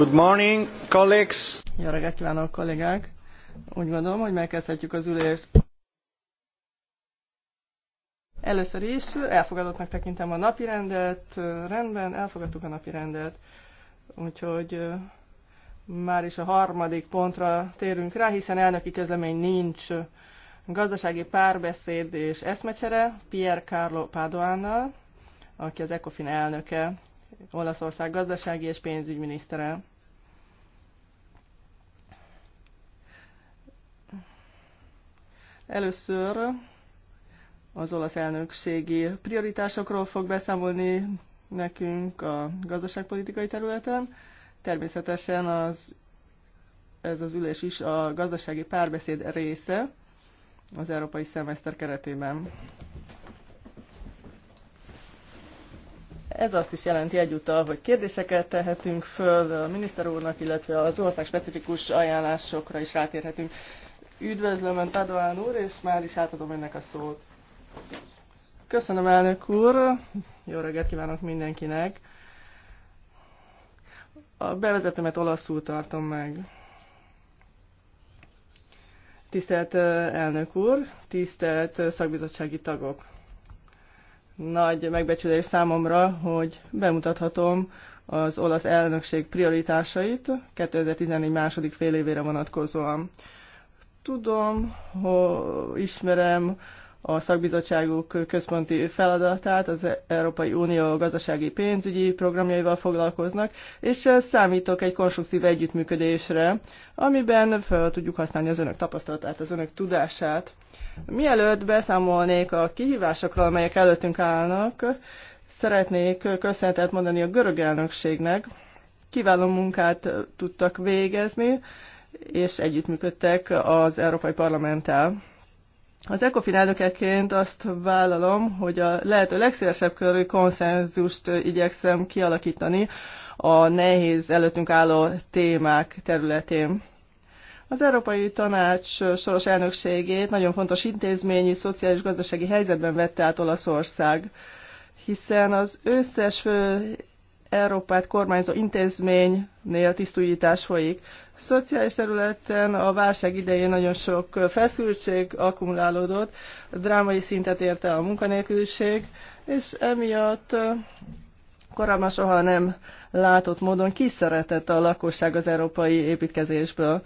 Good morning, colleagues. Jó reggelt kívánok, kollégák! Úgy gondolom, hogy megkezdhetjük az ülést. Először is elfogadottnak tekintem a napirendet. Rendben, elfogadtuk a napirendet. Úgyhogy már is a harmadik pontra térünk rá, hiszen elnöki közlemény nincs. Gazdasági párbeszéd és eszmecsere Pierre Carlo Padoannal, aki az ECOFIN elnöke, Olaszország gazdasági és pénzügyminisztere. Először az olasz elnökségi prioritásokról fog beszámolni nekünk a gazdaságpolitikai területen. Természetesen az, ez az ülés is a gazdasági párbeszéd része az európai szemeszter keretében. Ez azt is jelenti egyúttal, hogy kérdéseket tehetünk föl a miniszter úrnak, illetve az ország specifikus ajánlásokra is rátérhetünk. Üdvözlöm Ön Padoán úr, és már is átadom ennek a szót. Köszönöm, elnök úr! Jó reggelt kívánok mindenkinek! A bevezetőmet olaszul tartom meg. Tisztelt elnök úr, tisztelt szakbizottsági tagok! Nagy megbecsülés számomra, hogy bemutathatom az olasz elnökség prioritásait 2014 második fél évére vonatkozóan. Tudom, hogy ismerem a szakbizottságuk központi feladatát, az Európai Unió gazdasági pénzügyi programjaival foglalkoznak, és számítok egy konstruktív együttműködésre, amiben fel tudjuk használni az önök tapasztalatát, az önök tudását. Mielőtt beszámolnék a kihívásokról, amelyek előttünk állnak, szeretnék köszönetet mondani a görög elnökségnek. Kiváló munkát tudtak végezni, és együttműködtek az Európai Parlamenttel. Az ECOFIN elnökeként azt vállalom, hogy a lehető legszélesebb körű konszenzust igyekszem kialakítani a nehéz előttünk álló témák területén. Az Európai Tanács soros elnökségét nagyon fontos intézményi, szociális, gazdasági helyzetben vette át Olaszország, hiszen az összes fő Európát kormányzó intézménynél tisztújítás folyik. Szociális területen a válság idején nagyon sok feszültség akkumulálódott, drámai szintet érte a munkanélküliség, és emiatt korábban soha nem látott módon kiszeretett a lakosság az európai építkezésből.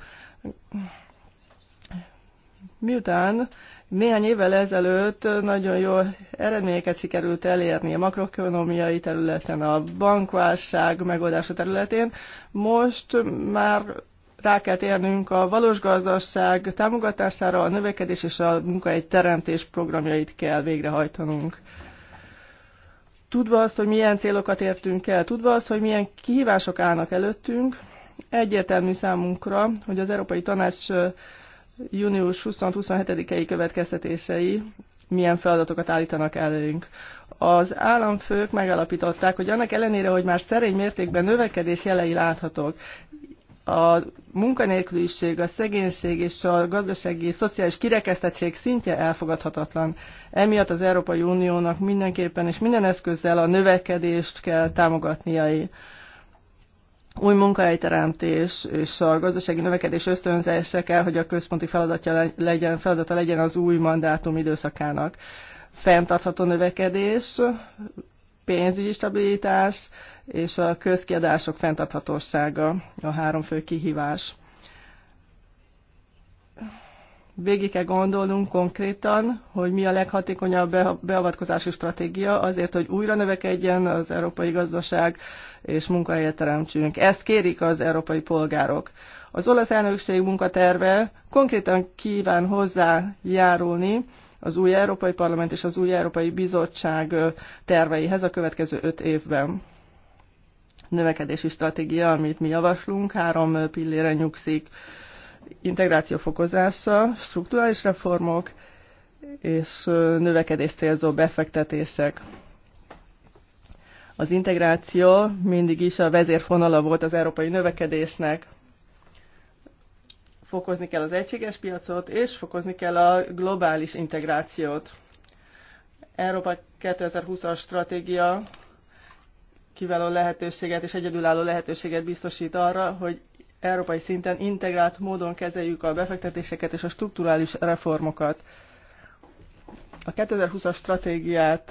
Miután néhány évvel ezelőtt nagyon jó eredményeket sikerült elérni a makroekonomiai területen, a bankválság megoldása területén. Most már rá kell térnünk a valós gazdaság támogatására, a növekedés és a munkahely teremtés programjait kell végrehajtanunk. Tudva azt, hogy milyen célokat értünk el, tudva azt, hogy milyen kihívások állnak előttünk, egyértelmű számunkra, hogy az Európai Tanács június 20-27-i következtetései milyen feladatokat állítanak előnk. Az államfők megalapították, hogy annak ellenére, hogy már szerény mértékben növekedés jelei láthatók, a munkanélküliség, a szegénység és a gazdasági szociális kirekesztettség szintje elfogadhatatlan. Emiatt az Európai Uniónak mindenképpen és minden eszközzel a növekedést kell támogatnia új munkahelyteremtés és a gazdasági növekedés ösztönzése kell, hogy a központi feladatja legyen, feladata legyen az új mandátum időszakának. Fentartható növekedés, pénzügyi stabilitás és a közkiadások fenntarthatósága a három fő kihívás végig kell gondolnunk konkrétan, hogy mi a leghatékonyabb beavatkozási stratégia azért, hogy újra növekedjen az európai gazdaság és munkahelyet teremtsünk. Ezt kérik az európai polgárok. Az olasz elnökség munkaterve konkrétan kíván hozzájárulni az új Európai Parlament és az új Európai Bizottság terveihez a következő öt évben. Növekedési stratégia, amit mi javaslunk, három pillére nyugszik integráció fokozása, struktúrális reformok és növekedést célzó befektetések. Az integráció mindig is a vezérfonala volt az európai növekedésnek. Fokozni kell az egységes piacot, és fokozni kell a globális integrációt. Európa 2020-as stratégia kiváló lehetőséget és egyedülálló lehetőséget biztosít arra, hogy európai szinten integrált módon kezeljük a befektetéseket és a strukturális reformokat. A 2020-as stratégiát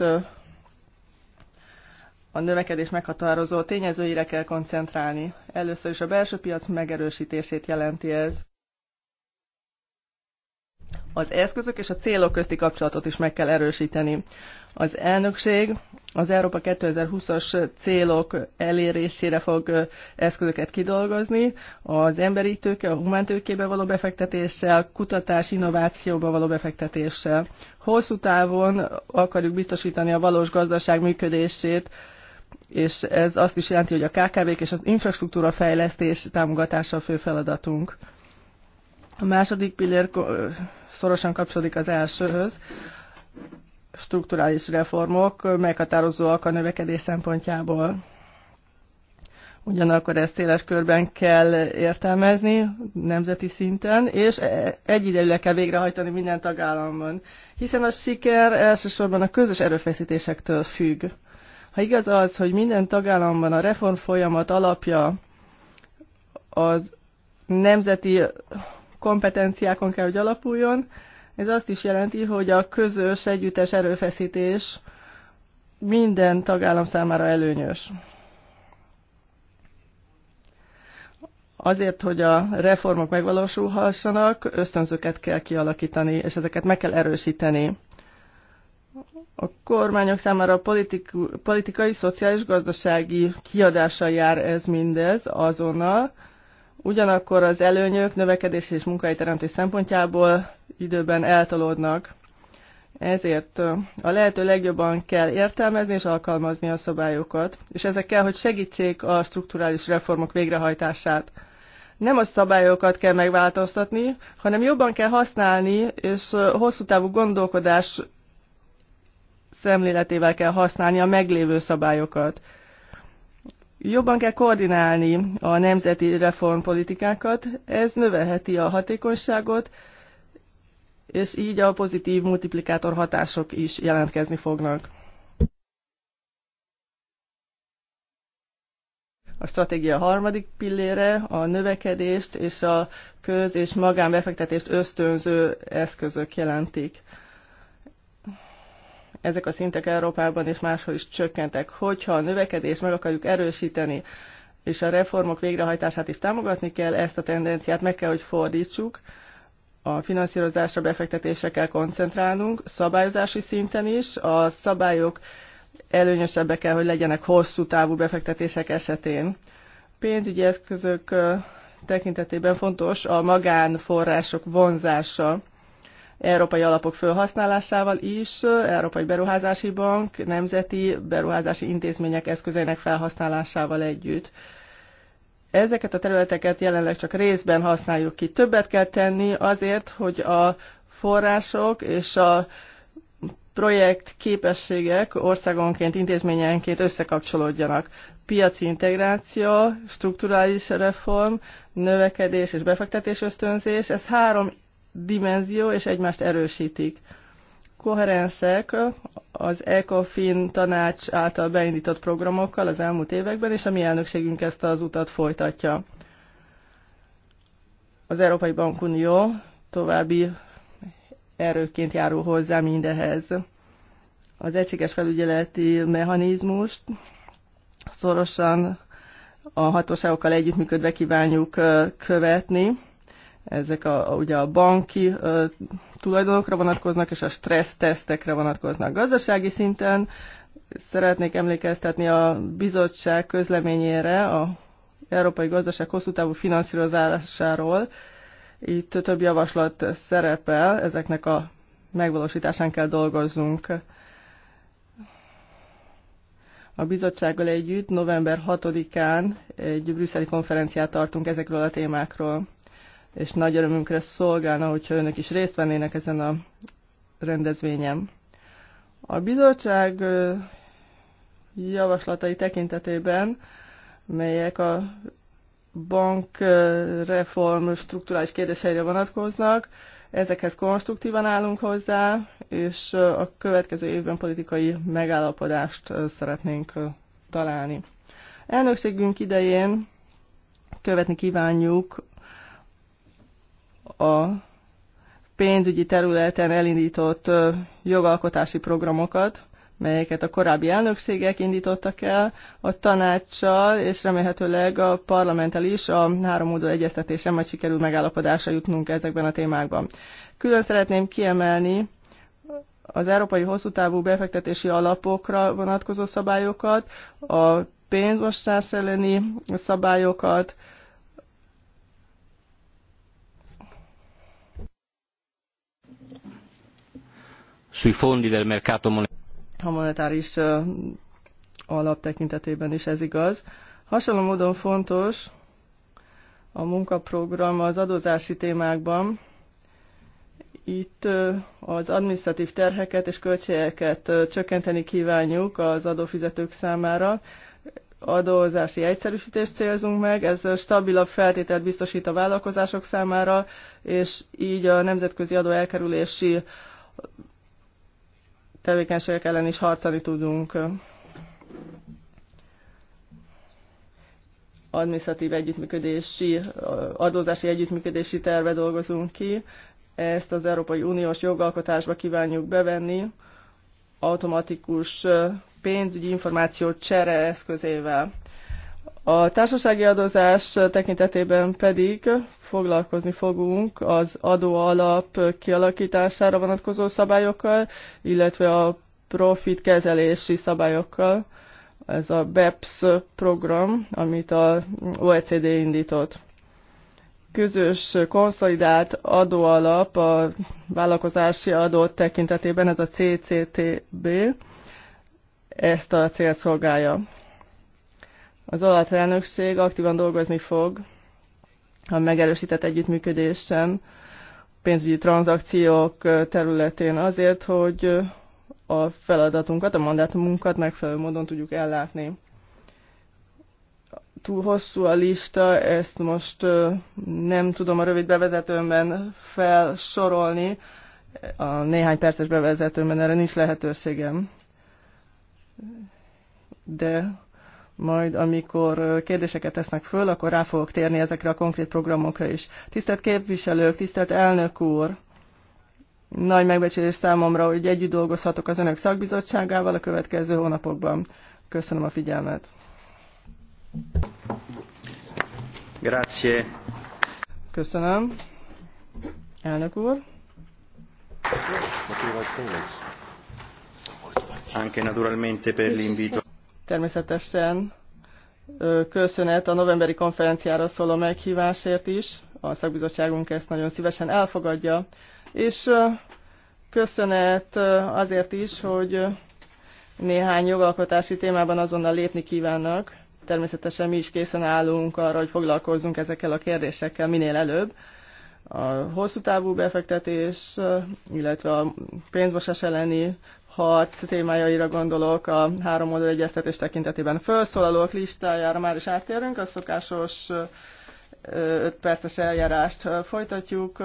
a növekedés meghatározó tényezőire kell koncentrálni. Először is a belső piac megerősítését jelenti ez. Az eszközök és a célok közti kapcsolatot is meg kell erősíteni. Az elnökség az Európa 2020-as célok elérésére fog eszközöket kidolgozni, az emberi tőke, a humántőkébe való befektetéssel, kutatás, innovációba való befektetéssel. Hosszú távon akarjuk biztosítani a valós gazdaság működését, és ez azt is jelenti, hogy a KKV-k és az infrastruktúra fejlesztés támogatása a fő feladatunk. A második pillér szorosan kapcsolódik az elsőhöz strukturális reformok meghatározóak a növekedés szempontjából. Ugyanakkor ezt széles körben kell értelmezni nemzeti szinten, és e- egyidejűleg kell végrehajtani minden tagállamban. Hiszen a siker elsősorban a közös erőfeszítésektől függ. Ha igaz az, hogy minden tagállamban a reform folyamat alapja az nemzeti kompetenciákon kell, hogy alapuljon, ez azt is jelenti, hogy a közös együttes erőfeszítés minden tagállam számára előnyös. Azért, hogy a reformok megvalósulhassanak, ösztönzőket kell kialakítani, és ezeket meg kell erősíteni. A kormányok számára a politikai, szociális, gazdasági kiadása jár ez mindez azonnal, ugyanakkor az előnyök növekedés és munkahelyteremtés szempontjából időben eltolódnak. Ezért a lehető legjobban kell értelmezni és alkalmazni a szabályokat, és ezek kell, hogy segítsék a strukturális reformok végrehajtását. Nem a szabályokat kell megváltoztatni, hanem jobban kell használni, és hosszú távú gondolkodás szemléletével kell használni a meglévő szabályokat. Jobban kell koordinálni a nemzeti reformpolitikákat, ez növelheti a hatékonyságot, és így a pozitív multiplikátor hatások is jelentkezni fognak. A stratégia harmadik pillére a növekedést és a köz- és magánbefektetést ösztönző eszközök jelentik ezek a szintek Európában és máshol is csökkentek. Hogyha a növekedést meg akarjuk erősíteni, és a reformok végrehajtását is támogatni kell, ezt a tendenciát meg kell, hogy fordítsuk, a finanszírozásra, befektetésekkel koncentrálnunk, szabályozási szinten is. A szabályok előnyösebbek kell, hogy legyenek hosszú távú befektetések esetén. Pénzügyi eszközök tekintetében fontos a magánforrások vonzása európai alapok felhasználásával is, Európai Beruházási Bank, nemzeti beruházási intézmények eszközeinek felhasználásával együtt. Ezeket a területeket jelenleg csak részben használjuk ki. Többet kell tenni azért, hogy a források és a projekt képességek országonként, intézményenként összekapcsolódjanak. Piaci integráció, strukturális reform, növekedés és befektetés ösztönzés, ez három dimenzió, és egymást erősítik koherenszek az ECOFIN tanács által beindított programokkal az elmúlt években, és a mi elnökségünk ezt az utat folytatja. Az Európai Bankunió további erőként járul hozzá mindehez. Az egységes felügyeleti mechanizmust szorosan a hatóságokkal együttműködve kívánjuk követni. Ezek a, ugye a banki tulajdonokra vonatkoznak, és a stressz tesztekre vonatkoznak. Gazdasági szinten szeretnék emlékeztetni a bizottság közleményére, a Európai Gazdaság hosszú távú finanszírozásáról. Itt több javaslat szerepel, ezeknek a megvalósításán kell dolgoznunk. A bizottsággal együtt november 6-án egy brüsszeli konferenciát tartunk ezekről a témákról és nagy örömünkre szolgálna, hogyha önök is részt vennének ezen a rendezvényen. A bizottság javaslatai tekintetében, melyek a bankreform strukturális kérdéseire vonatkoznak, ezekhez konstruktívan állunk hozzá, és a következő évben politikai megállapodást szeretnénk találni. Elnökségünk idején követni kívánjuk a pénzügyi területen elindított jogalkotási programokat, melyeket a korábbi elnökségek indítottak el, a tanácssal és remélhetőleg a parlamenttel is a három módon egyeztetésen majd sikerül megállapodásra jutnunk ezekben a témákban. Külön szeretném kiemelni az európai hosszútávú befektetési alapokra vonatkozó szabályokat, a pénzmosás elleni szabályokat, sui fondi del mercato monetario. A monetáris alap tekintetében is ez igaz. Hasonló módon fontos a munkaprogram az adózási témákban. Itt az administratív terheket és költségeket csökkenteni kívánjuk az adófizetők számára. Adózási egyszerűsítést célzunk meg, ez stabilabb feltételt biztosít a vállalkozások számára, és így a nemzetközi adóelkerülési tevékenységek ellen is harcolni tudunk. adminisztratív együttműködési, adózási együttműködési terve dolgozunk ki. Ezt az Európai Uniós jogalkotásba kívánjuk bevenni automatikus pénzügyi információ csere eszközével a társasági adózás tekintetében pedig foglalkozni fogunk az adóalap kialakítására vonatkozó szabályokkal, illetve a profit kezelési szabályokkal. Ez a BEPS program, amit a OECD indított. Közös konszolidált adóalap a vállalkozási adó tekintetében, ez a CCTB, ezt a célt szolgálja. Az elnökség aktívan dolgozni fog a megerősített együttműködésen, pénzügyi tranzakciók területén azért, hogy a feladatunkat, a mandátumunkat megfelelő módon tudjuk ellátni. Túl hosszú a lista, ezt most nem tudom a rövid bevezetőmben felsorolni, a néhány perces bevezetőmben erre nincs lehetőségem. De majd amikor kérdéseket tesznek föl, akkor rá fogok térni ezekre a konkrét programokra is. Tisztelt képviselők, tisztelt elnök úr! Nagy megbecsülés számomra, hogy együtt dolgozhatok az önök szakbizottságával a következő hónapokban. Köszönöm a figyelmet! Grazie. Köszönöm. Elnök úr. Anche naturalmente per l'invito. Természetesen köszönet a novemberi konferenciára szóló meghívásért is. A szakbizottságunk ezt nagyon szívesen elfogadja. És köszönet azért is, hogy néhány jogalkotási témában azonnal lépni kívánnak. Természetesen mi is készen állunk arra, hogy foglalkozzunk ezekkel a kérdésekkel minél előbb. A hosszú távú befektetés, illetve a pénzmosás elleni harc témájaira gondolok a három oldal egyeztetés tekintetében. Felszólalók listájára már is áttérünk, a szokásos 5 perces eljárást folytatjuk.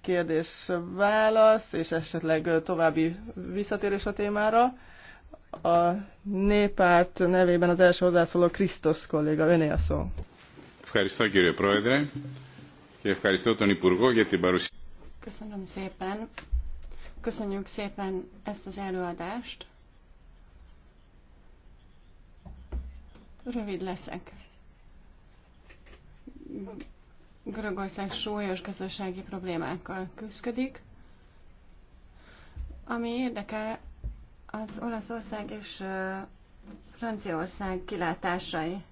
Kérdés, válasz, és esetleg további visszatérés a témára. A néppárt nevében az első hozzászóló Krisztus kolléga, öné a szó. Köszönöm szépen. Köszönjük szépen ezt az előadást. Rövid leszek. Görögország súlyos gazdasági problémákkal küzdik. Ami érdekel, az Olaszország és Franciaország kilátásai.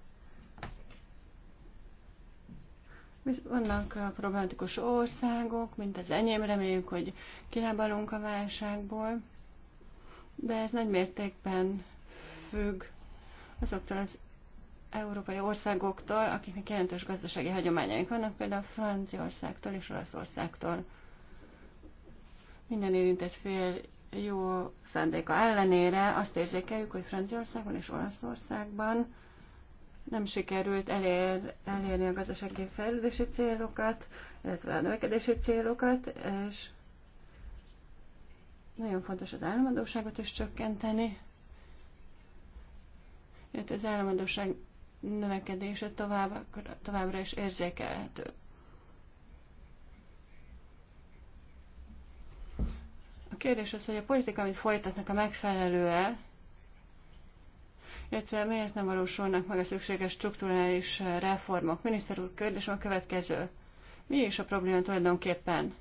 Vannak uh, problematikus országok, mint az enyém, reméljük, hogy kilábalunk a válságból, de ez nagy mértékben függ azoktól az európai országoktól, akiknek jelentős gazdasági hagyományaink vannak, például Franciaországtól és Olaszországtól. Minden érintett fél jó szándéka ellenére azt érzékeljük, hogy Franciaországban és Olaszországban nem sikerült elér, elérni a gazdasági fejlődési célokat, illetve a növekedési célokat, és nagyon fontos az államadóságot is csökkenteni, illetve az államadóság növekedése tovább, továbbra is érzékelhető. A kérdés az, hogy a politika, amit folytatnak, a megfelelő-e, illetve miért nem valósulnak meg a szükséges strukturális reformok. Miniszter úr, kérdésem a következő. Mi is a probléma tulajdonképpen?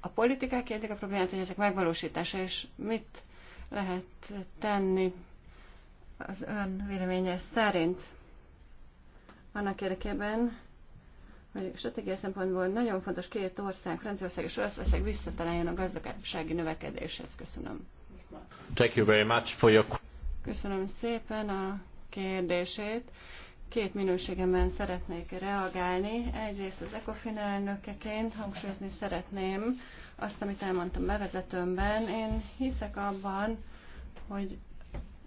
A politikák érdek a problémát, hogy ezek megvalósítása, és mit lehet tenni az ön véleménye szerint? Annak érdekében, hogy stratégiai szempontból nagyon fontos két ország, Franciaország és Olaszország visszataláljon a gazdasági növekedéshez. Köszönöm. Thank you very much for your... Köszönöm szépen a kérdését. Két minőségemben szeretnék reagálni. Egyrészt az ECOFIN elnökeként hangsúlyozni szeretném azt, amit elmondtam bevezetőmben. Én hiszek abban, hogy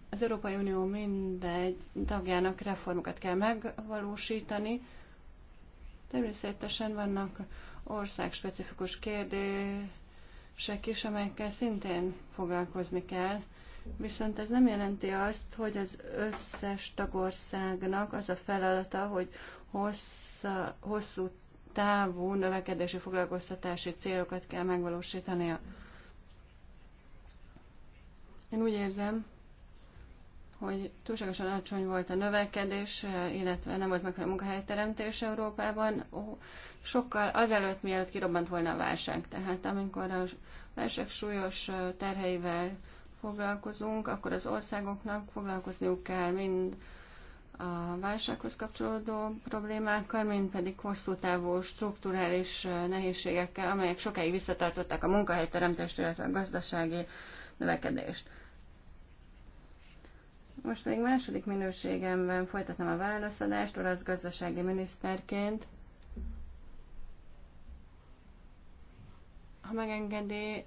az Európai Unió mindegy tagjának reformokat kell megvalósítani. Természetesen vannak országspecifikus kérdések is, amelyekkel szintén foglalkozni kell. Viszont ez nem jelenti azt, hogy az összes tagországnak az a feladata, hogy hossza, hosszú távú növekedési foglalkoztatási célokat kell megvalósítania. Én úgy érzem, hogy túlságosan alacsony volt a növekedés, illetve nem volt megfelelő munkahelyteremtés Európában, sokkal azelőtt, mielőtt kirobbant volna a válság. Tehát amikor a válság súlyos terheivel foglalkozunk, akkor az országoknak foglalkozniuk kell mind a válsághoz kapcsolódó problémákkal, mint pedig hosszú távú strukturális nehézségekkel, amelyek sokáig visszatartották a munkahelyteremtést, illetve a gazdasági növekedést. Most még második minőségemben folytatom a válaszadást olasz gazdasági miniszterként. Ha megengedi,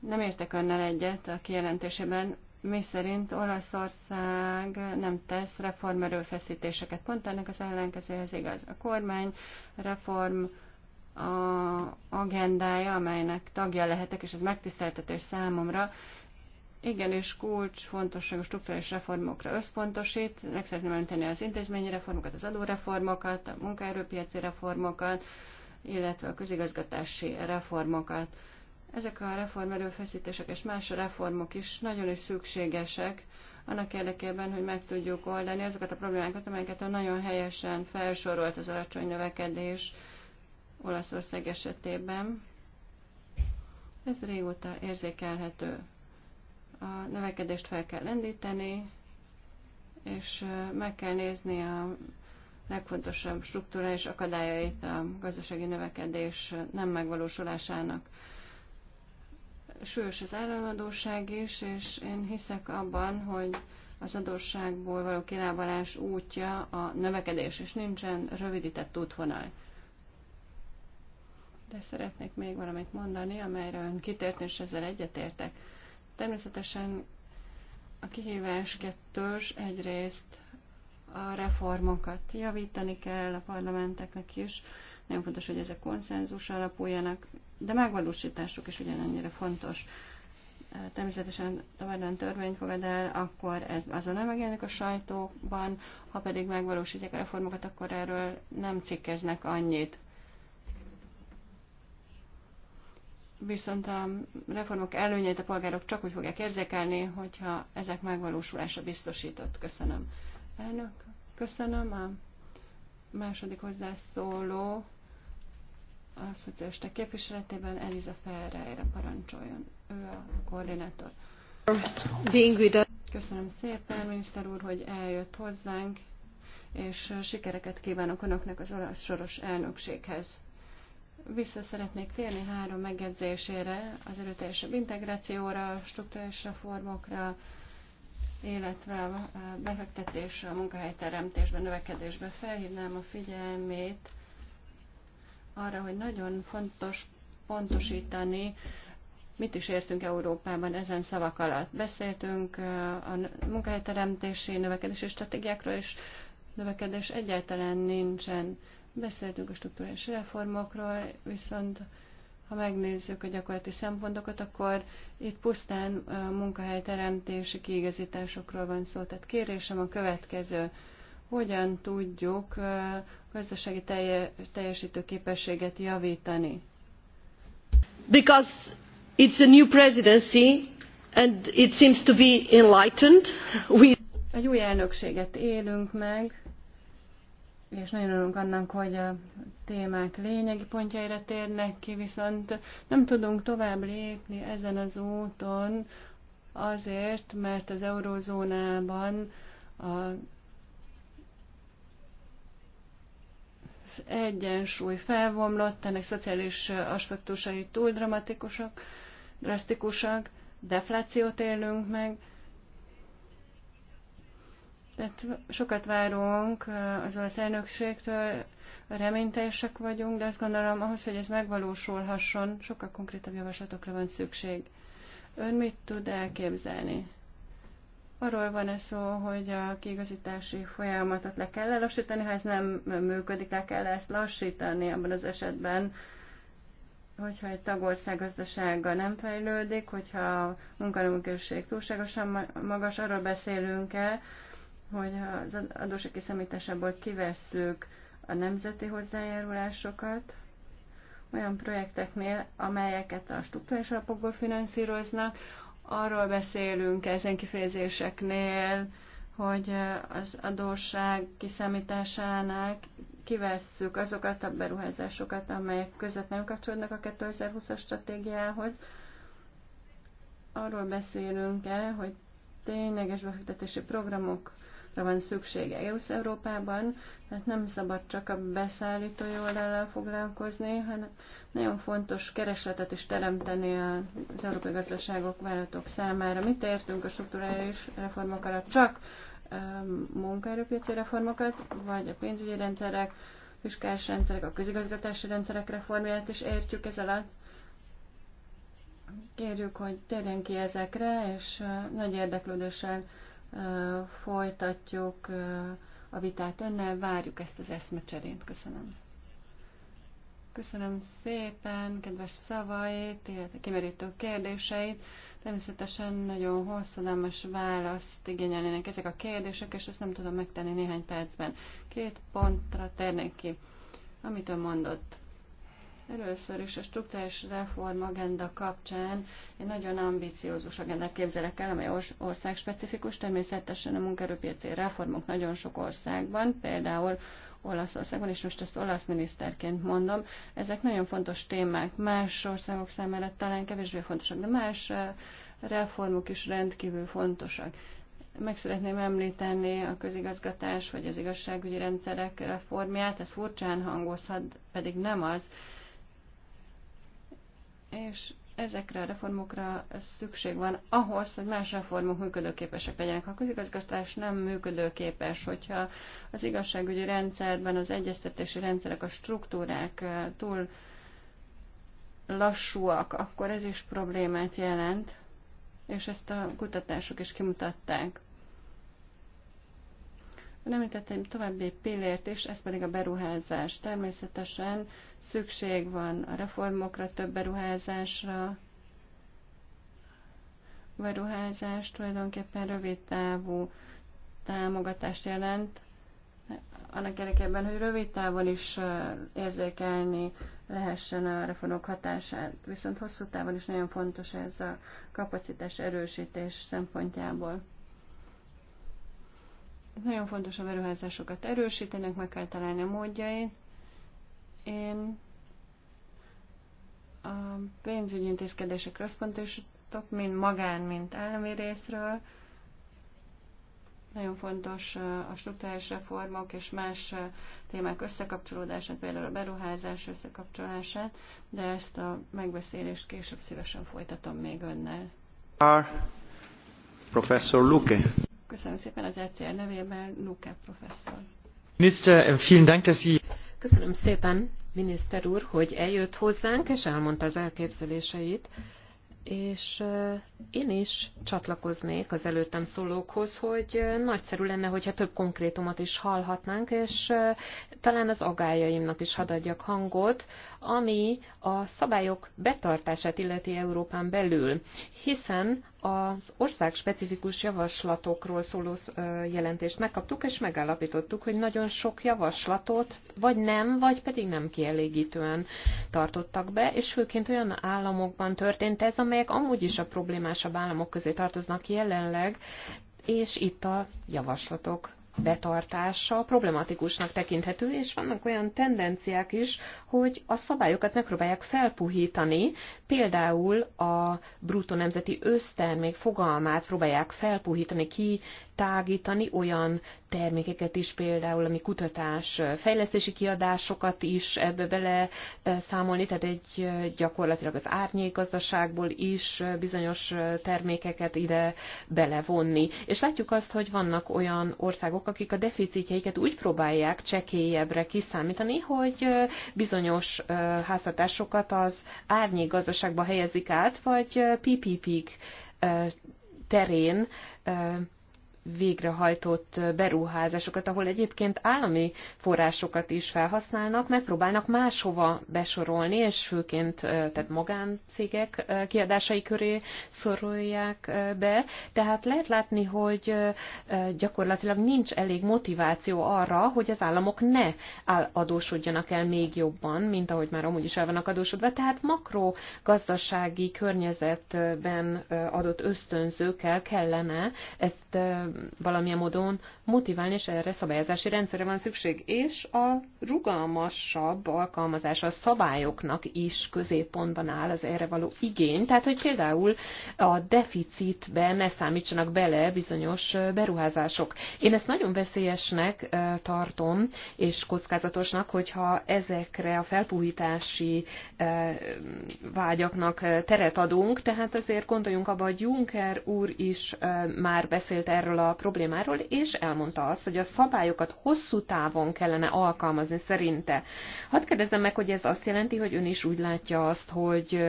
nem értek önnel egyet a kijelentésében, mi szerint Olaszország nem tesz reformerőfeszítéseket. Pont ennek az ellenkezőhez igaz. A kormány reform a agendája, amelynek tagja lehetek, és ez megtiszteltetés számomra, igenis kulcs fontosságú struktúrális reformokra összpontosít. Meg szeretném említeni az intézményi reformokat, az adóreformokat, a munkaerőpiaci reformokat, illetve a közigazgatási reformokat. Ezek a reform és más reformok is nagyon is szükségesek annak érdekében, hogy meg tudjuk oldani azokat a problémákat, amelyeket a nagyon helyesen felsorolt az alacsony növekedés Olaszország esetében. Ez régóta érzékelhető. A növekedést fel kell lendíteni, és meg kell nézni a legfontosabb struktúrális akadályait a gazdasági növekedés nem megvalósulásának súlyos az államadóság is, és én hiszek abban, hogy az adósságból való kilábalás útja a növekedés, és nincsen rövidített útvonal. De szeretnék még valamit mondani, amelyre ön kitért, és ezzel egyetértek. Természetesen a kihívás kettős, egyrészt a reformokat javítani kell a parlamenteknek is. Nagyon fontos, hogy ezek konszenzus alapuljanak, de megvalósításuk is ugyanannyira fontos. Természetesen tavadlan törvény fogad el, akkor ez azonnal megjelenik a sajtóban, ha pedig megvalósítják a reformokat, akkor erről nem cikkeznek annyit. Viszont a reformok előnyeit a polgárok csak úgy fogják érzékelni, hogyha ezek megvalósulása biztosított. Köszönöm. Elnök, köszönöm a második hozzászóló a szocialista képviseletében Eliza Ferreira parancsoljon. Ő a koordinátor. Köszönöm szépen, miniszter úr, hogy eljött hozzánk, és sikereket kívánok önöknek az olasz soros elnökséghez. Vissza szeretnék térni három megjegyzésére, az erőteljesebb integrációra, struktúrális reformokra, illetve a befektetés a munkahelyteremtésben, növekedésbe felhívnám a figyelmét arra, hogy nagyon fontos pontosítani, mit is értünk Európában ezen szavak alatt. Beszéltünk a munkahelyteremtési növekedési stratégiákról, és növekedés egyáltalán nincsen. Beszéltünk a struktúrális reformokról, viszont ha megnézzük a gyakorlati szempontokat, akkor itt pusztán munkahelyteremtési kiigazításokról van szó. Tehát kérésem a következő hogyan tudjuk a gazdasági teljesítő képességet javítani. Because it's a new presidency and it seems to be enlightened. We... Egy új elnökséget élünk meg, és nagyon örülünk annak, hogy a témák lényegi pontjaira térnek ki, viszont nem tudunk tovább lépni ezen az úton azért, mert az eurózónában a egyensúly felvomlott, ennek szociális aspektusai túl dramatikusak, drasztikusak, deflációt élünk meg, tehát sokat várunk az olasz elnökségtől, reményteljesek vagyunk, de azt gondolom, ahhoz, hogy ez megvalósulhasson, sokkal konkrétabb javaslatokra van szükség. Ön mit tud elképzelni? Arról van -e szó, hogy a kiigazítási folyamatot le kell lassítani, ha ez nem működik, le kell ezt lassítani abban az esetben, hogyha egy tagország gazdasága nem fejlődik, hogyha a munkanélküliség túlságosan magas, arról beszélünk el, hogy az adósok kiszámításából kivesszük a nemzeti hozzájárulásokat, olyan projekteknél, amelyeket a struktúrás alapokból finanszíroznak, arról beszélünk ezen kifejezéseknél, hogy az adósság kiszámításánál kivesszük azokat a beruházásokat, amelyek közvetlenül kapcsolódnak a 2020-as stratégiához. Arról beszélünk-e, hogy tényleges befektetési programok van szüksége EUSZ Európában, tehát nem szabad csak a beszállítói oldalral foglalkozni, hanem nagyon fontos keresletet is teremteni az európai gazdaságok vállalatok számára. Mit értünk a strukturális reformok alatt? Csak um, munkaerőpiaci reformokat, vagy a pénzügyi rendszerek, fiskális rendszerek, a közigazgatási rendszerek reformját is értjük ez alatt. Kérjük, hogy térjen ki ezekre, és uh, nagy érdeklődéssel folytatjuk a vitát önnel, várjuk ezt az eszmecserént. Köszönöm. Köszönöm szépen kedves szavait, illetve kimerítő kérdéseit. Természetesen nagyon hosszadalmas választ igényelnének ezek a kérdések, és ezt nem tudom megtenni néhány percben. Két pontra térnék ki, amit ön mondott. Először is a struktúrális reform agenda kapcsán egy nagyon ambiciózus agendát képzelek el, amely ország specifikus. Természetesen a munkerőpiaci reformok nagyon sok országban, például Olaszországban, és most ezt olasz miniszterként mondom. Ezek nagyon fontos témák. Más országok számára talán kevésbé fontosak, de más reformok is rendkívül fontosak. Meg szeretném említeni a közigazgatás vagy az igazságügyi rendszerek reformját, ez furcsán hangozhat, pedig nem az és ezekre a reformokra szükség van ahhoz, hogy más reformok működőképesek legyenek. Ha a közigazgatás nem működőképes, hogyha az igazságügyi rendszerben az egyeztetési rendszerek, a struktúrák túl lassúak, akkor ez is problémát jelent, és ezt a kutatások is kimutatták nem említettem további pillért is, ez pedig a beruházás. Természetesen szükség van a reformokra, több beruházásra. beruházás tulajdonképpen rövid távú támogatást jelent, annak érdekében, hogy rövid távon is érzékelni lehessen a reformok hatását. Viszont hosszú távon is nagyon fontos ez a kapacitás erősítés szempontjából. Nagyon fontos a beruházásokat erősítenek, meg kell találni a módjait. Én a pénzügyi intézkedésekre összpontosítok, mind magán, mint állami részről. Nagyon fontos a struktúrális reformok és más témák összekapcsolódását, például a beruházás összekapcsolását, de ezt a megbeszélést később szívesen folytatom még önnel. Professor Luke. Köszönöm szépen az ECR nevében, Luke professzor. Minister, vielen Dank, dass Sie... Köszönöm szépen, miniszter úr, hogy eljött hozzánk, és elmondta az elképzeléseit és én is csatlakoznék az előttem szólókhoz, hogy nagyszerű lenne, hogyha több konkrétumot is hallhatnánk, és talán az agályaimnak is hadd adjak hangot, ami a szabályok betartását illeti Európán belül, hiszen az ország specifikus javaslatokról szóló jelentést megkaptuk, és megállapítottuk, hogy nagyon sok javaslatot vagy nem, vagy pedig nem kielégítően tartottak be, és főként olyan államokban történt ez, amelyek amúgy is a problémásabb államok közé tartoznak jelenleg, és itt a javaslatok betartása problematikusnak tekinthető, és vannak olyan tendenciák is, hogy a szabályokat megpróbálják felpuhítani, például a bruttó nemzeti össztermék fogalmát próbálják felpuhítani, ki tágítani, olyan termékeket is például, ami kutatás, fejlesztési kiadásokat is ebbe bele számolni, tehát egy gyakorlatilag az árnyékgazdaságból is bizonyos termékeket ide belevonni. És látjuk azt, hogy vannak olyan országok, akik a deficitjeiket úgy próbálják csekélyebbre kiszámítani, hogy bizonyos háztartásokat az árnyékgazdaságba helyezik át, vagy PPP-k terén végrehajtott beruházásokat, ahol egyébként állami forrásokat is felhasználnak, megpróbálnak máshova besorolni, és főként tehát magáncégek kiadásai köré szorolják be. Tehát lehet látni, hogy gyakorlatilag nincs elég motiváció arra, hogy az államok ne adósodjanak el még jobban, mint ahogy már amúgy is el vannak adósodva. Tehát makro gazdasági környezetben adott ösztönzőkkel kellene ezt valamilyen módon motiválni, és erre szabályozási rendszerre van szükség. És a rugalmasabb alkalmazása a szabályoknak is középpontban áll az erre való igény. Tehát, hogy például a deficitbe ne számítsanak bele bizonyos beruházások. Én ezt nagyon veszélyesnek tartom, és kockázatosnak, hogyha ezekre a felpuhítási vágyaknak teret adunk, tehát azért gondoljunk abba, hogy Juncker úr is már beszélt erről erről a problémáról, és elmondta azt, hogy a szabályokat hosszú távon kellene alkalmazni szerinte. Hadd kérdezzem meg, hogy ez azt jelenti, hogy ön is úgy látja azt, hogy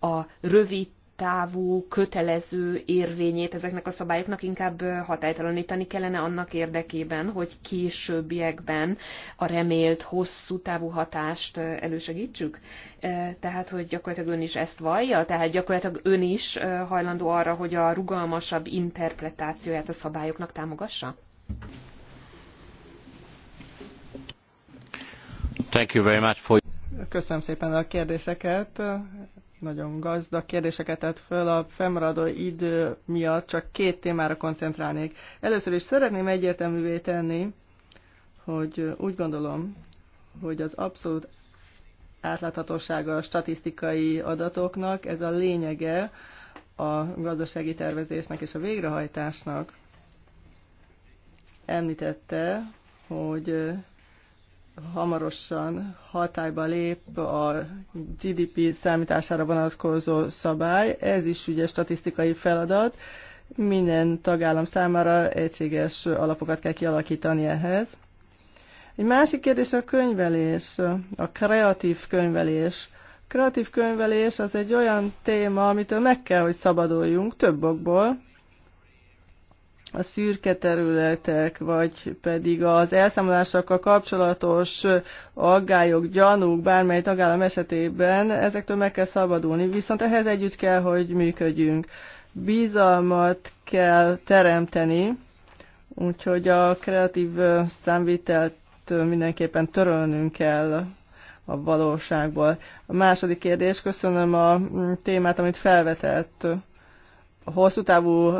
a rövid távú, kötelező érvényét ezeknek a szabályoknak inkább hatálytalanítani kellene annak érdekében, hogy későbbiekben a remélt hosszú távú hatást elősegítsük? Tehát, hogy gyakorlatilag ön is ezt vallja? Tehát gyakorlatilag ön is hajlandó arra, hogy a rugalmasabb interpretációját a szabályoknak támogassa? Thank you very much for... Köszönöm szépen a kérdéseket nagyon gazdag kérdéseket tett föl. A fennmaradó idő miatt csak két témára koncentrálnék. Először is szeretném egyértelművé tenni, hogy úgy gondolom, hogy az abszolút átláthatósága a statisztikai adatoknak, ez a lényege a gazdasági tervezésnek és a végrehajtásnak. Említette, hogy hamarosan hatályba lép a GDP számítására vonatkozó szabály. Ez is ugye statisztikai feladat. Minden tagállam számára egységes alapokat kell kialakítani ehhez. Egy másik kérdés a könyvelés, a kreatív könyvelés. Kreatív könyvelés az egy olyan téma, amitől meg kell, hogy szabaduljunk több okból, a szürke területek, vagy pedig az elszámolásokkal kapcsolatos aggályok, gyanúk bármely tagállam esetében, ezektől meg kell szabadulni, viszont ehhez együtt kell, hogy működjünk. Bizalmat kell teremteni, úgyhogy a kreatív számvitelt mindenképpen törölnünk kell a valóságból. A második kérdés, köszönöm a témát, amit felvetett. A hosszú távú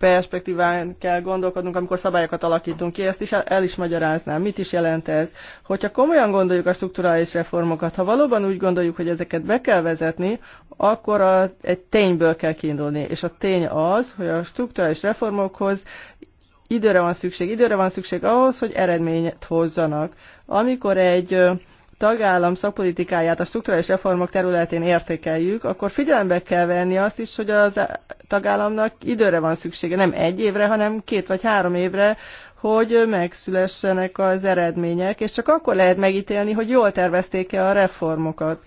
perspektíván kell gondolkodnunk, amikor szabályokat alakítunk ki, ezt is el is magyaráznám. Mit is jelent ez? Hogyha komolyan gondoljuk a strukturális reformokat, ha valóban úgy gondoljuk, hogy ezeket be kell vezetni, akkor a, egy tényből kell kiindulni. És a tény az, hogy a strukturális reformokhoz időre van szükség. Időre van szükség ahhoz, hogy eredményt hozzanak. Amikor egy tagállam szakpolitikáját a strukturális reformok területén értékeljük, akkor figyelembe kell venni azt is, hogy a tagállamnak időre van szüksége, nem egy évre, hanem két vagy három évre, hogy megszülessenek az eredmények, és csak akkor lehet megítélni, hogy jól tervezték-e a reformokat.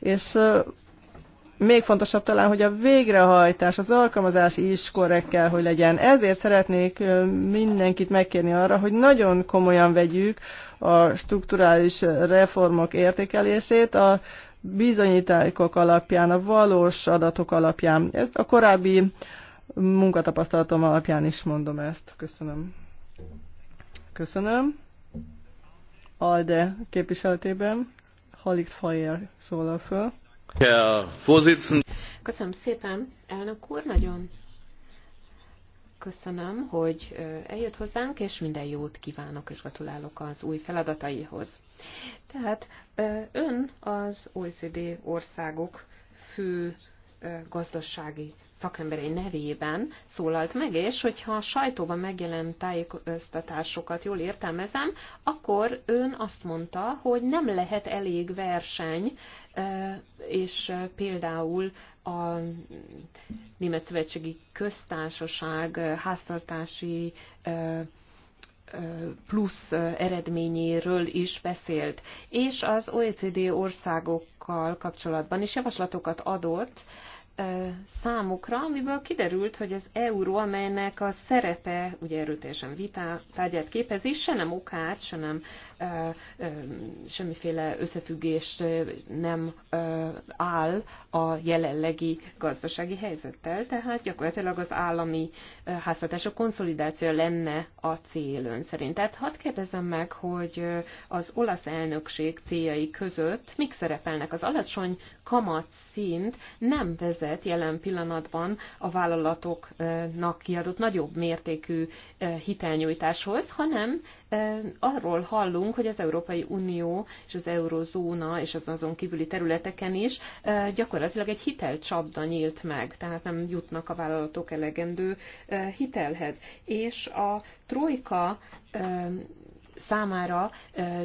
És még fontosabb talán, hogy a végrehajtás, az alkalmazás is korrekt kell, hogy legyen. Ezért szeretnék mindenkit megkérni arra, hogy nagyon komolyan vegyük a strukturális reformok értékelését a bizonyítékok alapján, a valós adatok alapján. Ezt a korábbi munkatapasztalatom alapján is mondom ezt. Köszönöm. Köszönöm. ALDE képviseletében Halikt Fajer szólal föl. Köszönöm szépen, elnök úr, nagyon köszönöm, hogy eljött hozzánk, és minden jót kívánok, és gratulálok az új feladataihoz. Tehát ön az OECD országok fő gazdasági szakemberei nevében szólalt meg, és hogyha a sajtóban megjelent tájékoztatásokat jól értelmezem, akkor ön azt mondta, hogy nem lehet elég verseny, és például a Német Szövetségi Köztársaság háztartási plusz eredményéről is beszélt, és az OECD országokkal kapcsolatban is javaslatokat adott, számukra, amiből kiderült, hogy az euró, amelynek a szerepe ugye erőteljesen vitátárgyát képezi, se nem okát, se nem ö, ö, semmiféle összefüggést nem ö, áll a jelenlegi gazdasági helyzettel, tehát gyakorlatilag az állami háztartások konszolidációja lenne a cél ön szerint. Tehát hadd kérdezem meg, hogy az olasz elnökség céljai között mik szerepelnek? Az alacsony kamat szint nem vezet helyzet jelen pillanatban a vállalatoknak kiadott nagyobb mértékű hitelnyújtáshoz, hanem arról hallunk, hogy az Európai Unió és az eurozóna és az azon kívüli területeken is gyakorlatilag egy hitelcsapda nyílt meg, tehát nem jutnak a vállalatok elegendő hitelhez. És a trojka számára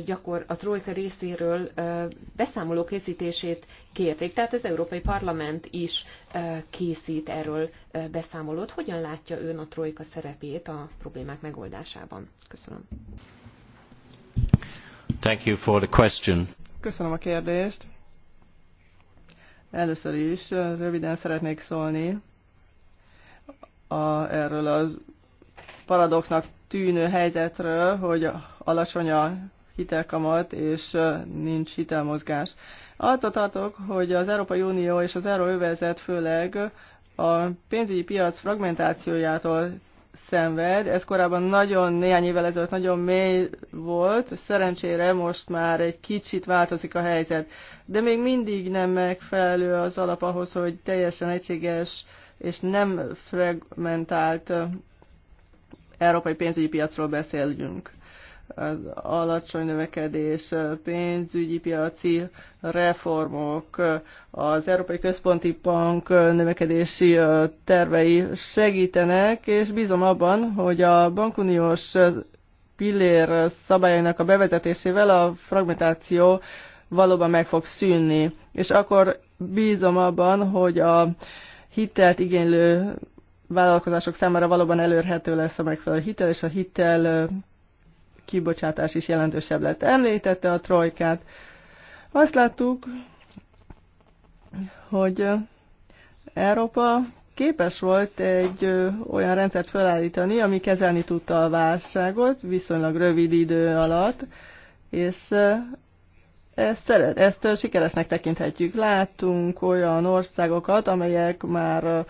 gyakor a trojka részéről beszámoló készítését kérték, tehát az Európai Parlament is készít erről beszámolót. Hogyan látja ön a trojka szerepét a problémák megoldásában? Köszönöm. Thank you for the question. Köszönöm a kérdést. Először is röviden szeretnék szólni a, erről az paradoxnak tűnő helyzetről, hogy alacsony a hitelkamat és nincs hitelmozgás. Attól tartok, hogy az Európai Unió és az Euróövezet főleg a pénzügyi piac fragmentációjától szenved. Ez korábban nagyon néhány évvel ezelőtt nagyon mély volt, szerencsére most már egy kicsit változik a helyzet, de még mindig nem megfelelő az alap ahhoz, hogy teljesen egységes és nem fragmentált európai pénzügyi piacról beszélünk. Az alacsony növekedés, pénzügyi piaci reformok, az Európai Központi Bank növekedési tervei segítenek, és bízom abban, hogy a bankuniós pillér szabályainak a bevezetésével a fragmentáció valóban meg fog szűnni. És akkor bízom abban, hogy a hitelt igénylő vállalkozások számára valóban elérhető lesz a megfelelő hitel, és a hitel kibocsátás is jelentősebb lett. Említette a trojkát. Azt láttuk, hogy Európa képes volt egy olyan rendszert felállítani, ami kezelni tudta a válságot viszonylag rövid idő alatt, és ezt, szeret, ezt sikeresnek tekinthetjük. Láttunk olyan országokat, amelyek már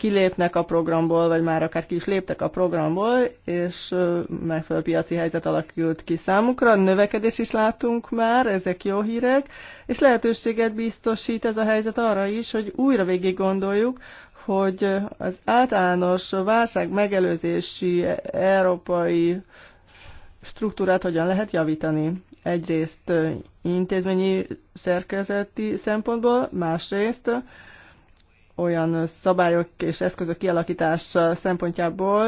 kilépnek a programból, vagy már akár ki is léptek a programból, és megfelelő piaci helyzet alakult ki számukra. Növekedés is látunk már, ezek jó hírek, és lehetőséget biztosít ez a helyzet arra is, hogy újra végig gondoljuk, hogy az általános válság megelőzési európai struktúrát hogyan lehet javítani. Egyrészt intézményi szerkezeti szempontból, másrészt olyan szabályok és eszközök kialakítása szempontjából,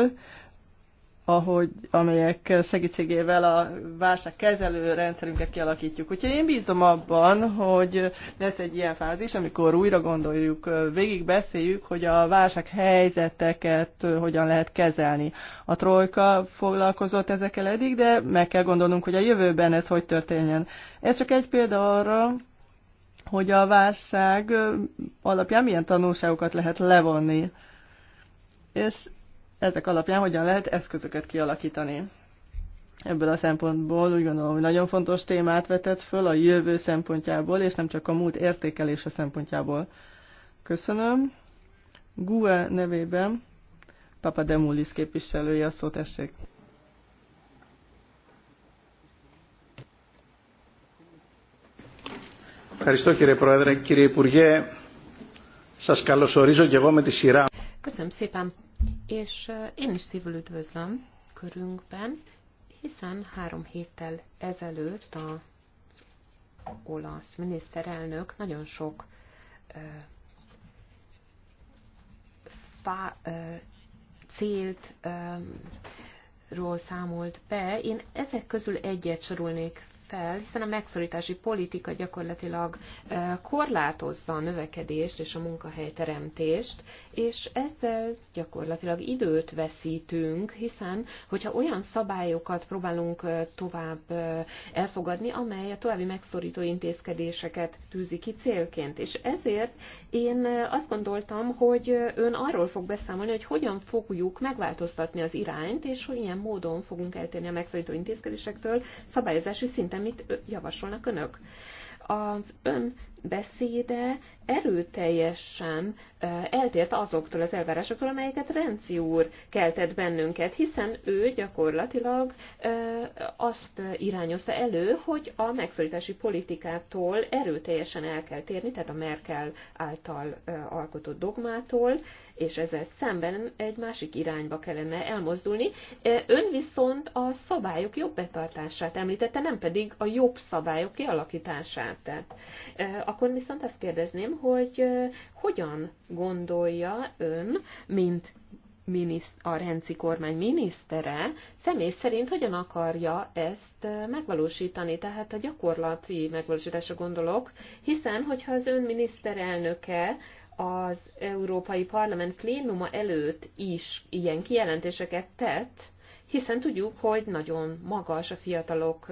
ahogy, amelyek segítségével a válságkezelő rendszerünket kialakítjuk. Úgyhogy én bízom abban, hogy lesz egy ilyen fázis, amikor újra gondoljuk, végig beszéljük, hogy a válság helyzeteket hogyan lehet kezelni. A trojka foglalkozott ezekkel eddig, de meg kell gondolnunk, hogy a jövőben ez hogy történjen. Ez csak egy példa arra, hogy a válság alapján milyen tanulságokat lehet levonni, és ezek alapján hogyan lehet eszközöket kialakítani. Ebből a szempontból úgy gondolom, hogy nagyon fontos témát vetett föl a jövő szempontjából, és nem csak a múlt értékelése szempontjából. Köszönöm. GUE nevében Demulis képviselője a szót essék. Ευχαριστώ κύριε Πρόεδρε. Κύριε Υπουργέ, σας καλωσορίζω και εγώ με τη σειρά. Köszönöm szépen, és eh, én is szívül üdvözlöm körünkben, hiszen három héttel ezelőtt az olasz miniszterelnök nagyon sok uh, fá, uh, célt uh, ról számolt be. Én ezek közül egyet sorolnék el, hiszen a megszorítási politika gyakorlatilag e, korlátozza a növekedést és a munkahelyteremtést, és ezzel gyakorlatilag időt veszítünk, hiszen hogyha olyan szabályokat próbálunk e, tovább e, elfogadni, amely a további megszorító intézkedéseket tűzi ki célként. És ezért én azt gondoltam, hogy ön arról fog beszámolni, hogy hogyan fogjuk megváltoztatni az irányt, és hogy ilyen módon fogunk eltérni a megszorító intézkedésektől szabályozási szinten mit javasolnak önök. Az ön beszéde erőteljesen eltért azoktól az elvárásoktól, amelyeket Renci úr keltett bennünket, hiszen ő gyakorlatilag azt irányozta elő, hogy a megszorítási politikától erőteljesen el kell térni, tehát a Merkel által alkotott dogmától, és ezzel szemben egy másik irányba kellene elmozdulni. Ön viszont a szabályok jobb betartását említette, nem pedig a jobb szabályok kialakítását. Tehát akkor viszont azt kérdezném, hogy hogyan gondolja ön, mint a Renci kormány minisztere személy szerint hogyan akarja ezt megvalósítani, tehát a gyakorlati megvalósításra gondolok, hiszen hogyha az ön miniszterelnöke az Európai Parlament plénuma előtt is ilyen kijelentéseket tett, hiszen tudjuk, hogy nagyon magas a fiatalok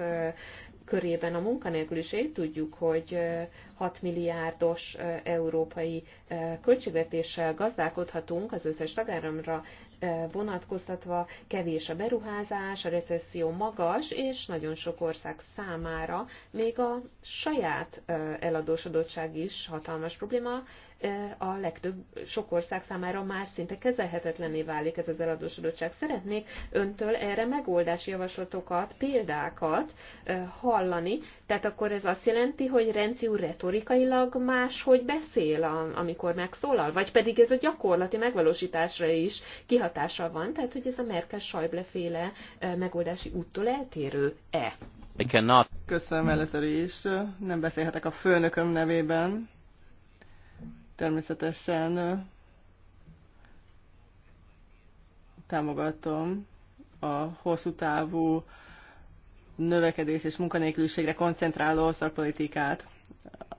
körében a munkanélküliség. Tudjuk, hogy 6 milliárdos európai költségvetéssel gazdálkodhatunk az összes tagállamra vonatkoztatva, kevés a beruházás, a recesszió magas, és nagyon sok ország számára még a saját eladósodottság is hatalmas probléma, a legtöbb sok ország számára már szinte kezelhetetlenné válik ez az eladósodottság. Szeretnék öntől erre megoldási javaslatokat, példákat hallani. Tehát akkor ez azt jelenti, hogy Renci úr retorikailag máshogy beszél, amikor megszólal? Vagy pedig ez a gyakorlati megvalósításra is kihatással van? Tehát, hogy ez a Merkel-Schäuble féle megoldási úttól eltérő-e? Köszönöm először is. Nem beszélhetek a főnököm nevében Természetesen támogatom a hosszú távú növekedés és munkanélküliségre koncentráló szakpolitikát.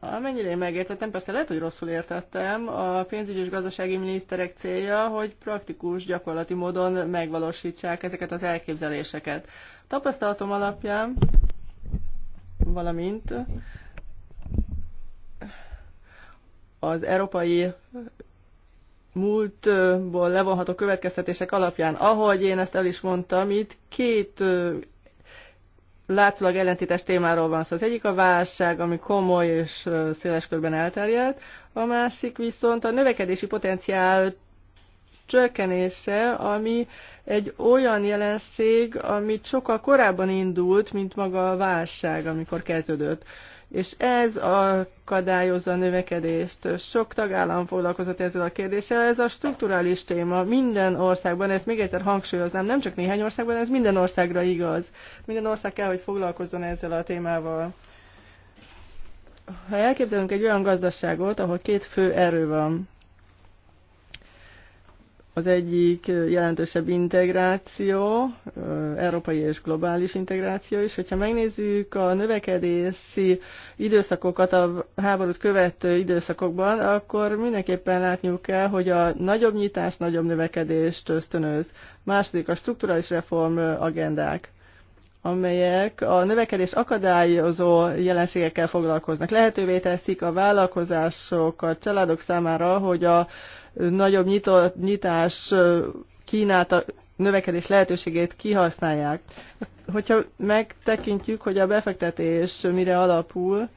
Amennyire én megértettem, persze lehet, hogy rosszul értettem, a pénzügyi és gazdasági miniszterek célja, hogy praktikus, gyakorlati módon megvalósítsák ezeket az elképzeléseket. Tapasztalatom alapján, valamint az európai múltból levonható következtetések alapján, ahogy én ezt el is mondtam, itt két látszólag ellentétes témáról van szó. Szóval az egyik a válság, ami komoly és széles körben elterjedt, a másik viszont a növekedési potenciál csökkenése, ami egy olyan jelenség, amit sokkal korábban indult, mint maga a válság, amikor kezdődött és ez akadályozza a növekedést. Sok tagállam foglalkozott ezzel a kérdéssel, ez a strukturális téma minden országban, ezt még egyszer hangsúlyoznám, nem csak néhány országban, ez minden országra igaz. Minden ország kell, hogy foglalkozzon ezzel a témával. Ha elképzelünk egy olyan gazdaságot, ahol két fő erő van, az egyik jelentősebb integráció, európai és globális integráció is. Hogyha megnézzük a növekedési időszakokat a háborút követő időszakokban, akkor mindenképpen látniuk kell, hogy a nagyobb nyitás nagyobb növekedést ösztönöz. Második a strukturális reform agendák amelyek a növekedés akadályozó jelenségekkel foglalkoznak. Lehetővé teszik a vállalkozások, a családok számára, hogy a nagyobb nyitott, nyitás Kínát a növekedés lehetőségét kihasználják. Hogyha megtekintjük, hogy a befektetés mire alapul,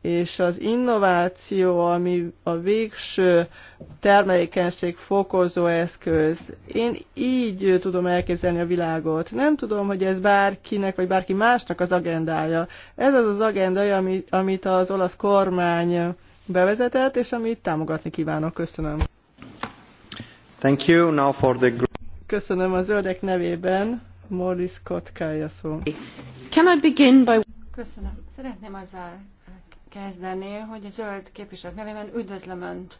és az innováció, ami a végső termelékenység fokozó eszköz. Én így tudom elképzelni a világot. Nem tudom, hogy ez bárkinek, vagy bárki másnak az agendája. Ez az az agendája, amit az olasz kormány bevezetett, és amit támogatni kívánok. Köszönöm. Thank you. Now for the group. Köszönöm a zöldek nevében. Morris Kotkája szó. Can I begin by... Köszönöm. Szeretném azzal kezdeni, hogy a zöld képviselők nevében üdvözlöm Önt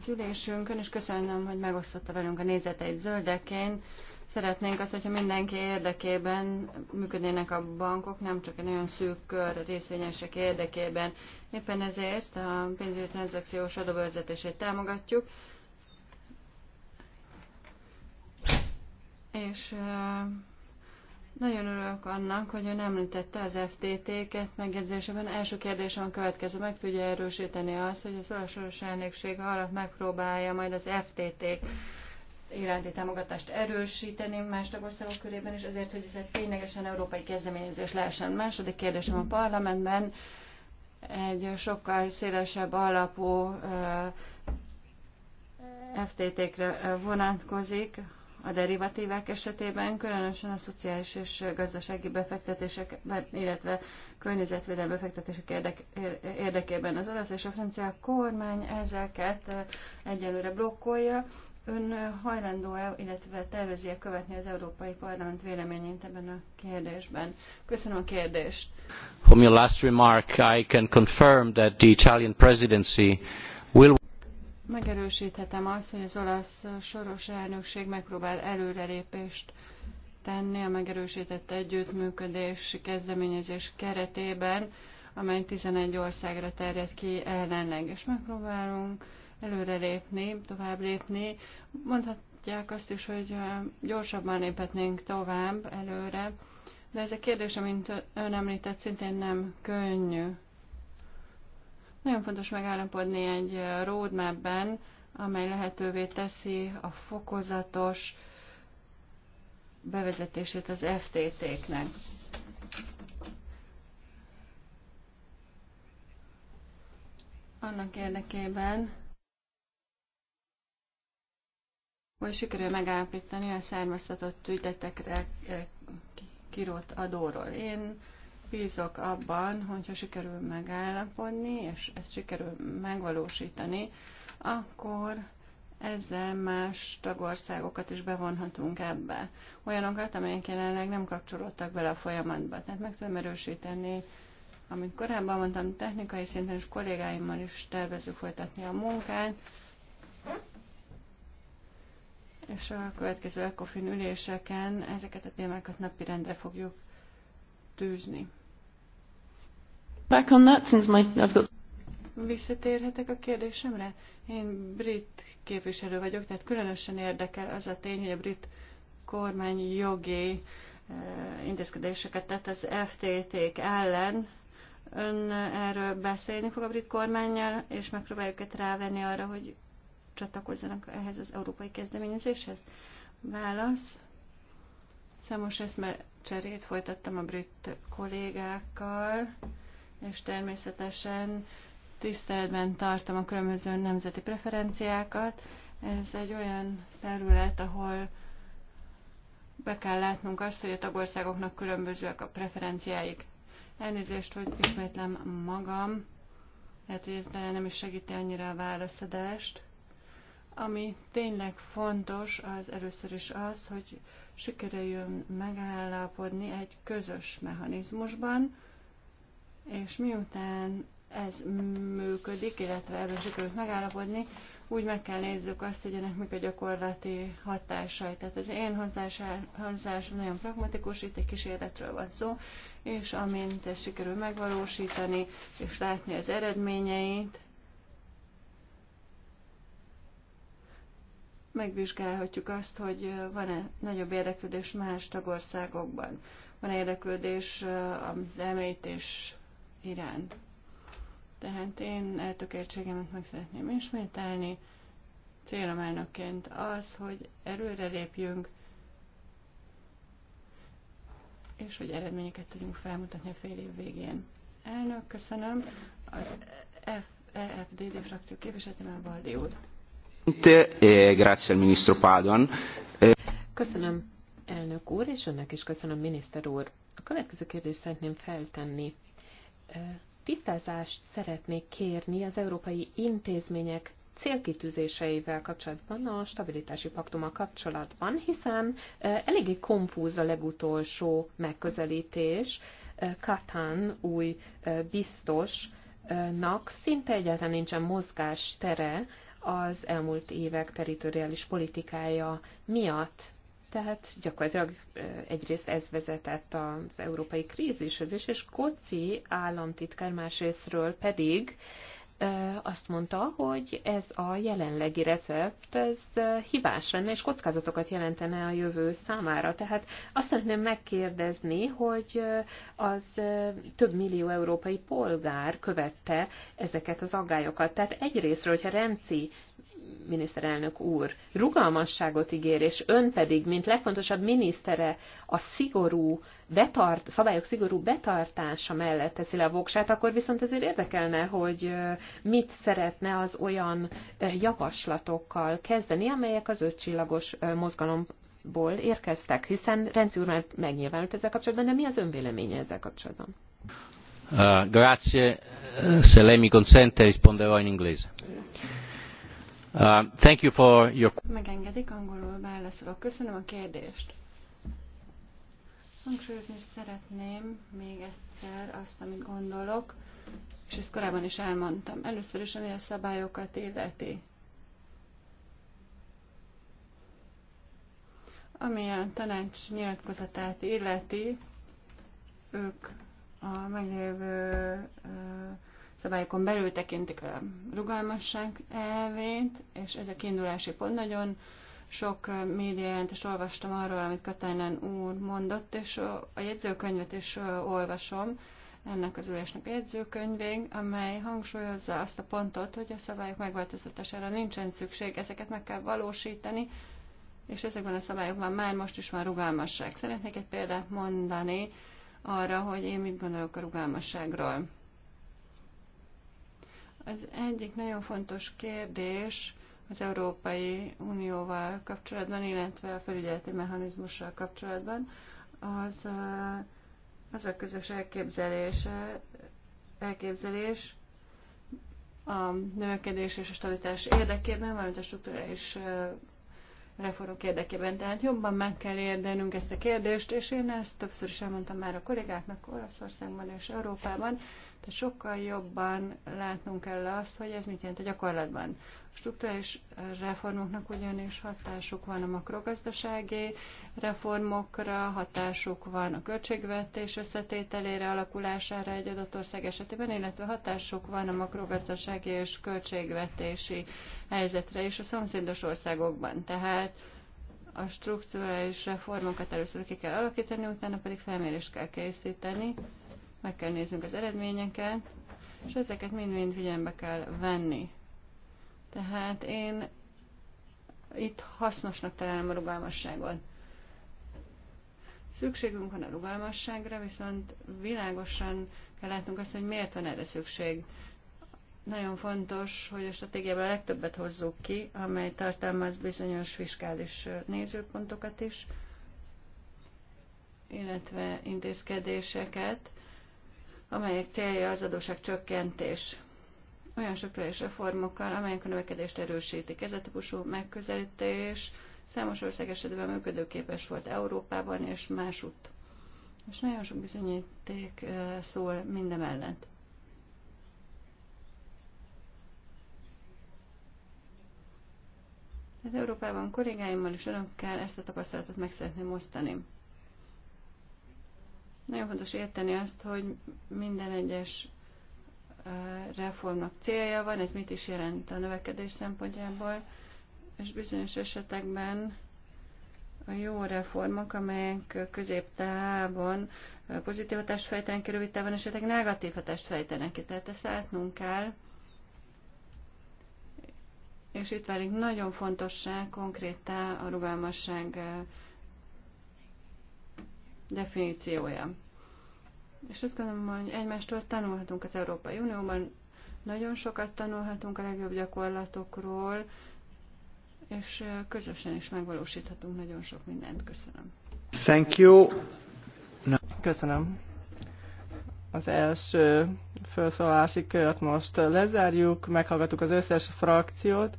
az ülésünkön, és köszönöm, hogy megosztotta velünk a nézeteit zöldeként Szeretnénk azt, hogyha mindenki érdekében működnének a bankok, nem csak egy nagyon szűk kör részvényesek érdekében. Éppen ezért a pénzügyi tranzakciós adóvezetését támogatjuk, és nagyon örülök annak, hogy ön említette az FTT-ket megjegyzésében. Első kérdésem a következő. Meg tudja erősíteni azt, hogy a szorosoros elnökség alatt megpróbálja majd az FTT-k iránti támogatást erősíteni más tagországok körében, és azért, hogy ez egy ténylegesen európai kezdeményezés lehessen. Második kérdésem a parlamentben egy sokkal szélesebb alapú FTT-kre vonatkozik a derivatívák esetében, különösen a szociális és gazdasági befektetések, illetve környezetvédelmi befektetések érdek, érdekében az olasz és a francia kormány ezeket egyelőre blokkolja, Ön hajlandó-e, illetve tervezi -e követni az Európai Parlament véleményét ebben a kérdésben? Köszönöm a kérdést. From your last remark, I can confirm that the Italian presidency will... Megerősíthetem azt, hogy az olasz soros elnökség megpróbál előrelépést tenni a megerősített együttműködés kezdeményezés keretében, amely 11 országra terjed ki ellenleg, és megpróbálunk előre lépni, tovább lépni. Mondhatják azt is, hogy gyorsabban léphetnénk tovább előre, de ez a kérdés, amint ön említett, szintén nem könnyű. Nagyon fontos megállapodni egy roadmapben, amely lehetővé teszi a fokozatos bevezetését az FTT-knek. Annak érdekében, hogy sikerül megállapítani a származtatott ügyletekre eh, kirót adóról. Én bízok abban, hogyha sikerül megállapodni, és ezt sikerül megvalósítani, akkor ezzel más tagországokat is bevonhatunk ebbe. Olyanokat, amelyek jelenleg nem kapcsolódtak bele a folyamatba. Tehát meg tudom erősíteni, amit korábban mondtam, technikai szinten és kollégáimmal is tervezünk folytatni a munkát, és a következő ECOFIN üléseken ezeket a témákat napirendre fogjuk tűzni. Back on that, since my, I've got... Visszatérhetek a kérdésemre? Én brit képviselő vagyok, tehát különösen érdekel az a tény, hogy a brit kormány jogi eh, intézkedéseket tett az FTT-k ellen. Ön erről beszélni fog a brit kormányjal, és megpróbáljuk őket rávenni arra, hogy csatlakozzanak ehhez az európai kezdeményezéshez? Válasz. Számos cserét folytattam a brit kollégákkal, és természetesen tiszteletben tartom a különböző nemzeti preferenciákat. Ez egy olyan terület, ahol be kell látnunk azt, hogy a tagországoknak különbözőek a preferenciáik. Elnézést, hogy ismétlem magam, lehet, hogy ez nem is segíti annyira a választadást. Ami tényleg fontos, az először is az, hogy sikerüljön megállapodni egy közös mechanizmusban, és miután ez működik, illetve ebben sikerült megállapodni, úgy meg kell nézzük azt, hogy ennek mik a gyakorlati hatásai. Tehát az én hozzáállásom nagyon pragmatikus, itt egy kísérletről van szó, és amint ezt sikerül megvalósítani, és látni az eredményeit, megvizsgálhatjuk azt, hogy van-e nagyobb érdeklődés más tagországokban, van-e érdeklődés az említés iránt. Tehát én eltökéltségemet meg szeretném ismételni. Célom elnökként az, hogy erőre lépjünk, és hogy eredményeket tudjunk felmutatni a fél év végén. Elnök, köszönöm. Az EFDD frakció képviseletében Valdi úr. E e köszönöm, elnök úr, és önnek is köszönöm, miniszter úr. A következő kérdést szeretném feltenni. E, tisztázást szeretnék kérni az európai intézmények célkitűzéseivel kapcsolatban, a stabilitási paktummal kapcsolatban, hiszen eléggé konfúz a legutolsó megközelítés. Katán új biztosnak szinte egyáltalán nincsen mozgástere az elmúlt évek teritoriális politikája miatt. Tehát gyakorlatilag egyrészt ez vezetett az európai krízishez is, és Koci államtitkár másrésztről pedig azt mondta, hogy ez a jelenlegi recept, ez hibás lenne, és kockázatokat jelentene a jövő számára. Tehát azt szeretném megkérdezni, hogy az több millió európai polgár követte ezeket az aggályokat. Tehát egyrésztről, hogyha Remci miniszterelnök úr rugalmasságot ígér, és ön pedig, mint legfontosabb minisztere, a szigorú betart, szabályok szigorú betartása mellett teszi le a voksát, akkor viszont ezért érdekelne, hogy mit szeretne az olyan javaslatokkal kezdeni, amelyek az ötcsillagos mozgalomból érkeztek, hiszen Renci úr már megnyilvánult ezzel kapcsolatban, de mi az ön véleménye ezzel kapcsolatban? Uh, grazie, se lei mi consente risponderò in inglese. Um, Megengedik, angolul válaszolok. Köszönöm a kérdést. Hangsúlyozni szeretném még egyszer azt, amit gondolok, és ezt korábban is elmondtam. Először is, ami a szabályokat illeti. Ami a tanács nyilatkozatát illeti, ők a meglévő uh, szabályokon belül tekintik a rugalmasság elvét, és ez a kiindulási pont nagyon sok és olvastam arról, amit Katainen úr mondott, és a jegyzőkönyvet is olvasom, ennek az ülésnek jegyzőkönyvén, amely hangsúlyozza azt a pontot, hogy a szabályok megváltoztatására nincsen szükség, ezeket meg kell valósítani, és ezekben a szabályokban már most is van rugalmasság. Szeretnék egy példát mondani arra, hogy én mit gondolok a rugalmasságról. Az egyik nagyon fontos kérdés az Európai Unióval kapcsolatban, illetve a felügyeleti mechanizmussal kapcsolatban, az, az a közös elképzelése, elképzelés a növekedés és a stabilitás érdekében, valamint a struktúrális reformok érdekében. Tehát jobban meg kell érdenünk ezt a kérdést, és én ezt többször is elmondtam már a kollégáknak Olaszországban és Európában. Tehát sokkal jobban látnunk kell azt, hogy ez mit jelent a gyakorlatban. A struktúrális reformoknak ugyanis hatásuk van a makrogazdasági reformokra, hatásuk van a költségvetés összetételére, alakulására egy adott ország esetében, illetve hatásuk van a makrogazdasági és költségvetési helyzetre is a szomszédos országokban. Tehát a struktúrális reformokat először ki kell alakítani, utána pedig felmérést kell készíteni, meg kell néznünk az eredményeket, és ezeket mind-mind figyelembe kell venni. Tehát én itt hasznosnak találom a rugalmasságot. Szükségünk van a rugalmasságra, viszont világosan kell látnunk azt, hogy miért van erre szükség. Nagyon fontos, hogy a stratégiában a legtöbbet hozzuk ki, amely tartalmaz bizonyos fiskális nézőpontokat is, illetve intézkedéseket, amelyek célja az adóság csökkentés. Olyan strukturális reformokkal, amelyek a növekedést erősítik. Ez a típusú megközelítés számos ország esetben működőképes volt Európában és másutt. És nagyon sok bizonyíték szól minden mellett. Tehát Európában kollégáimmal és önökkel ezt a tapasztalatot meg szeretném osztani. Nagyon fontos érteni azt, hogy minden egyes reformnak célja van, ez mit is jelent a növekedés szempontjából, és bizonyos esetekben a jó reformok, amelyek középtávon pozitív hatást fejtenek ki, rövid távon esetleg negatív hatást fejtenek ki. Tehát ezt látnunk kell. És itt válik nagyon fontossá konkrétá a rugalmasság definíciója. És azt gondolom, hogy egymástól tanulhatunk az Európai Unióban, nagyon sokat tanulhatunk a legjobb gyakorlatokról, és közösen is megvalósíthatunk nagyon sok mindent. Köszönöm. Thank you. No. Köszönöm. Az első felszólási kört most lezárjuk, meghallgattuk az összes frakciót.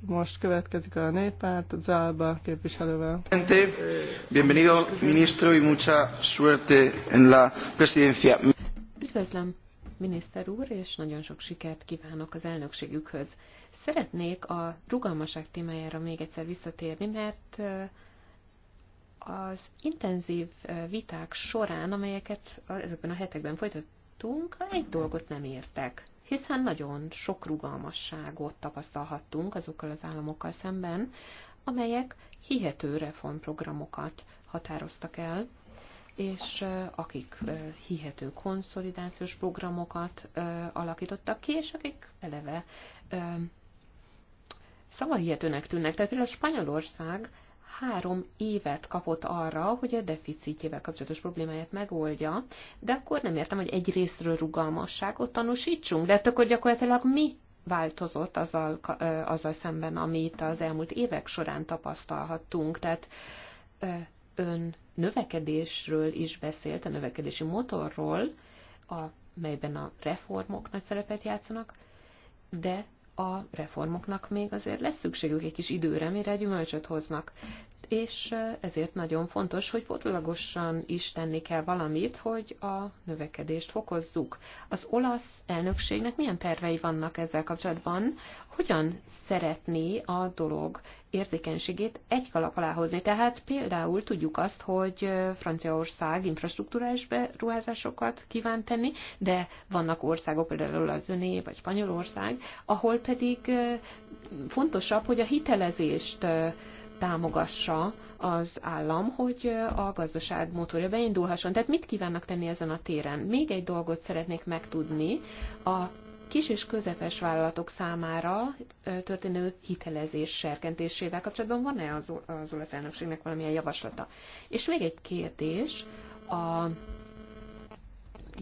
Most következik a néppárt Zálba képviselővel. Bienvenido, ministro, y mucha suerte en la presidencia. Üdvözlöm, miniszter úr, és nagyon sok sikert kívánok az elnökségükhöz. Szeretnék a rugalmaság témájára még egyszer visszatérni, mert az intenzív viták során, amelyeket ezekben a hetekben folytattunk, egy dolgot nem értek hiszen nagyon sok rugalmasságot tapasztalhattunk azokkal az államokkal szemben, amelyek hihető reformprogramokat határoztak el, és akik hihető konszolidációs programokat alakítottak ki, és akik eleve szavahihetőnek tűnnek. Tehát például Spanyolország három évet kapott arra, hogy a deficitjével kapcsolatos problémáját megoldja, de akkor nem értem, hogy egy részről rugalmasságot tanúsítsunk, de hát akkor gyakorlatilag mi változott azzal, azzal szemben, amit az elmúlt évek során tapasztalhattunk. Tehát ön növekedésről is beszélt, a növekedési motorról, a, melyben a reformok nagy szerepet játszanak, de a reformoknak még azért lesz szükségük egy kis időre, mire gyümölcsöt hoznak és ezért nagyon fontos, hogy potlagosan is tenni kell valamit, hogy a növekedést fokozzuk. Az olasz elnökségnek milyen tervei vannak ezzel kapcsolatban? Hogyan szeretné a dolog érzékenységét egy kalap alá hozni? Tehát például tudjuk azt, hogy Franciaország infrastruktúrális beruházásokat kíván tenni, de vannak országok, például az öné vagy Spanyolország, ahol pedig fontosabb, hogy a hitelezést támogassa az állam, hogy a gazdaság motorja beindulhasson. Tehát mit kívánnak tenni ezen a téren? Még egy dolgot szeretnék megtudni, a kis és közepes vállalatok számára történő hitelezés serkentésével kapcsolatban van-e az, az olasz elnökségnek valamilyen javaslata? És még egy kérdés, a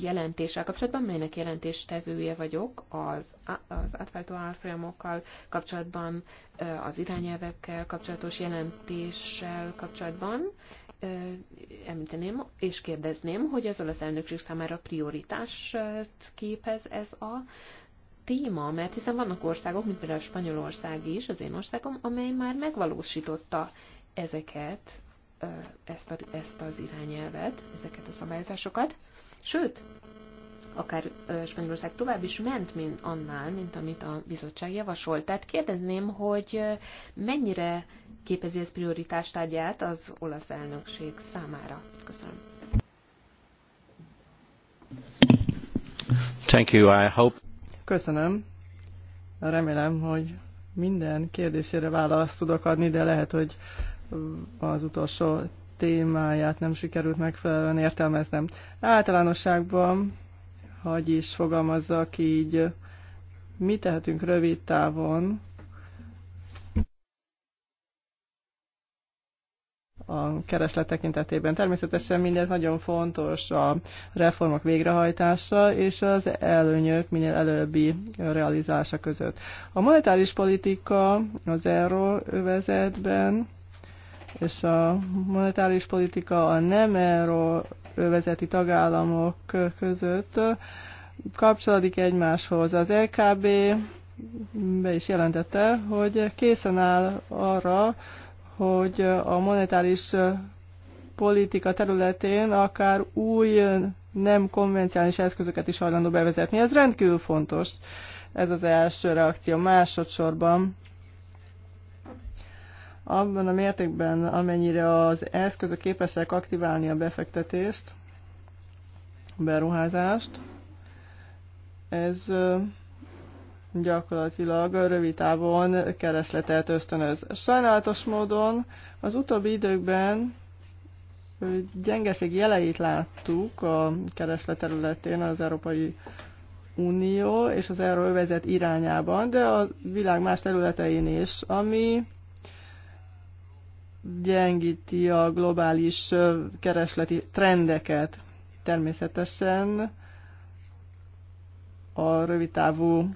jelentéssel kapcsolatban, melynek jelentéstevője vagyok az, az átváltó árfolyamokkal kapcsolatban, az irányelvekkel kapcsolatos jelentéssel kapcsolatban, említeném és kérdezném, hogy az olasz elnökség számára prioritást képez ez a téma, mert hiszen vannak országok, mint például a Spanyolország is, az én országom, amely már megvalósította ezeket, ezt, a, ezt az irányelvet, ezeket a szabályozásokat. Sőt, akár Spanyolország tovább is ment, mint annál, mint amit a bizottság javasolt. Tehát kérdezném, hogy mennyire képezi ez prioritástárgyát az olasz elnökség számára. Köszönöm. Thank you, I hope. Köszönöm. Remélem, hogy minden kérdésére választ tudok adni, de lehet, hogy az utolsó témáját nem sikerült megfelelően értelmeznem. Általánosságban, hogy is fogalmazzak így, mi tehetünk rövid távon a kereslet tekintetében. Természetesen mindez nagyon fontos a reformok végrehajtása és az előnyök minél előbbi realizása között. A monetáris politika az övezetben és a monetáris politika a nem euróvezeti tagállamok között kapcsolódik egymáshoz. Az LKB e be is jelentette, hogy készen áll arra, hogy a monetáris politika területén akár új nem konvenciális eszközöket is hajlandó bevezetni. Ez rendkívül fontos. Ez az első reakció. Másodszorban abban a mértékben, amennyire az eszközök képesek aktiválni a befektetést, beruházást, ez gyakorlatilag rövid távon keresletet ösztönöz. Sajnálatos módon az utóbbi időkben gyengeség jeleit láttuk a kereslet területén az Európai Unió és az Euróvezet irányában, de a világ más területein is, ami gyengíti a globális keresleti trendeket. Természetesen a rövidtávú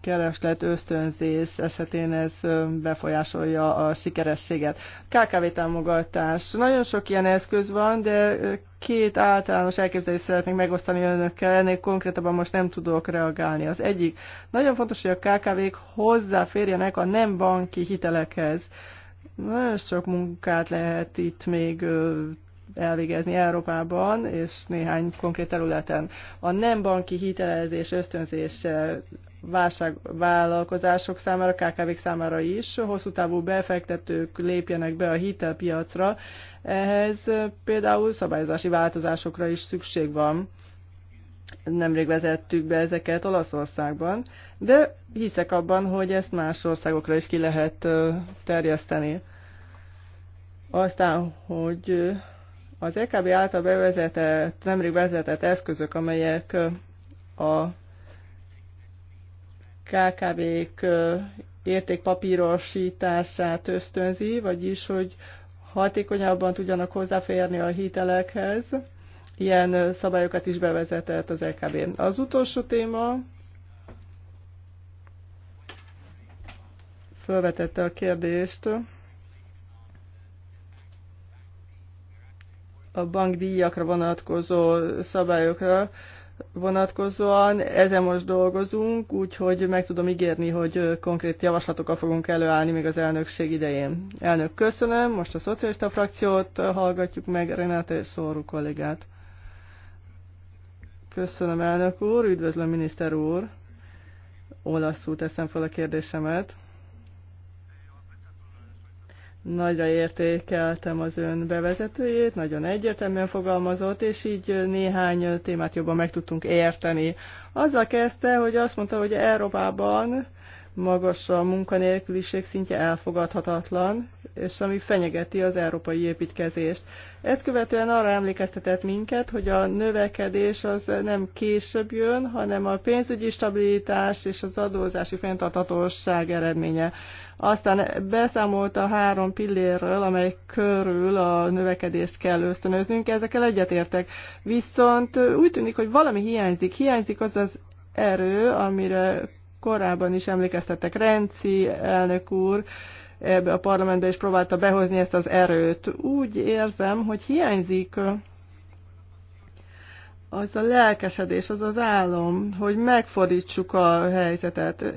kereslet ösztönzés esetén ez befolyásolja a sikerességet. KKV támogatás. Nagyon sok ilyen eszköz van, de két általános elképzelést szeretnék megosztani önökkel, ennél konkrétabban most nem tudok reagálni. Az egyik, nagyon fontos, hogy a KKV-k hozzáférjenek a nem banki hitelekhez ez csak munkát lehet itt még elvégezni Európában és néhány konkrét területen. A nem banki hitelezés ösztönzése válság, vállalkozások számára, KKV-k számára is, hosszú távú befektetők lépjenek be a hitelpiacra. Ehhez például szabályozási változásokra is szükség van nemrég vezettük be ezeket Olaszországban, de hiszek abban, hogy ezt más országokra is ki lehet terjeszteni. Aztán, hogy az EKB által bevezetett, nemrég vezetett eszközök, amelyek a KKV-k értékpapírosítását ösztönzi, vagyis hogy hatékonyabban tudjanak hozzáférni a hitelekhez, ilyen szabályokat is bevezetett az LKB. Az utolsó téma felvetette a kérdést a bankdíjakra vonatkozó szabályokra vonatkozóan. Ezen most dolgozunk, úgyhogy meg tudom ígérni, hogy konkrét javaslatokkal fogunk előállni még az elnökség idején. Elnök, köszönöm. Most a szocialista frakciót hallgatjuk meg, Renate Szóru kollégát. Köszönöm, elnök úr, üdvözlöm, miniszter úr. Olaszul teszem fel a kérdésemet. Nagyra értékeltem az ön bevezetőjét, nagyon egyértelműen fogalmazott, és így néhány témát jobban meg tudtunk érteni. Azzal kezdte, hogy azt mondta, hogy Európában magas a munkanélküliség szintje elfogadhatatlan, és ami fenyegeti az európai építkezést. Ezt követően arra emlékeztetett minket, hogy a növekedés az nem később jön, hanem a pénzügyi stabilitás és az adózási fenntarthatóság eredménye. Aztán beszámolt a három pillérről, amely körül a növekedést kell ösztönöznünk, ezekkel egyetértek. Viszont úgy tűnik, hogy valami hiányzik. Hiányzik az az erő, amire korábban is emlékeztetek, Renci elnök úr ebbe a parlamentbe is próbálta behozni ezt az erőt. Úgy érzem, hogy hiányzik az a lelkesedés, az az álom, hogy megfordítsuk a helyzetet.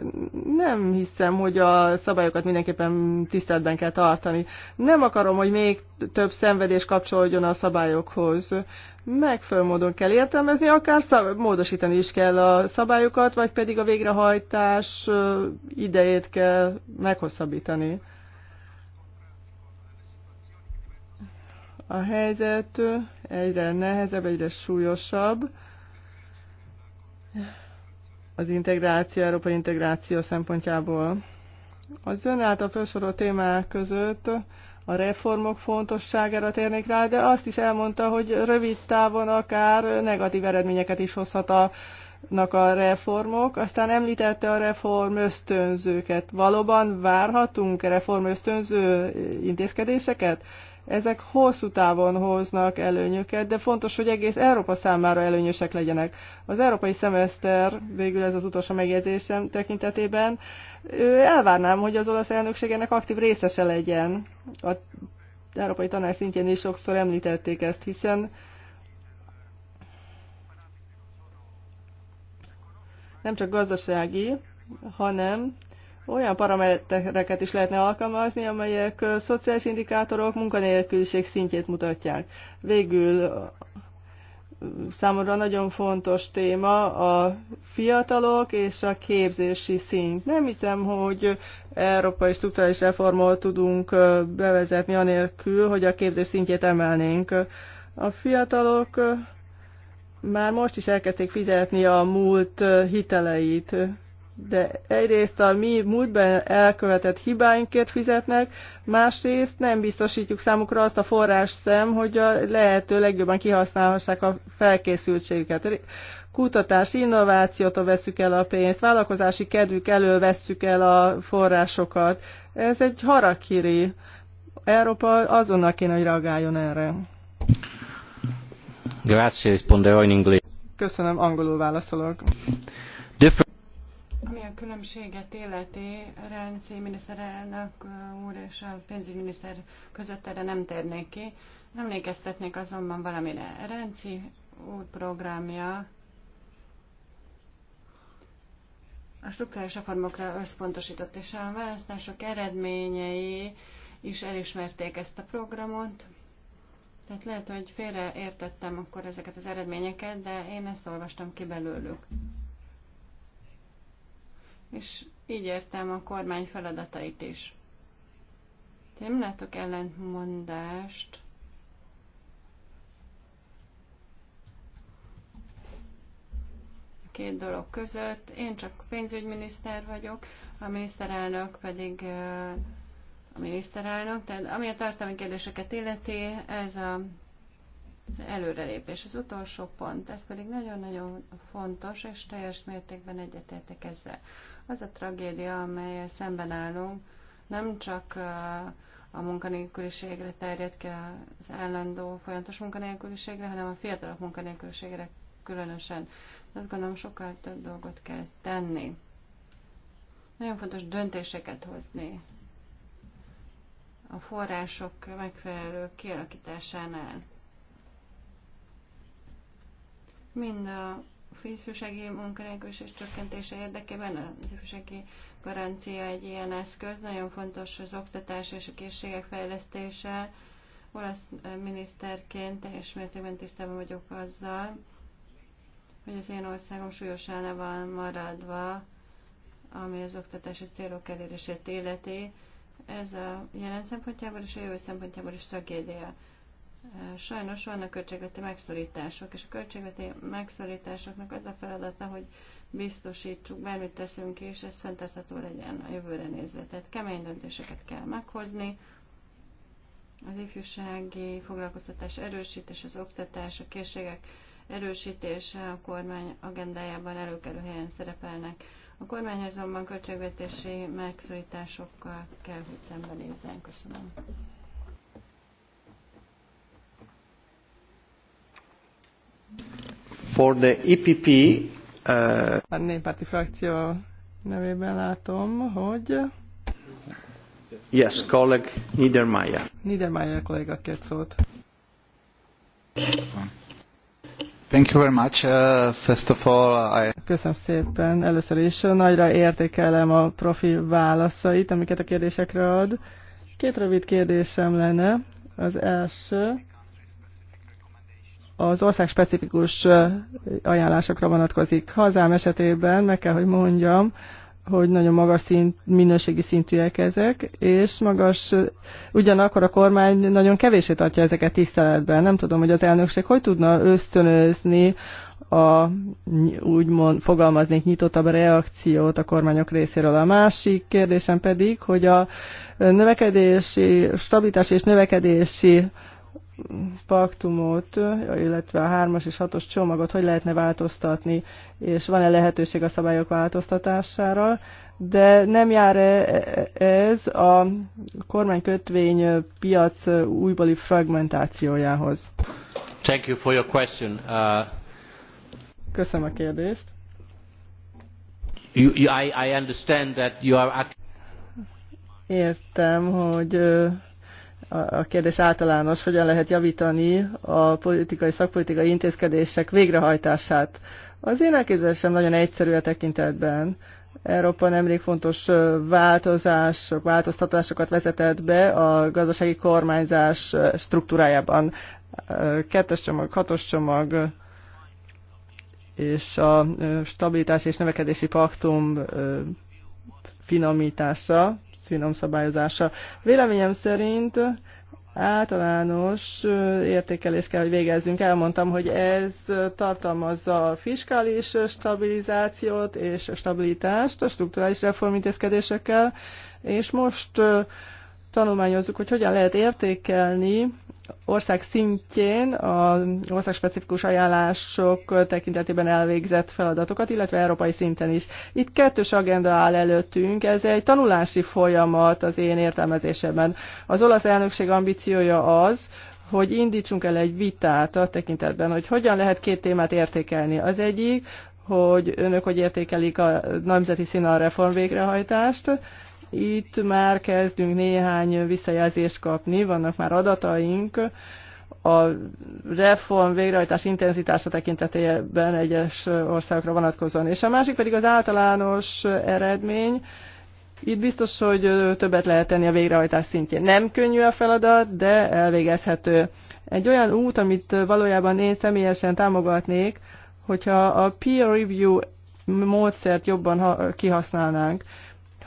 Nem hiszem, hogy a szabályokat mindenképpen tiszteletben kell tartani. Nem akarom, hogy még több szenvedés kapcsolódjon a szabályokhoz. Megfelelő módon kell értelmezni, akár szab- módosítani is kell a szabályokat, vagy pedig a végrehajtás idejét kell meghosszabbítani. A helyzet egyre nehezebb, egyre súlyosabb. Az integráció, európai integráció szempontjából. Az ön által felsorolt témák között a reformok fontosságára térnék rá, de azt is elmondta, hogy rövid távon akár negatív eredményeket is hozhatnak a reformok. Aztán említette a reform ösztönzőket. Valóban várhatunk reform ösztönző intézkedéseket? Ezek hosszú távon hoznak előnyöket, de fontos, hogy egész Európa számára előnyösek legyenek. Az európai szemeszter, végül ez az utolsó megjegyzésem tekintetében, elvárnám, hogy az olasz elnökség ennek aktív részese legyen. A Európai Tanács szintjén is sokszor említették ezt, hiszen nem csak gazdasági, hanem olyan paramétereket is lehetne alkalmazni, amelyek szociális indikátorok munkanélküliség szintjét mutatják. Végül számomra nagyon fontos téma a fiatalok és a képzési szint. Nem hiszem, hogy európai struktúrális reformot tudunk bevezetni anélkül, hogy a képzés szintjét emelnénk. A fiatalok már most is elkezdték fizetni a múlt hiteleit, de egyrészt a mi múltban elkövetett hibáinkért fizetnek, másrészt nem biztosítjuk számukra azt a forrás szem, hogy a lehető legjobban kihasználhassák a felkészültségüket. Kutatás, innovációtól veszük el a pénzt, vállalkozási kedvük elől vesszük el a forrásokat. Ez egy harakiri. Európa azonnal kéne, hogy reagáljon erre. Grazie, in inglese. Köszönöm, angolul válaszolok. Different ami a különbséget illeti, Renci miniszterelnök úr és a pénzügyminiszter között erre nem térnék ki. Emlékeztetnék azonban valamire. Renci úr programja a struktúrális reformokra összpontosított, és a választások eredményei is elismerték ezt a programot. Tehát lehet, hogy félreértettem akkor ezeket az eredményeket, de én ezt olvastam ki belőlük és így értem a kormány feladatait is. De nem látok ellentmondást. A két dolog között. Én csak pénzügyminiszter vagyok, a miniszterelnök pedig a miniszterelnök. Tehát ami a tartalmi kérdéseket illeti, ez a előrelépés. Az utolsó pont, ez pedig nagyon-nagyon fontos, és teljes mértékben egyetértek ezzel. Az a tragédia, amelyel szemben állunk, nem csak a munkanélküliségre terjed ki az állandó folyamatos munkanélküliségre, hanem a fiatalok munkanélküliségre különösen. Azt gondolom, sokkal több dolgot kell tenni. Nagyon fontos döntéseket hozni a források megfelelő kialakításánál. Mind a ifjúsági munkanélküliség csökkentése érdekében. Az ifjúsági garancia egy ilyen eszköz, nagyon fontos az oktatás és a készségek fejlesztése. Olasz eh, miniszterként teljes mértékben tisztában vagyok azzal, hogy az én országom súlyosan le van maradva, ami az oktatási célok elérését illeti. Ez a jelen szempontjából és a jövő szempontjából is tragédia. Sajnos vannak költségveti megszorítások, és a költségveti megszorításoknak az a feladata, hogy biztosítsuk, bármit teszünk, és ez fenntartható legyen a jövőre nézve. Tehát kemény döntéseket kell meghozni, az ifjúsági foglalkoztatás erősítés, az oktatás, a készségek erősítése a kormány agendájában előkerül helyen szerepelnek. A kormány azonban költségvetési megszorításokkal kell, hogy szembenézzen. Köszönöm. For the EPP, uh... a néppárti frakció nevében látom, hogy... Yes, colleague Niedermayer. Niedermayer kolléga két szót. Thank you very much. Uh, first of all, I... Köszönöm szépen. Először is nagyra értékelem a profil válaszait, amiket a kérdésekre ad. Két rövid kérdésem lenne. Az első, az ország specifikus ajánlásokra vonatkozik. Hazám esetében meg kell, hogy mondjam, hogy nagyon magas szint, minőségi szintűek ezek, és magas, ugyanakkor a kormány nagyon kevésé tartja ezeket tiszteletben. Nem tudom, hogy az elnökség hogy tudna ösztönözni a, úgymond fogalmaznék nyitottabb reakciót a kormányok részéről. A másik kérdésem pedig, hogy a növekedési, stabilitási és növekedési paktumot, illetve a hármas és hatos csomagot hogy lehetne változtatni, és van-e lehetőség a szabályok változtatására, de nem jár -e, e ez a kormánykötvény piac újbali fragmentációjához? Thank you for your question. Uh... Köszönöm a kérdést. You, you, I, I understand that you are... Értem, hogy a kérdés általános, hogyan lehet javítani a politikai, szakpolitikai intézkedések végrehajtását. Az én elképzelésem nagyon egyszerű a tekintetben. Európa nemrég fontos változás, változtatásokat vezetett be a gazdasági kormányzás struktúrájában. Kettes csomag, hatos csomag, és a stabilitás és növekedési paktum finomítása, szabályozása. Véleményem szerint általános értékelés kell, hogy végezzünk. Elmondtam, hogy ez tartalmazza a fiskális stabilizációt és stabilitást a strukturális reformintézkedésekkel, és most tanulmányozzuk, hogy hogyan lehet értékelni ország szintjén ország specifikus ajánlások tekintetében elvégzett feladatokat, illetve európai szinten is. Itt kettős agenda áll előttünk, ez egy tanulási folyamat az én értelmezésemben. Az olasz elnökség ambíciója az, hogy indítsunk el egy vitát a tekintetben, hogy hogyan lehet két témát értékelni. Az egyik, hogy önök hogy értékelik a nemzeti reform végrehajtást, itt már kezdünk néhány visszajelzést kapni, vannak már adataink, a reform végrehajtás intenzitása tekintetében egyes országokra vonatkozóan. És a másik pedig az általános eredmény. Itt biztos, hogy többet lehet tenni a végrehajtás szintjén. Nem könnyű a feladat, de elvégezhető. Egy olyan út, amit valójában én személyesen támogatnék, hogyha a peer review módszert jobban kihasználnánk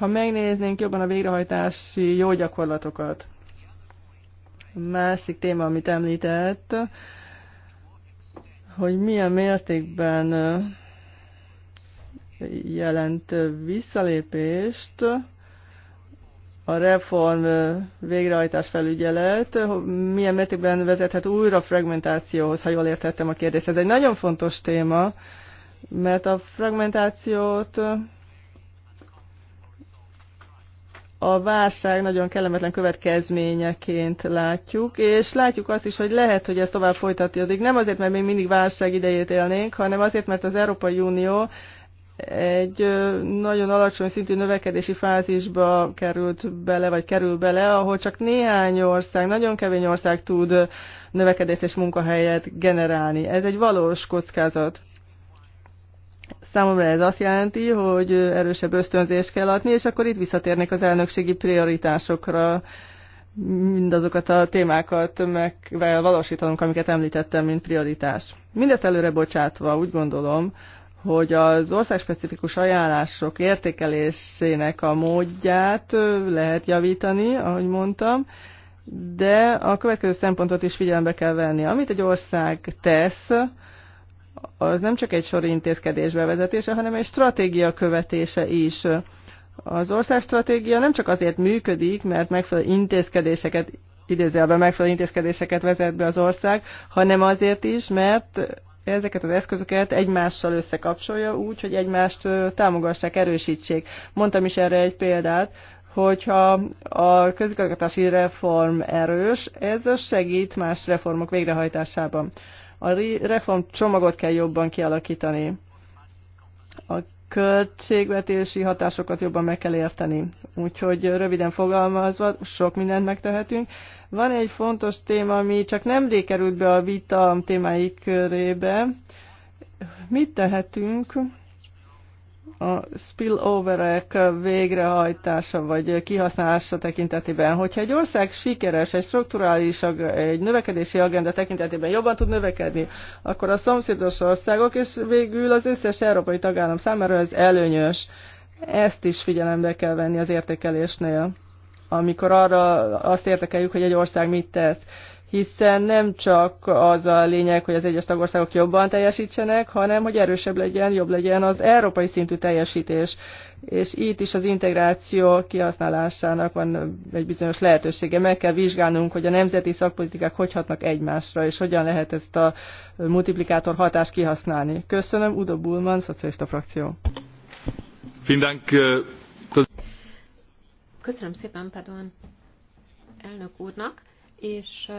ha megnéznénk jobban a végrehajtási jó gyakorlatokat. Másik téma, amit említett, hogy milyen mértékben jelent visszalépést a reform végrehajtás felügyelet, milyen mértékben vezethet újra fragmentációhoz, ha jól értettem a kérdést. Ez egy nagyon fontos téma, mert a fragmentációt a válság nagyon kellemetlen következményeként látjuk, és látjuk azt is, hogy lehet, hogy ez tovább folytatódik. Nem azért, mert még mindig válság idejét élnénk, hanem azért, mert az Európai Unió egy nagyon alacsony szintű növekedési fázisba került bele, vagy kerül bele, ahol csak néhány ország, nagyon kevés ország tud növekedés és munkahelyet generálni. Ez egy valós kockázat. Számomra ez azt jelenti, hogy erősebb ösztönzést kell adni, és akkor itt visszatérnek az elnökségi prioritásokra, mindazokat a témákat megvel valósítanunk, amiket említettem, mint prioritás. Mindezt előre bocsátva úgy gondolom, hogy az országspecifikus ajánlások értékelésének a módját lehet javítani, ahogy mondtam, de a következő szempontot is figyelembe kell venni. Amit egy ország tesz, az nem csak egy sor intézkedés bevezetése, hanem egy stratégia követése is. Az országstratégia nem csak azért működik, mert megfelelő intézkedéseket, idézőjelben megfelelő intézkedéseket vezet be az ország, hanem azért is, mert ezeket az eszközöket egymással összekapcsolja úgy, hogy egymást támogassák, erősítsék. Mondtam is erre egy példát, hogyha a közigazgatási reform erős, ez segít más reformok végrehajtásában. A reformcsomagot kell jobban kialakítani. A költségvetési hatásokat jobban meg kell érteni. Úgyhogy röviden fogalmazva, sok mindent megtehetünk. Van egy fontos téma, ami csak nemrég került be a vita témáik körébe. Mit tehetünk? a spilloverek végrehajtása vagy kihasználása tekintetében. Hogyha egy ország sikeres, egy strukturális, egy növekedési agenda tekintetében jobban tud növekedni, akkor a szomszédos országok és végül az összes európai tagállam számára ez előnyös. Ezt is figyelembe kell venni az értékelésnél, amikor arra azt értekeljük, hogy egy ország mit tesz hiszen nem csak az a lényeg, hogy az egyes tagországok jobban teljesítsenek, hanem hogy erősebb legyen, jobb legyen az európai szintű teljesítés. És itt is az integráció kihasználásának van egy bizonyos lehetősége. Meg kell vizsgálnunk, hogy a nemzeti szakpolitikák hogy hatnak egymásra, és hogyan lehet ezt a multiplikátor hatást kihasználni. Köszönöm, Udo Bullman, Szocialista Frakció. Äh, Köszönöm szépen, Padon elnök úrnak és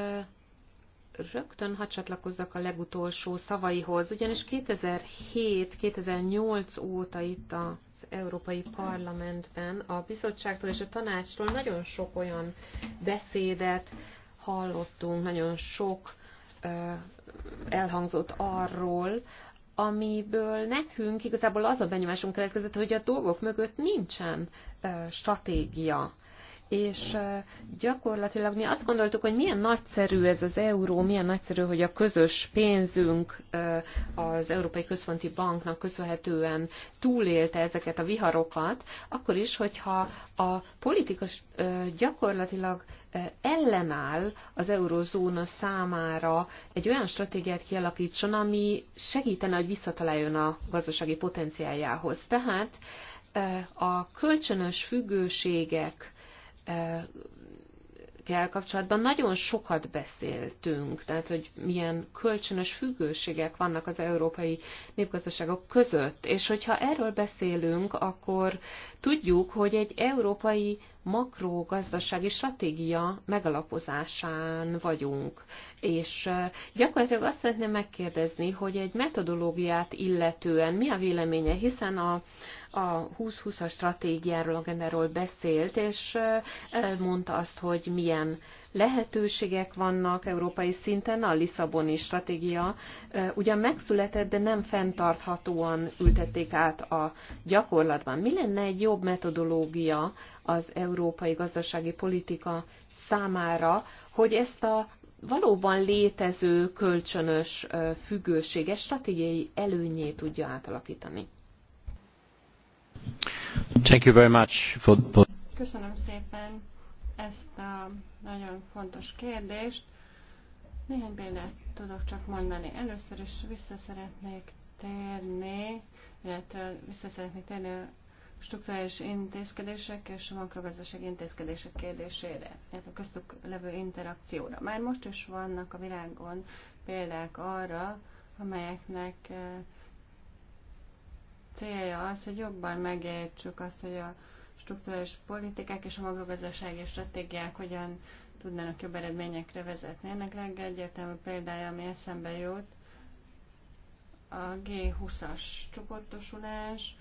rögtön hadd csatlakozzak a legutolsó szavaihoz, ugyanis 2007-2008 óta itt az Európai Parlamentben a bizottságtól és a tanácstól nagyon sok olyan beszédet hallottunk, nagyon sok elhangzott arról, amiből nekünk igazából az a benyomásunk keletkezett, hogy a dolgok mögött nincsen stratégia és gyakorlatilag mi azt gondoltuk, hogy milyen nagyszerű ez az euró, milyen nagyszerű, hogy a közös pénzünk az Európai Központi Banknak köszönhetően túlélte ezeket a viharokat, akkor is, hogyha a politikus gyakorlatilag ellenáll az eurozóna számára egy olyan stratégiát kialakítson, ami segítene, hogy visszataláljon a gazdasági potenciáljához. Tehát a kölcsönös függőségek kell kapcsolatban nagyon sokat beszéltünk, tehát hogy milyen kölcsönös függőségek vannak az európai népgazdaságok között, és hogyha erről beszélünk, akkor tudjuk, hogy egy európai makrogazdasági stratégia megalapozásán vagyunk és gyakorlatilag azt szeretném megkérdezni, hogy egy metodológiát illetően mi a véleménye, hiszen a, a 2020-as stratégiáról, agendáról beszélt, és elmondta azt, hogy milyen lehetőségek vannak európai szinten. A Lisszaboni stratégia ugyan megszületett, de nem fenntarthatóan ültették át a gyakorlatban. Mi lenne egy jobb metodológia az európai gazdasági politika számára, hogy ezt a valóban létező kölcsönös függőséges stratégiai előnyé tudja átalakítani. Thank you very much for... Köszönöm szépen ezt a nagyon fontos kérdést. Néhány példát tudok csak mondani. Először is vissza szeretnék térni, illetve vissza szeretnék térni strukturális intézkedések és a makrogazdasági intézkedések kérdésére, illetve köztük levő interakcióra. Már most is vannak a világon példák arra, amelyeknek eh, célja az, hogy jobban megértsük azt, hogy a strukturális politikák és a makrogazdasági stratégiák hogyan tudnának jobb eredményekre vezetni. Ennek legegyértelműbb példája, ami eszembe jut, a G20-as csoportosulás,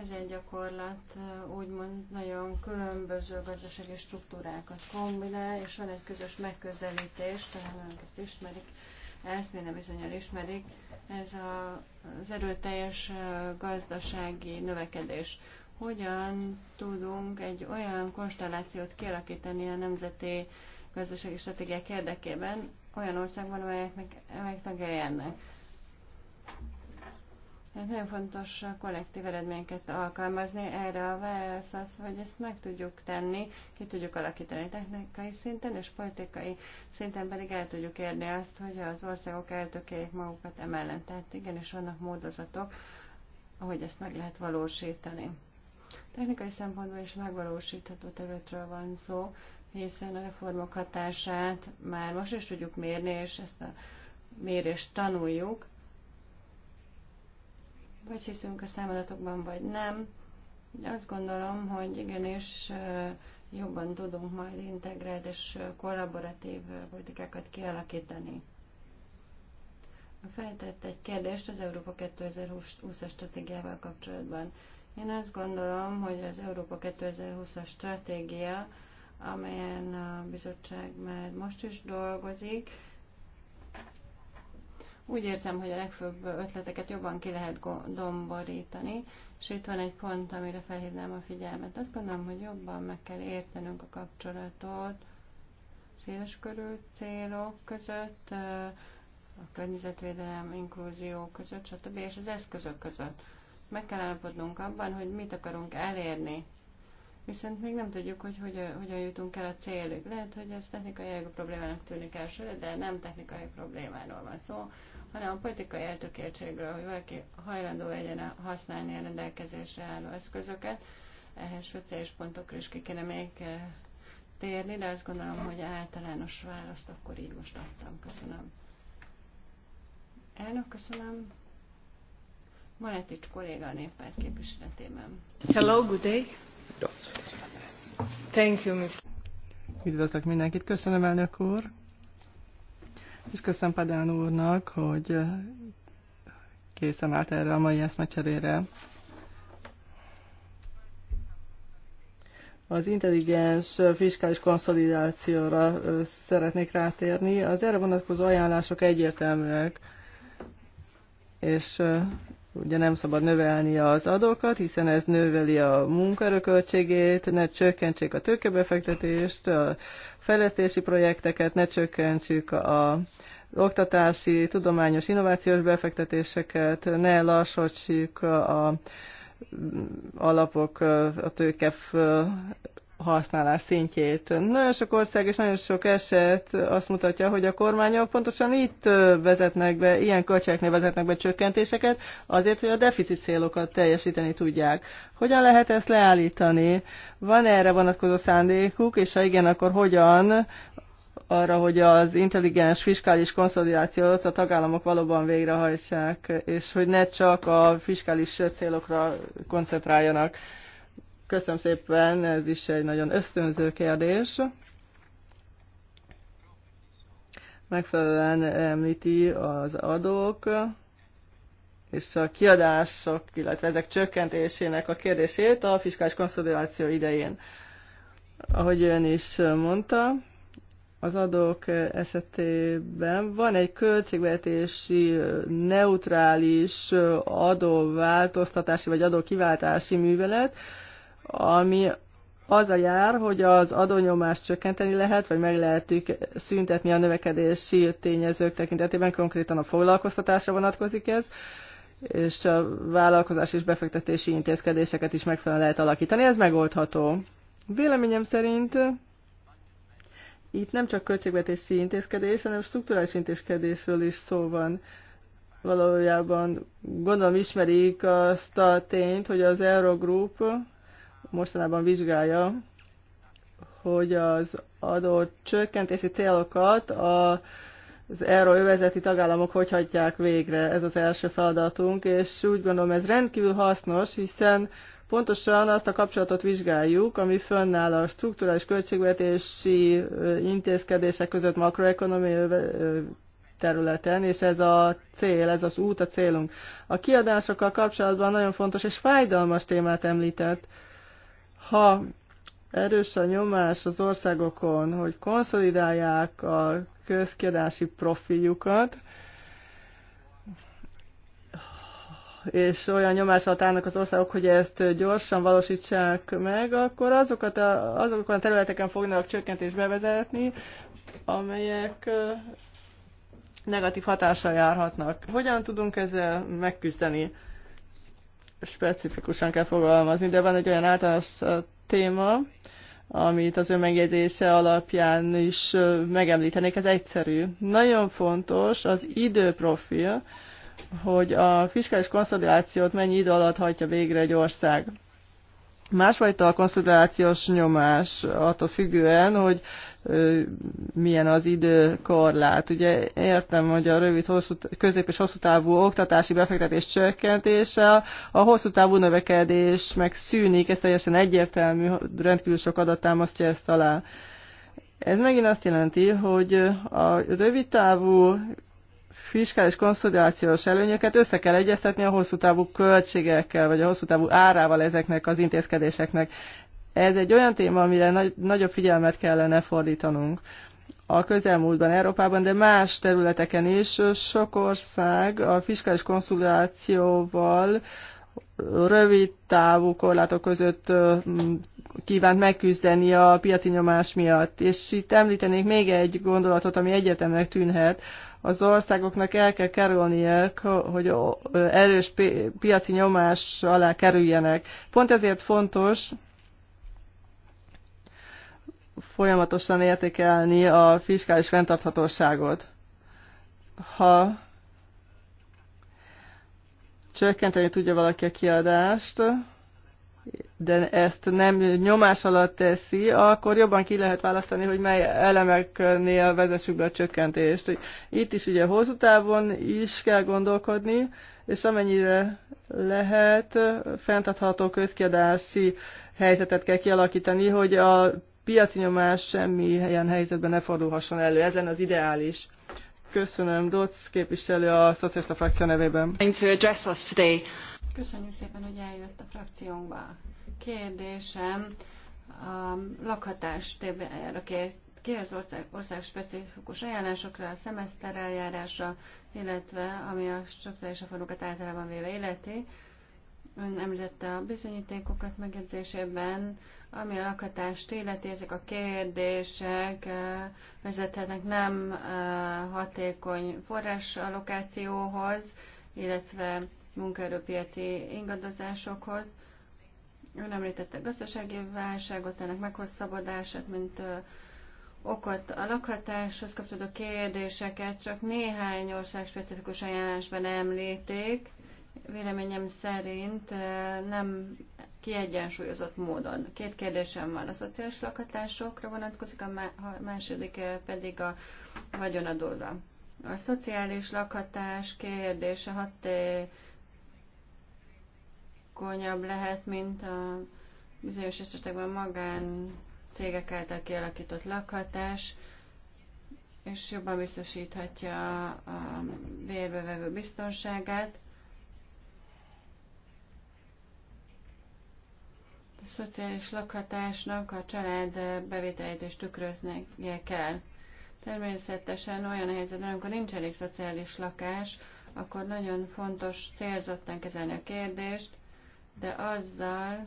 ez egy gyakorlat úgymond nagyon különböző gazdasági struktúrákat kombinál, és van egy közös megközelítés, talán önök ezt ismerik, ezt minden bizonyal ismerik, ez a, az erőteljes gazdasági növekedés. Hogyan tudunk egy olyan konstellációt kialakítani a nemzeti gazdasági stratégiák érdekében olyan országban, amelyek, meg tagjai ennek? Tehát nagyon fontos a kollektív eredményeket alkalmazni. Erre a válasz az, hogy ezt meg tudjuk tenni, ki tudjuk alakítani technikai szinten, és politikai szinten pedig el tudjuk érni azt, hogy az országok eltökéljék magukat emellett. Tehát igenis vannak módozatok, ahogy ezt meg lehet valósítani. Technikai szempontból is megvalósítható területről van szó, hiszen a reformok hatását már most is tudjuk mérni, és ezt a mérést tanuljuk, vagy hiszünk a számadatokban, vagy nem. De azt gondolom, hogy igenis jobban tudunk majd integrált és kollaboratív politikákat kialakítani. Feltett egy kérdést az Európa 2020-as stratégiával kapcsolatban. Én azt gondolom, hogy az Európa 2020-as stratégia, amelyen a bizottság már most is dolgozik, úgy érzem, hogy a legfőbb ötleteket jobban ki lehet domborítani, és itt van egy pont, amire felhívnám a figyelmet. Azt gondolom, hogy jobban meg kell értenünk a kapcsolatot széleskörű célok között, a környezetvédelem, inkluzió között, stb. és az eszközök között. Meg kell állapodnunk abban, hogy mit akarunk elérni. Viszont még nem tudjuk, hogy hogyan, hogyan jutunk el a célig. Lehet, hogy ez technikai problémának tűnik elsőre, de nem technikai problémáról van szó, hanem a politikai eltökéltségről, hogy valaki hajlandó legyen -e használni a rendelkezésre álló eszközöket. Ehhez speciális pontokra is ki kéne még eh, térni, de azt gondolom, hogy általános választ akkor így most adtam. Köszönöm. Elnök, köszönöm. Maletics kolléga a néppárt képviseletében. Hello, good day. Thank you, Mr. Üdvözlök mindenkit, köszönöm elnök úr és köszönöm Padán úrnak, hogy készen állt erre a mai eszmecserére. Az intelligens fiskális konszolidációra szeretnék rátérni. Az erre vonatkozó ajánlások egyértelműek, és Ugye nem szabad növelni az adókat, hiszen ez növeli a munkaerőköltségét, ne csökkentsék a tőkebefektetést, a fejlesztési projekteket, ne csökkentsük a oktatási, tudományos, innovációs befektetéseket, ne lassodjuk a alapok, a tőkef használás szintjét. Nagyon sok ország és nagyon sok eset azt mutatja, hogy a kormányok pontosan itt vezetnek be, ilyen költségeknél vezetnek be csökkentéseket, azért, hogy a deficit célokat teljesíteni tudják. Hogyan lehet ezt leállítani? Van -e erre vonatkozó szándékuk, és ha igen, akkor hogyan? arra, hogy az intelligens fiskális konszolidációt a tagállamok valóban végrehajtsák, és hogy ne csak a fiskális célokra koncentráljanak. Köszönöm szépen, ez is egy nagyon ösztönző kérdés. Megfelelően említi az adók és a kiadások, illetve ezek csökkentésének a kérdését a fiskális konszolidáció idején. Ahogy ön is mondta, az adók esetében van egy költségvetési neutrális adóváltoztatási vagy adókiváltási művelet, ami az a jár, hogy az adónyomást csökkenteni lehet, vagy meg lehet szüntetni a növekedési tényezők tekintetében, konkrétan a foglalkoztatásra vonatkozik ez, és a vállalkozás és befektetési intézkedéseket is megfelelően lehet alakítani. Ez megoldható. Véleményem szerint itt nem csak költségvetési intézkedés, hanem strukturális intézkedésről is szó van. Valójában gondolom ismerik azt a tényt, hogy az Eurogroup mostanában vizsgálja, hogy az adó csökkentési célokat a az euróövezeti tagállamok hogy hagyják végre, ez az első feladatunk, és úgy gondolom ez rendkívül hasznos, hiszen pontosan azt a kapcsolatot vizsgáljuk, ami fönnáll a strukturális költségvetési intézkedések között makroekonomiai területen, és ez a cél, ez az út a célunk. A kiadásokkal kapcsolatban nagyon fontos és fájdalmas témát említett, ha erős a nyomás az országokon, hogy konszolidálják a közkiadási profiljukat, és olyan nyomás alatt állnak az országok, hogy ezt gyorsan valósítsák meg, akkor azokat a, azokon a területeken fognak csökkentést bevezetni, amelyek negatív hatással járhatnak. Hogyan tudunk ezzel megküzdeni? specifikusan kell fogalmazni, de van egy olyan általános téma, amit az önmegjegyzése alapján is megemlítenék, ez egyszerű. Nagyon fontos az időprofil, hogy a fiskális konszolidációt mennyi idő alatt hagyja végre egy ország. Másfajta a konszolidációs nyomás attól függően, hogy milyen az időkorlát. Ugye értem, hogy a rövid, hosszú, közép és hosszú távú oktatási befektetés csökkentése, a hosszú távú növekedés meg szűnik, ez teljesen egyértelmű, rendkívül sok adat támasztja ezt alá. Ez megint azt jelenti, hogy a rövid távú fiskális konszolidációs előnyöket össze kell egyeztetni a hosszú távú költségekkel, vagy a hosszú távú árával ezeknek az intézkedéseknek. Ez egy olyan téma, amire nagy, nagyobb figyelmet kellene fordítanunk. A közelmúltban Európában, de más területeken is sok ország a fiskális konszulációval rövid távú korlátok között kívánt megküzdeni a piaci nyomás miatt. És itt említenék még egy gondolatot, ami egyetemnek tűnhet. Az országoknak el kell kerülnie, hogy erős piaci nyomás alá kerüljenek. Pont ezért fontos, folyamatosan értékelni a fiskális fenntarthatóságot. Ha csökkenteni tudja valaki a kiadást, de ezt nem nyomás alatt teszi, akkor jobban ki lehet választani, hogy mely elemeknél vezessük be a csökkentést. Itt is ugye hosszú távon is kell gondolkodni, és amennyire lehet, fenntartható közkiadási helyzetet kell kialakítani, hogy a piaci nyomás semmi ilyen helyzetben ne fordulhasson elő. Ez lenne az ideális. Köszönöm, Doc képviselő a szocialista frakció nevében. Köszönjük szépen, hogy eljött a frakciónkba. Kérdésem, a lakhatás témájára ki az ország, ország specifikus ajánlásokra, a szemeszter eljárása, illetve ami a struktúrális reformokat általában véve illeti. Ön említette a bizonyítékokat megjegyzésében, ami a lakhatást illeti, ezek a kérdések vezethetnek nem hatékony allokációhoz, illetve munkaerőpiaci ingadozásokhoz. Ön említette a gazdasági válságot, ennek meghosszabbodását, mint okot a lakhatáshoz kapcsolódó kérdéseket csak néhány ország specifikus ajánlásban említik. Véleményem szerint nem kiegyensúlyozott módon. Két kérdésem van. A szociális lakhatásokra vonatkozik, a második pedig a vagyonadóra. A szociális lakhatás kérdése hatékonyabb lehet, mint a bizonyos esetekben magán cégek által kialakított lakhatás, és jobban biztosíthatja a vérbevevő biztonságát. A szociális lakhatásnak a család bevételét is tükröznie kell. Természetesen olyan a helyzetben, amikor nincs elég szociális lakás, akkor nagyon fontos célzottan kezelni a kérdést, de azzal,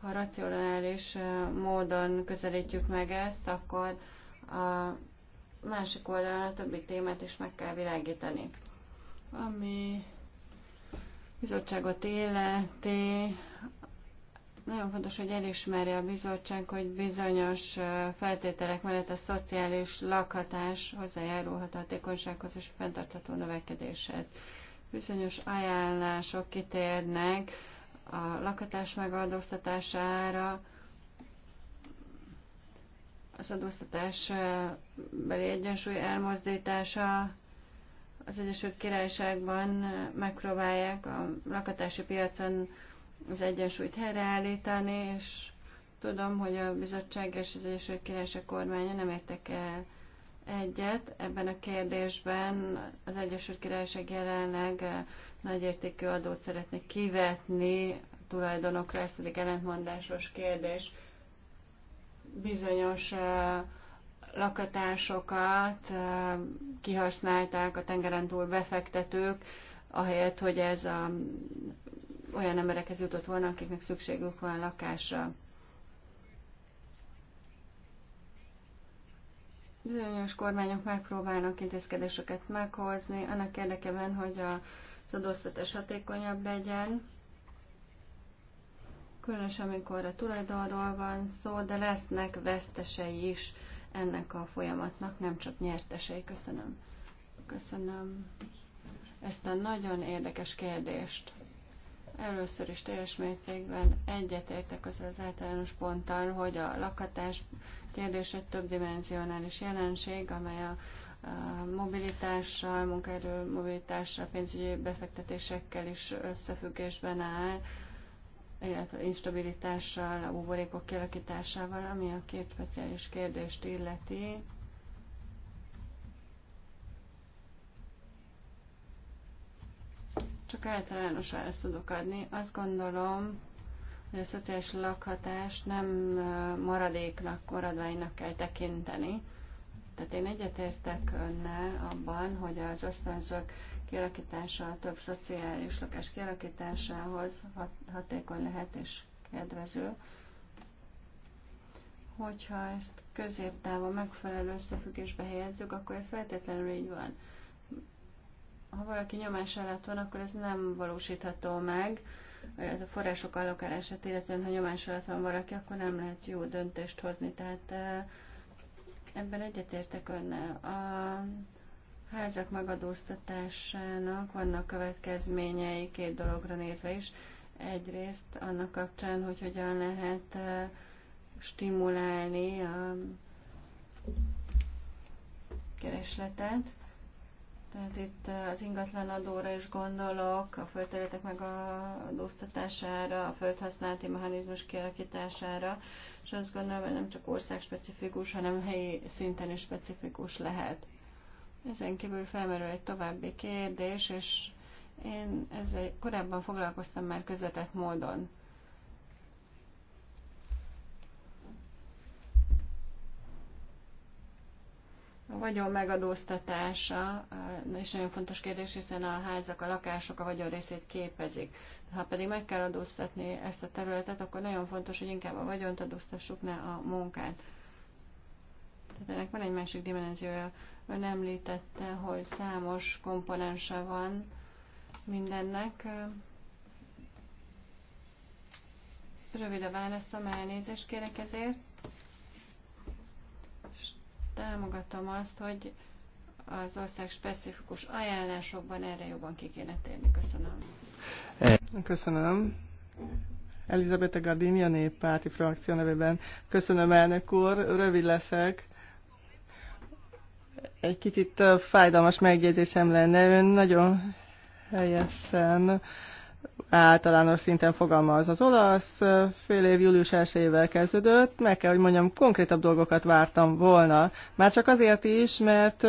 ha racionális eh, módon közelítjük meg ezt, akkor a másik oldalon a többi témát is meg kell világítani. Ami bizottságot illeti, nagyon fontos, hogy elismerje a bizottság, hogy bizonyos feltételek mellett a szociális lakhatás hozzájárulhat a hatékonysághoz és a fenntartható növekedéshez. Bizonyos ajánlások kitérnek a lakhatás megadóztatására, az adóztatás beli egyensúly elmozdítása, az Egyesült Királyságban megpróbálják a lakatási piacon az egyensúlyt helyreállítani, és tudom, hogy a bizottság és az Egyesült Királyság kormánya nem értek el egyet ebben a kérdésben. Az Egyesült Királyság jelenleg eh, nagyértékű adót szeretne kivetni tulajdonokra, ez pedig ellentmondásos kérdés. Bizonyos eh, lakatásokat eh, kihasználták a tengeren túl befektetők, ahelyett, hogy ez a olyan emberekhez jutott volna, akiknek szükségük van lakásra. Bizonyos kormányok megpróbálnak intézkedéseket meghozni, annak érdekében, hogy az adóztatás hatékonyabb legyen, különösen amikor a tulajdonról van szó, de lesznek vesztesei is ennek a folyamatnak, nem csak nyertesei. Köszönöm. Köszönöm ezt a nagyon érdekes kérdést. Először is teljes mértékben egyetértek az az általános ponttal, hogy a lakhatás kérdés egy több dimenzionális jelenség, amely a mobilitással, munkaerő mobilitással, pénzügyi befektetésekkel is összefüggésben áll, illetve instabilitással, a buborékok kialakításával, ami a kétfetyelés kérdést illeti. Csak általános választ tudok adni. Azt gondolom, hogy a szociális lakhatást nem maradéknak, maradványnak kell tekinteni. Tehát én egyetértek önnel abban, hogy az ösztönzők kialakítása, a több szociális lakás kialakításához hat, hatékony lehet és kedvező. Hogyha ezt középtávon megfelelő összefüggésbe helyezzük, akkor ez feltétlenül így van ha valaki nyomás alatt van, akkor ez nem valósítható meg, illetve a források allokálását, illetve ha nyomás alatt van valaki, akkor nem lehet jó döntést hozni. Tehát ebben egyetértek önnel. A házak megadóztatásának vannak következményei két dologra nézve is. Egyrészt annak kapcsán, hogy hogyan lehet stimulálni a keresletet, tehát itt az ingatlan adóra is gondolok, a földterületek meg a földhasználati mechanizmus kialakítására, és azt gondolom, hogy nem csak országspecifikus, hanem helyi szinten is specifikus lehet. Ezen kívül felmerül egy további kérdés, és én ezzel korábban foglalkoztam már közvetett módon. A vagyon megadóztatása eh, és nagyon fontos kérdés, hiszen a házak, a lakások a vagyon részét képezik. Ha pedig meg kell adóztatni ezt a területet, akkor nagyon fontos, hogy inkább a vagyont adóztassuk, ne a munkát. Tehát ennek van egy másik dimenziója. Ön említette, hogy számos komponense van mindennek. Rövid a válaszom, elnézést kérek ezért támogatom azt, hogy az ország specifikus ajánlásokban erre jobban ki kéne térni. Köszönöm. Köszönöm. Elizabeth Gardini, a néppárti frakció nevében. Köszönöm, elnök úr, rövid leszek. Egy kicsit fájdalmas megjegyzésem lenne. Ön nagyon helyesen általános szinten fogalmaz. Az olasz fél év július elsőjével kezdődött, meg kell, hogy mondjam, konkrétabb dolgokat vártam volna. Már csak azért is, mert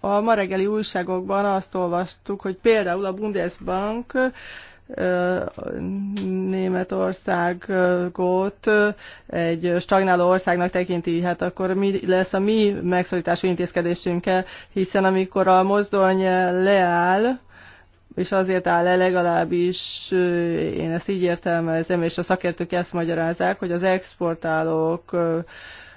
a ma reggeli újságokban azt olvastuk, hogy például a Bundesbank Németországot egy stagnáló országnak tekinti, hát akkor mi lesz a mi megszorítási intézkedésünkkel, hiszen amikor a mozdony leáll, és azért áll le legalábbis, én ezt így értelmezem, és a szakértők ezt magyarázzák, hogy az exportálók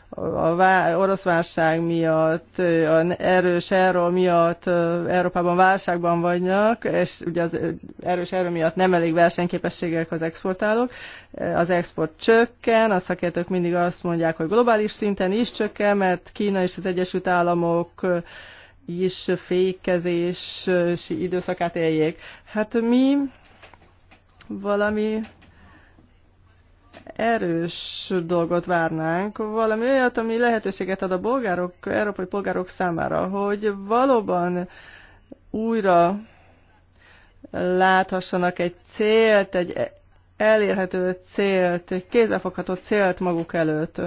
a orosz válság miatt, a erős erő miatt Európában válságban vannak, és ugye az erős erő miatt nem elég versenyképességek az exportálók. Az export csökken, a szakértők mindig azt mondják, hogy globális szinten is csökken, mert Kína és az Egyesült Államok is fékezési időszakát éljék. Hát mi valami erős dolgot várnánk, valami olyat, ami lehetőséget ad a bolgárok, európai polgárok számára, hogy valóban újra láthassanak egy célt, egy elérhető célt, kézzelfogható célt maguk előtt.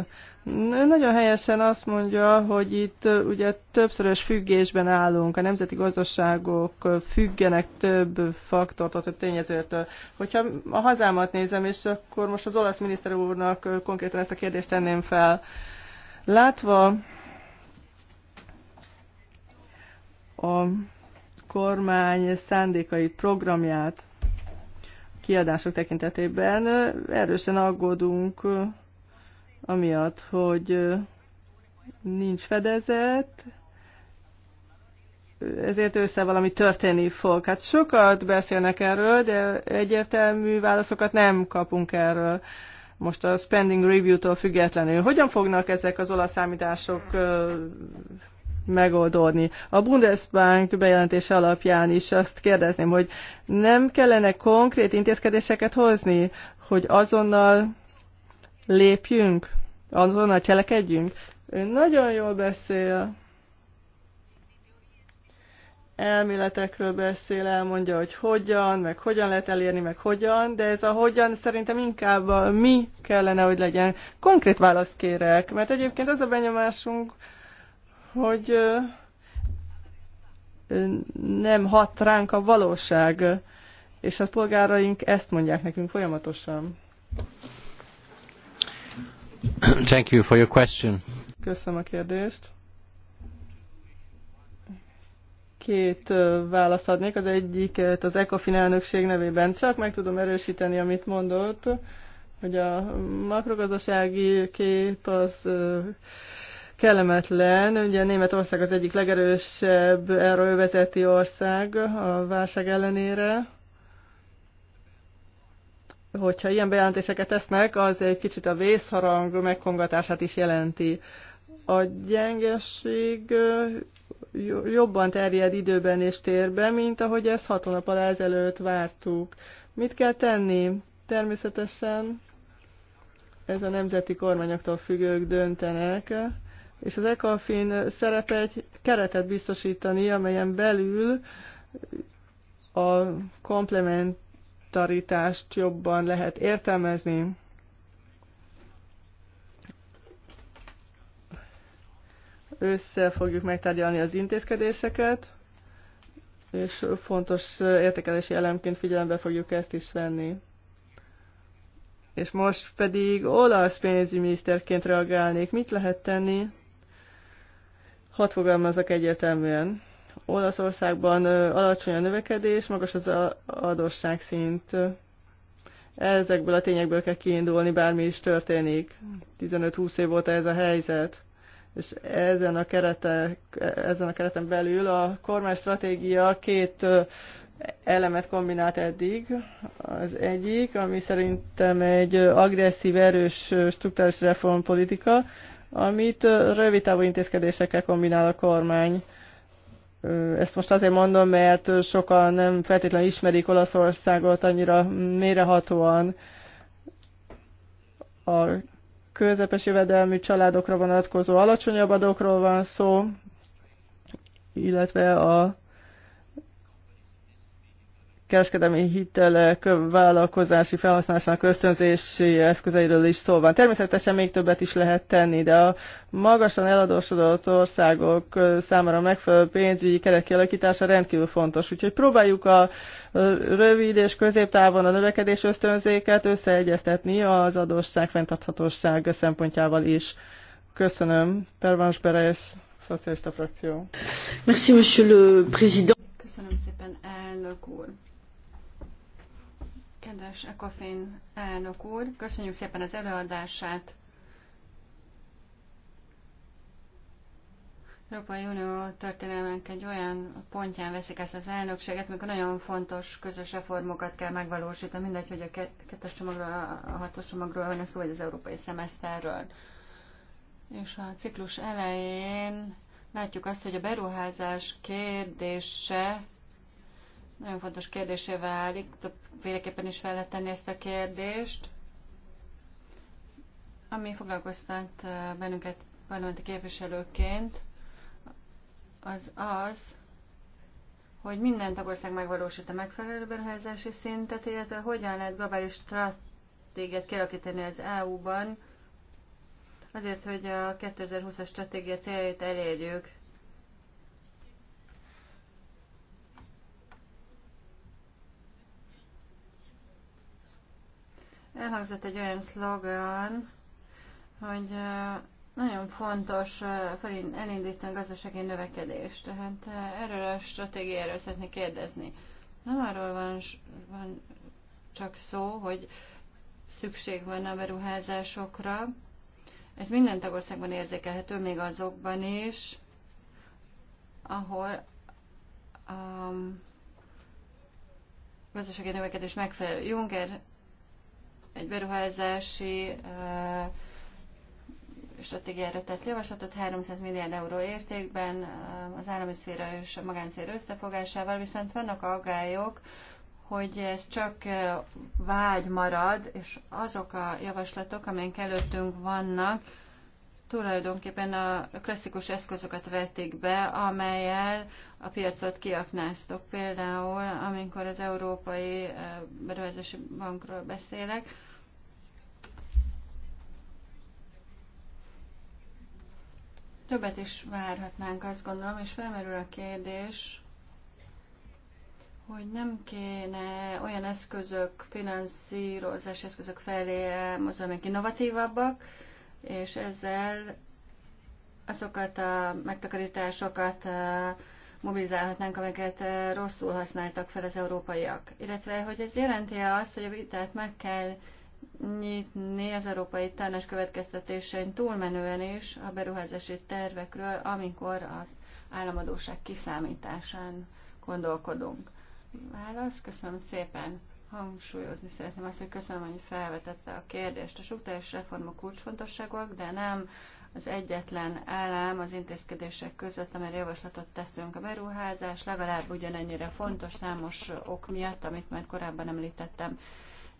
Ő nagyon helyesen azt mondja, hogy itt ugye többszörös függésben állunk, a nemzeti gazdaságok függenek több faktortól, több tényezőtől. Hogyha a hazámat nézem, és akkor most az olasz miniszter úrnak konkrétan ezt a kérdést tenném fel. Látva a kormány szándékai programját, kiadások tekintetében erősen aggódunk amiatt, hogy nincs fedezet, ezért össze valami történni fog. Hát sokat beszélnek erről, de egyértelmű válaszokat nem kapunk erről. Most a spending review-tól függetlenül. Hogyan fognak ezek az olasz számítások megoldódni. A Bundesbank bejelentése alapján is azt kérdezném, hogy nem kellene konkrét intézkedéseket hozni, hogy azonnal lépjünk, azonnal cselekedjünk? Ő nagyon jól beszél, elméletekről beszél, elmondja, hogy hogyan, meg hogyan lehet elérni, meg hogyan, de ez a hogyan szerintem inkább a mi kellene, hogy legyen. Konkrét választ kérek, mert egyébként az a benyomásunk, hogy nem hat ránk a valóság, és a polgáraink ezt mondják nekünk folyamatosan. Thank you for your question. Köszönöm a kérdést. Két választ adnék. Az egyiket az ECOFIN elnökség nevében csak meg tudom erősíteni, amit mondott, hogy a makrogazdasági kép az kellemetlen. Ugye Németország az egyik legerősebb erővezeti ország a válság ellenére. Hogyha ilyen bejelentéseket tesznek, az egy kicsit a vészharang megkongatását is jelenti. A gyengeség jobban terjed időben és térben, mint ahogy ezt hat hónap alá ezelőtt vártuk. Mit kell tenni? Természetesen ez a nemzeti kormányoktól függők döntenek, és az ECAFIN szerepe egy keretet biztosítani, amelyen belül a komplementaritást jobban lehet értelmezni. Össze fogjuk megtárgyalni az intézkedéseket, és fontos értékelési elemként figyelembe fogjuk ezt is venni. És most pedig olasz pénzügyminiszterként reagálnék. Mit lehet tenni Hat fogalmazok egyértelműen. Olaszországban alacsony a növekedés, magas az szint. Ezekből a tényekből kell kiindulni, bármi is történik. 15-20 év óta ez a helyzet és ezen a, keretek, ezen a kereten belül a kormány stratégia két elemet kombinált eddig. Az egyik, ami szerintem egy agresszív, erős struktúrális reformpolitika, amit rövid távú intézkedésekkel kombinál a kormány. Ezt most azért mondom, mert sokan nem feltétlenül ismerik Olaszországot annyira mérehatóan. A közepes jövedelmű családokra vonatkozó alacsonyabb adókról van szó, illetve a kereskedelmi hitelek vállalkozási felhasználásának ösztönzési eszközeiről is szó van. Természetesen még többet is lehet tenni, de a magasan eladósodott országok számára megfelelő pénzügyi keret kialakítása rendkívül fontos. Úgyhogy próbáljuk a rövid és középtávon a növekedés ösztönzéket összeegyeztetni az adósság fenntarthatóság szempontjával is. Köszönöm. Pervans Beres, Szocialista Frakció. Merci, Monsieur le Président. Köszönöm szépen, elnök úr. Kedves Ekofén elnök úr, köszönjük szépen az előadását. Európai Unió történelmének egy olyan pontján veszik ezt az elnökséget, mikor nagyon fontos közös reformokat kell megvalósítani, mindegy, hogy a kettes csomagról, a hatos csomagról van szó, vagy az európai szemeszterről. És a ciklus elején látjuk azt, hogy a beruházás kérdése nagyon fontos kérdésé válik, féleképpen is fel lehet tenni ezt a kérdést. Ami foglalkoztat eh, bennünket parlamenti képviselőként, az az, hogy minden tagország megvalósít a megfelelő beruházási szintet, illetve hogyan lehet globális stratégiát kialakítani az EU-ban, azért, hogy a 2020-as stratégia céljait elérjük. Elhangzott egy olyan szlogan, hogy nagyon fontos elindítani a gazdasági növekedést. Tehát erről a stratégiáról szeretnék kérdezni. Nem arról van, van csak szó, hogy szükség van a beruházásokra. Ez minden tagországban érzékelhető, még azokban is, ahol a gazdasági növekedés megfelelő. Juncker egy beruházási stratégiára tett javaslatot 300 milliárd euró értékben az állami szféra és a magánszféra összefogásával, viszont vannak aggályok, hogy ez csak vágy marad, és azok a javaslatok, amelyek előttünk vannak, tulajdonképpen a klasszikus eszközöket vették be, amelyel a piacot kiaknáztok. Például, amikor az Európai Beruházási Bankról beszélek, Többet is várhatnánk, azt gondolom, és felmerül a kérdés, hogy nem kéne olyan eszközök, finanszírozás eszközök felé mozdulni, amik innovatívabbak, és ezzel azokat a megtakarításokat mobilizálhatnánk, amiket rosszul használtak fel az európaiak. Illetve, hogy ez jelenti -e azt, hogy a vitát meg kell nyitni az európai tárnás következtetésein túlmenően is a beruházási tervekről, amikor az államadóság kiszámításán gondolkodunk. Válasz, köszönöm szépen. Hangsúlyozni szeretném azt, hogy köszönöm, hogy felvetette a kérdést. A struktúrális reformok kulcsfontosságok, de nem az egyetlen elem az intézkedések között, amely javaslatot teszünk. A beruházás legalább ugyanennyire fontos számos ok miatt, amit már korábban említettem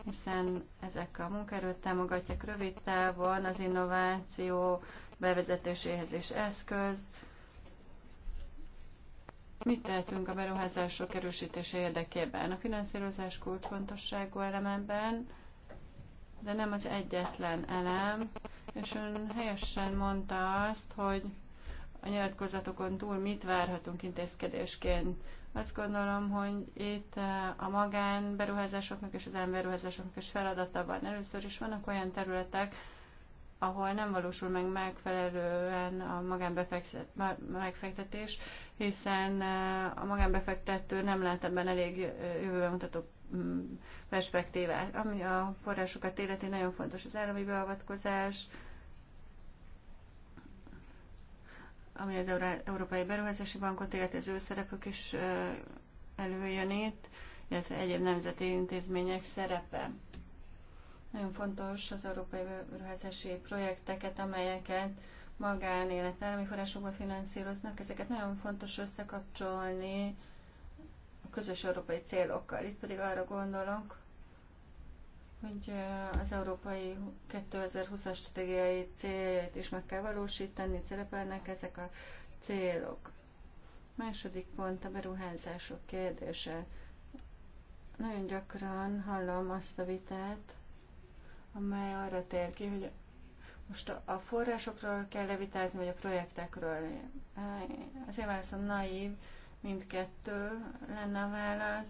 hiszen ezek a munkaerőt támogatják rövid távon az innováció bevezetéséhez is eszköz. Mit tehetünk a beruházások erősítése érdekében? A finanszírozás kulcsfontosságú elememben, de nem az egyetlen elem, és ön helyesen mondta azt, hogy a nyilatkozatokon túl mit várhatunk intézkedésként azt gondolom, hogy itt eh, a magánberuházásoknak és az emberuházásoknak is feladata van. Először is vannak olyan területek, ahol nem valósul meg megfelelően a magánbefektetés, hiszen eh, a magánbefektető nem lát ebben elég eh, jövőbe mutató mm, perspektívát. Ami a forrásokat illeti, nagyon fontos az állami beavatkozás, ami az Európai Beruházási Bankot, illetve az ő szerepük is előjön itt, illetve egyéb nemzeti intézmények szerepe. Nagyon fontos az európai beruházási projekteket, amelyeket magánélet állami forrásokból finanszíroznak, ezeket nagyon fontos összekapcsolni a közös európai célokkal. Itt pedig arra gondolok, hogy az európai 2020-as stratégiai céljait is meg kell valósítani, szerepelnek ezek a célok. Második pont a beruházások kérdése. Nagyon gyakran hallom azt a vitát, amely arra tér ki, hogy most a forrásokról kell levitázni, vagy a projektekről. Az válaszom naív, mindkettő lenne a válasz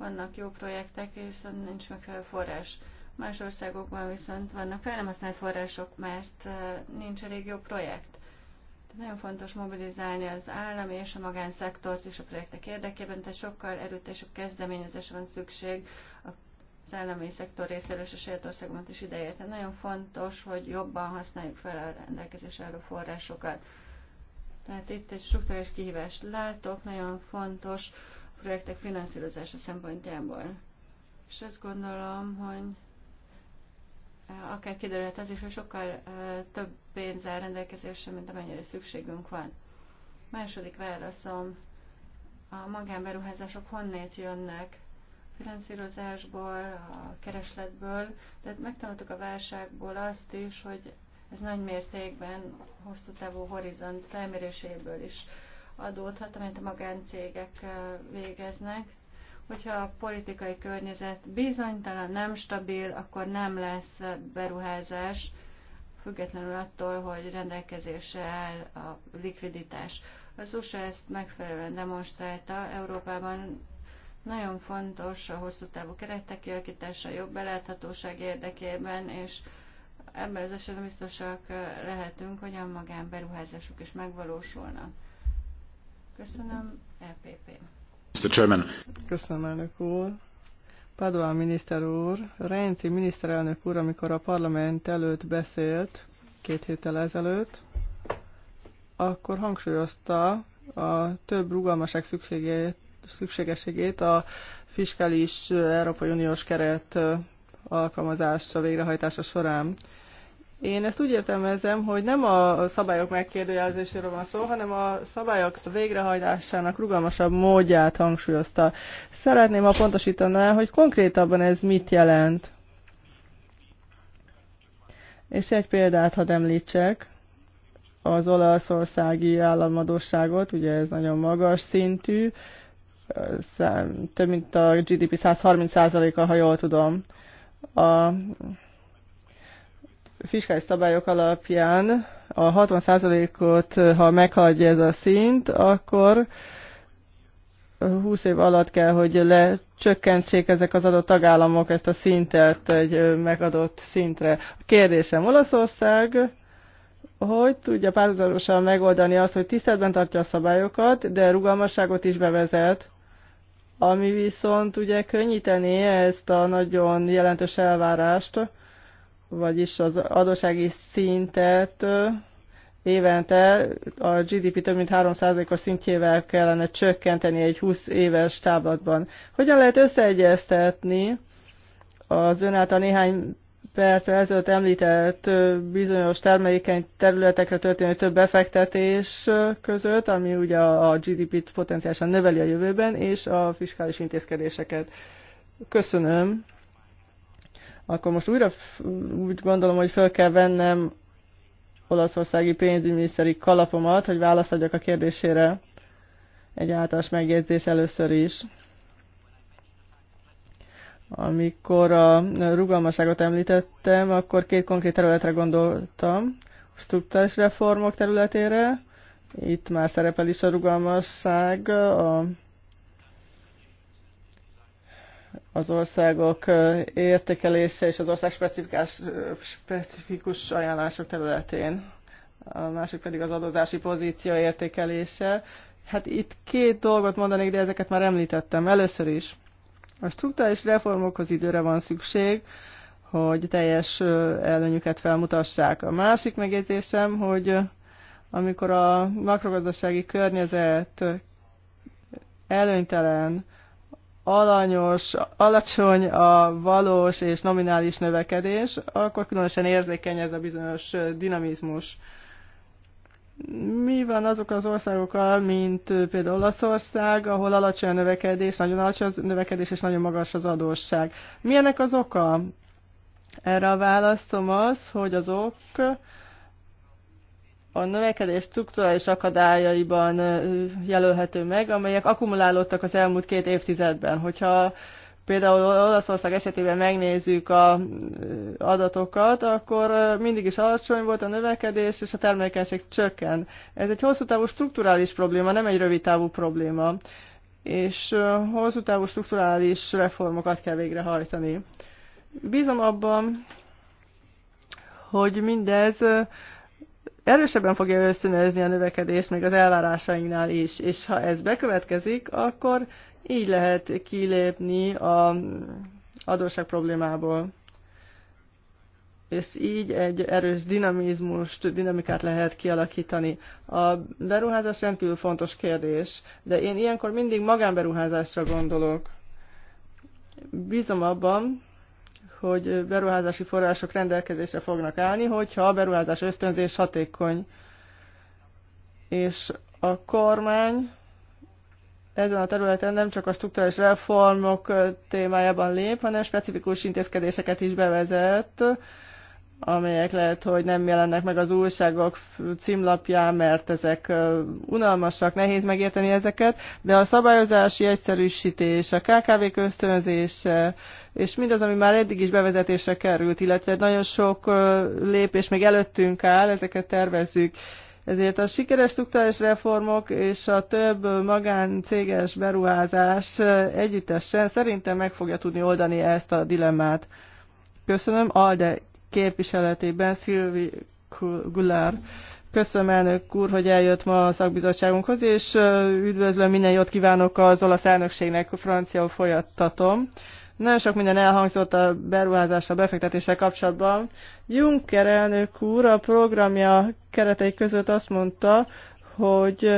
vannak jó projektek, és nincs megfelelő forrás. Más országokban viszont vannak fel nem használt források, mert eh, nincs elég jó projekt. Tehát nagyon fontos mobilizálni az állami és a magánszektort és a projektek érdekében, tehát sokkal erőteljesebb kezdeményezésre van szükség az állami szektor részéről és a saját országomat is Tehát Nagyon fontos, hogy jobban használjuk fel a rendelkezésre álló forrásokat. Tehát itt egy struktúrális kihívást látok, nagyon fontos, projektek finanszírozása szempontjából. És azt gondolom, hogy e, akár kiderülhet az is, hogy sokkal e, több pénz áll rendelkezésre, mint amennyire szükségünk van. Második válaszom, a magánberuházások honnét jönnek? finanszírozásból, a keresletből, tehát megtanultuk a válságból azt is, hogy ez nagy mértékben hosszú távú horizont felméréséből is adódhat, amit a magáncégek végeznek. Hogyha a politikai környezet bizonytalan, nem stabil, akkor nem lesz beruházás, függetlenül attól, hogy rendelkezésre áll a likviditás. Az USA ezt megfelelően demonstrálta, Európában nagyon fontos a hosszú távú keretek kialakítása a jobb beláthatóság érdekében, és ebben az esetben biztosak lehetünk, hogy a magánberuházások is megvalósulnak. Köszönöm, e Mr. Chairman. Köszönöm, elnök úr. Padoan miniszter úr, Renzi miniszterelnök úr, amikor a parlament előtt beszélt két héttel ezelőtt, akkor hangsúlyozta a több rugalmaság szükségességét a fiskális Európai Uniós keret alkalmazása, végrehajtása során. Én ezt úgy értelmezem, hogy nem a szabályok megkérdőjelezéséről van szó, hanem a szabályok végrehajtásának rugalmasabb módját hangsúlyozta. Szeretném, ha pontosítaná, hogy konkrétabban ez mit jelent. És egy példát, ha említsek, az olaszországi államadóságot, ugye ez nagyon magas szintű, több mint a GDP 130%-a, ha jól tudom. A fiskális szabályok alapján a 60%-ot, ha meghaladja ez a szint, akkor 20 év alatt kell, hogy lecsökkentsék ezek az adott tagállamok ezt a szintet egy megadott szintre. A kérdésem Olaszország, hogy tudja párhuzamosan megoldani azt, hogy tiszteletben tartja a szabályokat, de rugalmasságot is bevezet, ami viszont ugye könnyítené ezt a nagyon jelentős elvárást, vagyis az adósági szintet évente a GDP több mint 3%-os szintjével kellene csökkenteni egy 20 éves táblatban. Hogyan lehet összeegyeztetni az ön által néhány perccel ezelőtt említett bizonyos termelékeny területekre történő több befektetés között, ami ugye a GDP-t potenciálisan növeli a jövőben, és a fiskális intézkedéseket. Köszönöm akkor most újra úgy gondolom, hogy föl kell vennem olaszországi pénzügyminiszteri kalapomat, hogy választ adjak a kérdésére egy általános megjegyzés először is. Amikor a rugalmasságot említettem, akkor két konkrét területre gondoltam. Struktúrális reformok területére, itt már szerepel is a rugalmasság, a az országok értékelése és az ország specifikus ajánlások területén. A másik pedig az adózási pozíció értékelése. Hát itt két dolgot mondanék, de ezeket már említettem. Először is a struktúrális reformokhoz időre van szükség, hogy teljes előnyüket felmutassák. A másik megjegyzésem, hogy amikor a makrogazdasági környezet előnytelen, alanyos, alacsony a valós és nominális növekedés, akkor különösen érzékeny ez a bizonyos dinamizmus. Mi van azok az országokkal, mint például Olaszország, ahol alacsony a növekedés, nagyon alacsony a növekedés és nagyon magas az adósság? Milyenek az oka? Erre a válaszom az, hogy az ok a növekedés strukturális akadályaiban jelölhető meg, amelyek akkumulálódtak az elmúlt két évtizedben. Hogyha például Olaszország esetében megnézzük a adatokat, akkor mindig is alacsony volt a növekedés, és a termelékenység csökken. Ez egy hosszú távú strukturális probléma, nem egy rövid távú probléma. És hosszú távú strukturális reformokat kell végrehajtani. Bízom abban, hogy mindez erősebben fogja összönözni a növekedést, még az elvárásainknál is. És ha ez bekövetkezik, akkor így lehet kilépni a adósság problémából. És így egy erős dinamizmust, dinamikát lehet kialakítani. A beruházás rendkívül fontos kérdés, de én ilyenkor mindig magánberuházásra gondolok. Bízom abban, hogy beruházási források rendelkezésre fognak állni, hogyha a beruházás ösztönzés hatékony. És a kormány ezen a területen nem csak a struktúrális reformok témájában lép, hanem specifikus intézkedéseket is bevezet, amelyek lehet, hogy nem jelennek meg az újságok címlapján, mert ezek unalmasak, nehéz megérteni ezeket, de a szabályozási egyszerűsítés, a KKV ösztönzése, és mindaz, ami már eddig is bevezetésre került, illetve nagyon sok lépés még előttünk áll, ezeket tervezzük. Ezért a sikeres struktúrális reformok és a több magáncéges beruházás együttesen szerintem meg fogja tudni oldani ezt a dilemmát. Köszönöm, Alde képviseletében Szilvi Gulár. Köszönöm elnök úr, hogy eljött ma a szakbizottságunkhoz, és üdvözlöm minden jót kívánok az olasz elnökségnek, francia folyattatom. Nagyon sok minden elhangzott a beruházással, befektetéssel kapcsolatban. Juncker elnök úr a programja keretei között azt mondta, hogy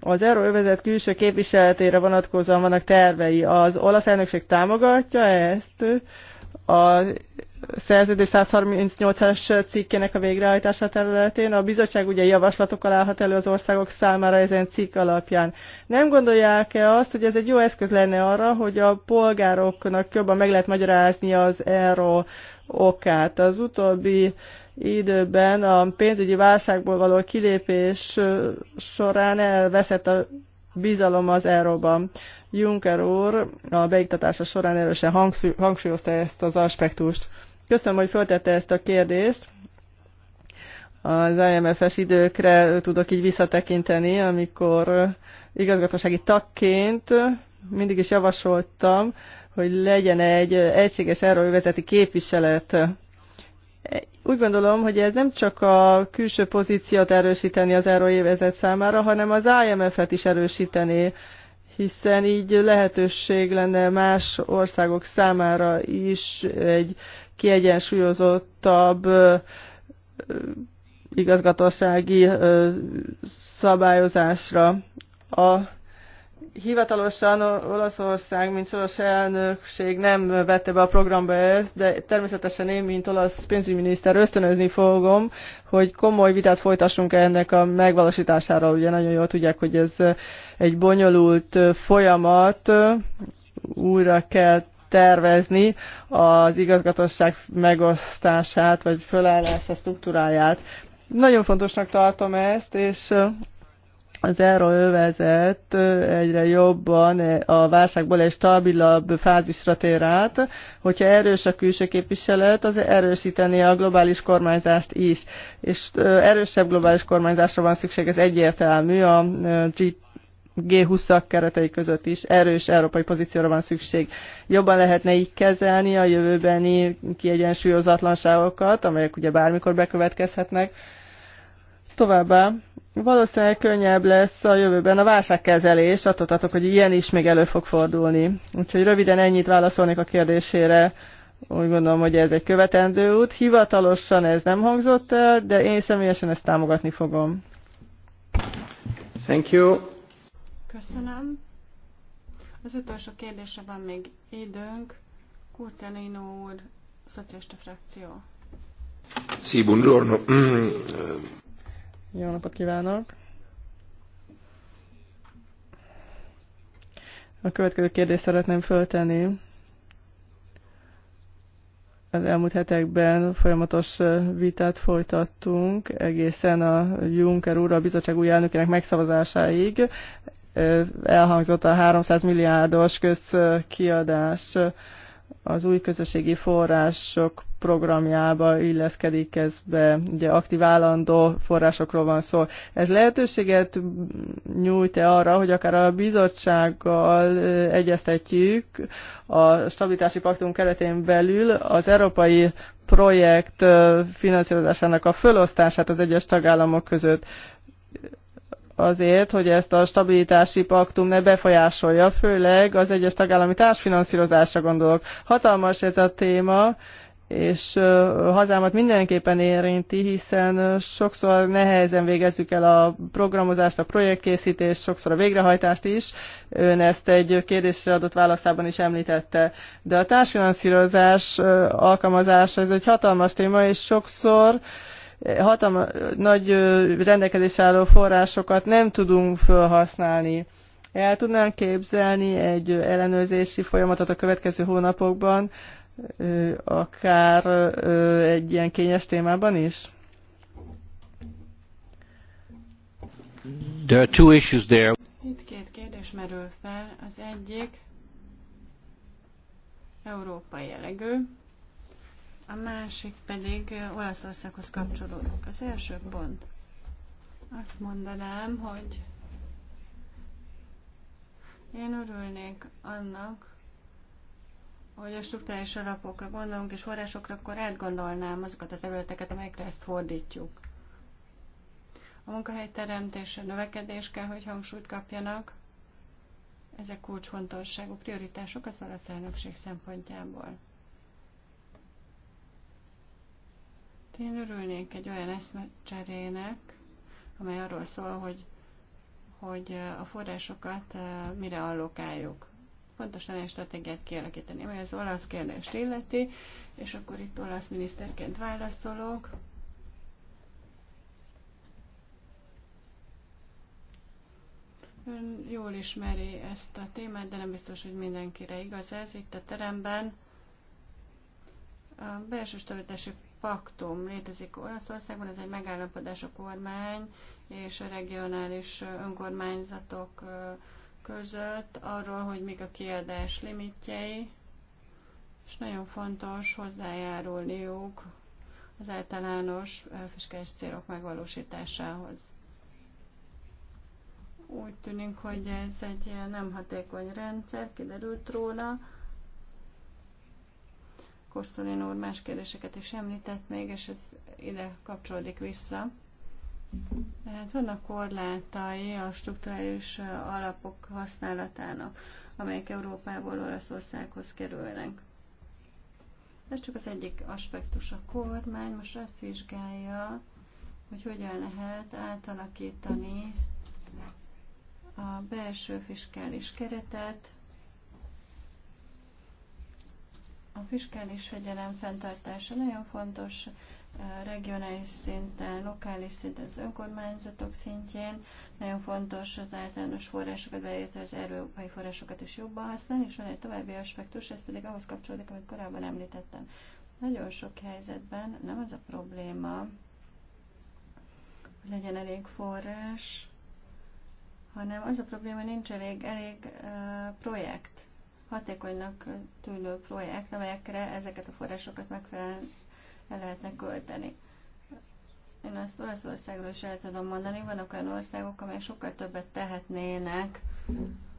az euróövezet külső képviseletére vonatkozóan vannak tervei. Az olasz elnökség támogatja ezt, a szerződés 138-as cikkének a végrehajtása területén. A bizottság ugye javaslatokkal állhat elő az országok számára ezen cikk alapján. Nem gondolják-e azt, hogy ez egy jó eszköz lenne arra, hogy a polgároknak jobban meg lehet magyarázni az ERO okát? Az utóbbi időben a pénzügyi válságból való kilépés során elveszett a bizalom az Euróban. Juncker úr a beiktatása során erősen hangsúlyozta ezt az aspektust. Köszönöm, hogy föltette ezt a kérdést. Az IMF-es időkre tudok így visszatekinteni, amikor igazgatósági tagként mindig is javasoltam, hogy legyen egy egységes euróvezeti képviselet. Úgy gondolom, hogy ez nem csak a külső pozíciót erősíteni az erőévezet számára, hanem az IMF-et is erősíteni, hiszen így lehetőség lenne más országok számára is egy kiegyensúlyozottabb igazgatósági szabályozásra. A hivatalosan Olaszország, mint soros elnökség nem vette be a programba ezt, de természetesen én, mint olasz pénzügyminiszter ösztönözni fogom, hogy komoly vitát folytassunk ennek a megvalósítására. Ugye nagyon jól tudják, hogy ez egy bonyolult folyamat, újra kell tervezni az igazgatosság megosztását, vagy fölállása struktúráját. Nagyon fontosnak tartom ezt, és az erről övezett egyre jobban a válságból egy stabilabb fázisra tér át. Hogyha erős a külső képviselet, az erősíteni a globális kormányzást is. És erősebb globális kormányzásra van szükség, ez egyértelmű a G20-ak keretei között is erős európai pozícióra van szükség. Jobban lehetne így kezelni a jövőbeni kiegyensúlyozatlanságokat, amelyek ugye bármikor bekövetkezhetnek. Továbbá valószínűleg könnyebb lesz a jövőben a válságkezelés, attól tartok, hogy ilyen is még elő fog fordulni. Úgyhogy röviden ennyit válaszolnék a kérdésére. Úgy gondolom, hogy ez egy követendő út. Hivatalosan ez nem hangzott el, de én személyesen ezt támogatni fogom. Thank you. Köszönöm. Az utolsó kérdése van még időnk. Kurcelino úr, szociálista frakció. Sí, buongiorno. Jó napot kívánok! A következő kérdést szeretném föltenni. Az elmúlt hetekben folyamatos vitát folytattunk egészen a Juncker úr, a bizottság új elnökének megszavazásáig elhangzott a 300 milliárdos közkiadás az új közösségi források programjába illeszkedik ez be, ugye aktív állandó forrásokról van szó. Ez lehetőséget nyújt-e arra, hogy akár a bizottsággal egyeztetjük a stabilitási paktum keretén belül az európai projekt finanszírozásának a fölosztását az egyes tagállamok között azért, hogy ezt a stabilitási paktum ne befolyásolja, főleg az egyes tagállami társfinanszírozásra gondolok. Hatalmas ez a téma, és hazámat mindenképpen érinti, hiszen sokszor nehezen végezzük el a programozást, a projektkészítést, sokszor a végrehajtást is. Ön ezt egy kérdésre adott válaszában is említette. De a társfinanszírozás alkalmazása, ez egy hatalmas téma, és sokszor uh, hatam, nagy rendelkezés álló forrásokat nem tudunk felhasználni. El tudnánk képzelni egy ellenőrzési folyamatot a következő hónapokban, akár egy ilyen kényes témában is? There are two issues there. Itt két kérdés merül fel. Az egyik európai jellegű, a másik pedig Olaszországhoz kapcsolódik. Az első pont. Azt mondanám, hogy én örülnék annak, hogy a struktúrális alapokra gondolunk és forrásokra, akkor átgondolnám azokat a területeket, amelyekre ezt fordítjuk. A munkahely teremtése növekedés kell, hogy hangsúlyt kapjanak. Ezek kulcsfontosságú prioritások az olasz elnökség szempontjából. Hát én örülnék egy olyan eszmecserének, amely arról szól, hogy, hogy a forrásokat mire allokáljuk. Pontosan egy stratégiát kialakítani, amely az olasz kérdést illeti, és akkor itt olasz miniszterként válaszolok. Ön jól ismeri ezt a témát, de nem biztos, hogy mindenkire igaz ez. Itt a teremben a belső stabilitási paktum létezik Olaszországban, ez egy megállapodás a kormány és a regionális önkormányzatok között arról, hogy mik a kiadás limitjei, és nagyon fontos hozzájárulniuk az általános fiskális célok megvalósításához. Úgy tűnik, hogy ez egy nem hatékony rendszer, kiderült róla Kosszolin úr más kérdéseket is említett még, és ez ide kapcsolódik vissza. Tehát vannak korlátai a strukturális alapok használatának, amelyek Európából Olaszországhoz kerülnek. Ez csak az egyik aspektus. A kormány most azt vizsgálja, hogy hogyan lehet átalakítani a belső fiskális keretet, A fiskális fegyelem fenntartása nagyon fontos eh, regionális szinten, lokális szinten, az önkormányzatok szintjén. Nagyon fontos az általános forrásokat, beleértve az európai forrásokat is jobban használni, és van egy további aspektus, ez pedig ahhoz kapcsolódik, amit korábban említettem. Nagyon sok helyzetben nem az a probléma, hogy legyen elég forrás, hanem az a probléma, hogy nincs elég, elég uh, projekt hatékonynak tűnő projekt, amelyekre ezeket a forrásokat megfelelően el lehetne költeni. Én azt Olaszországról is el tudom mondani, vannak olyan országok, amelyek sokkal többet tehetnének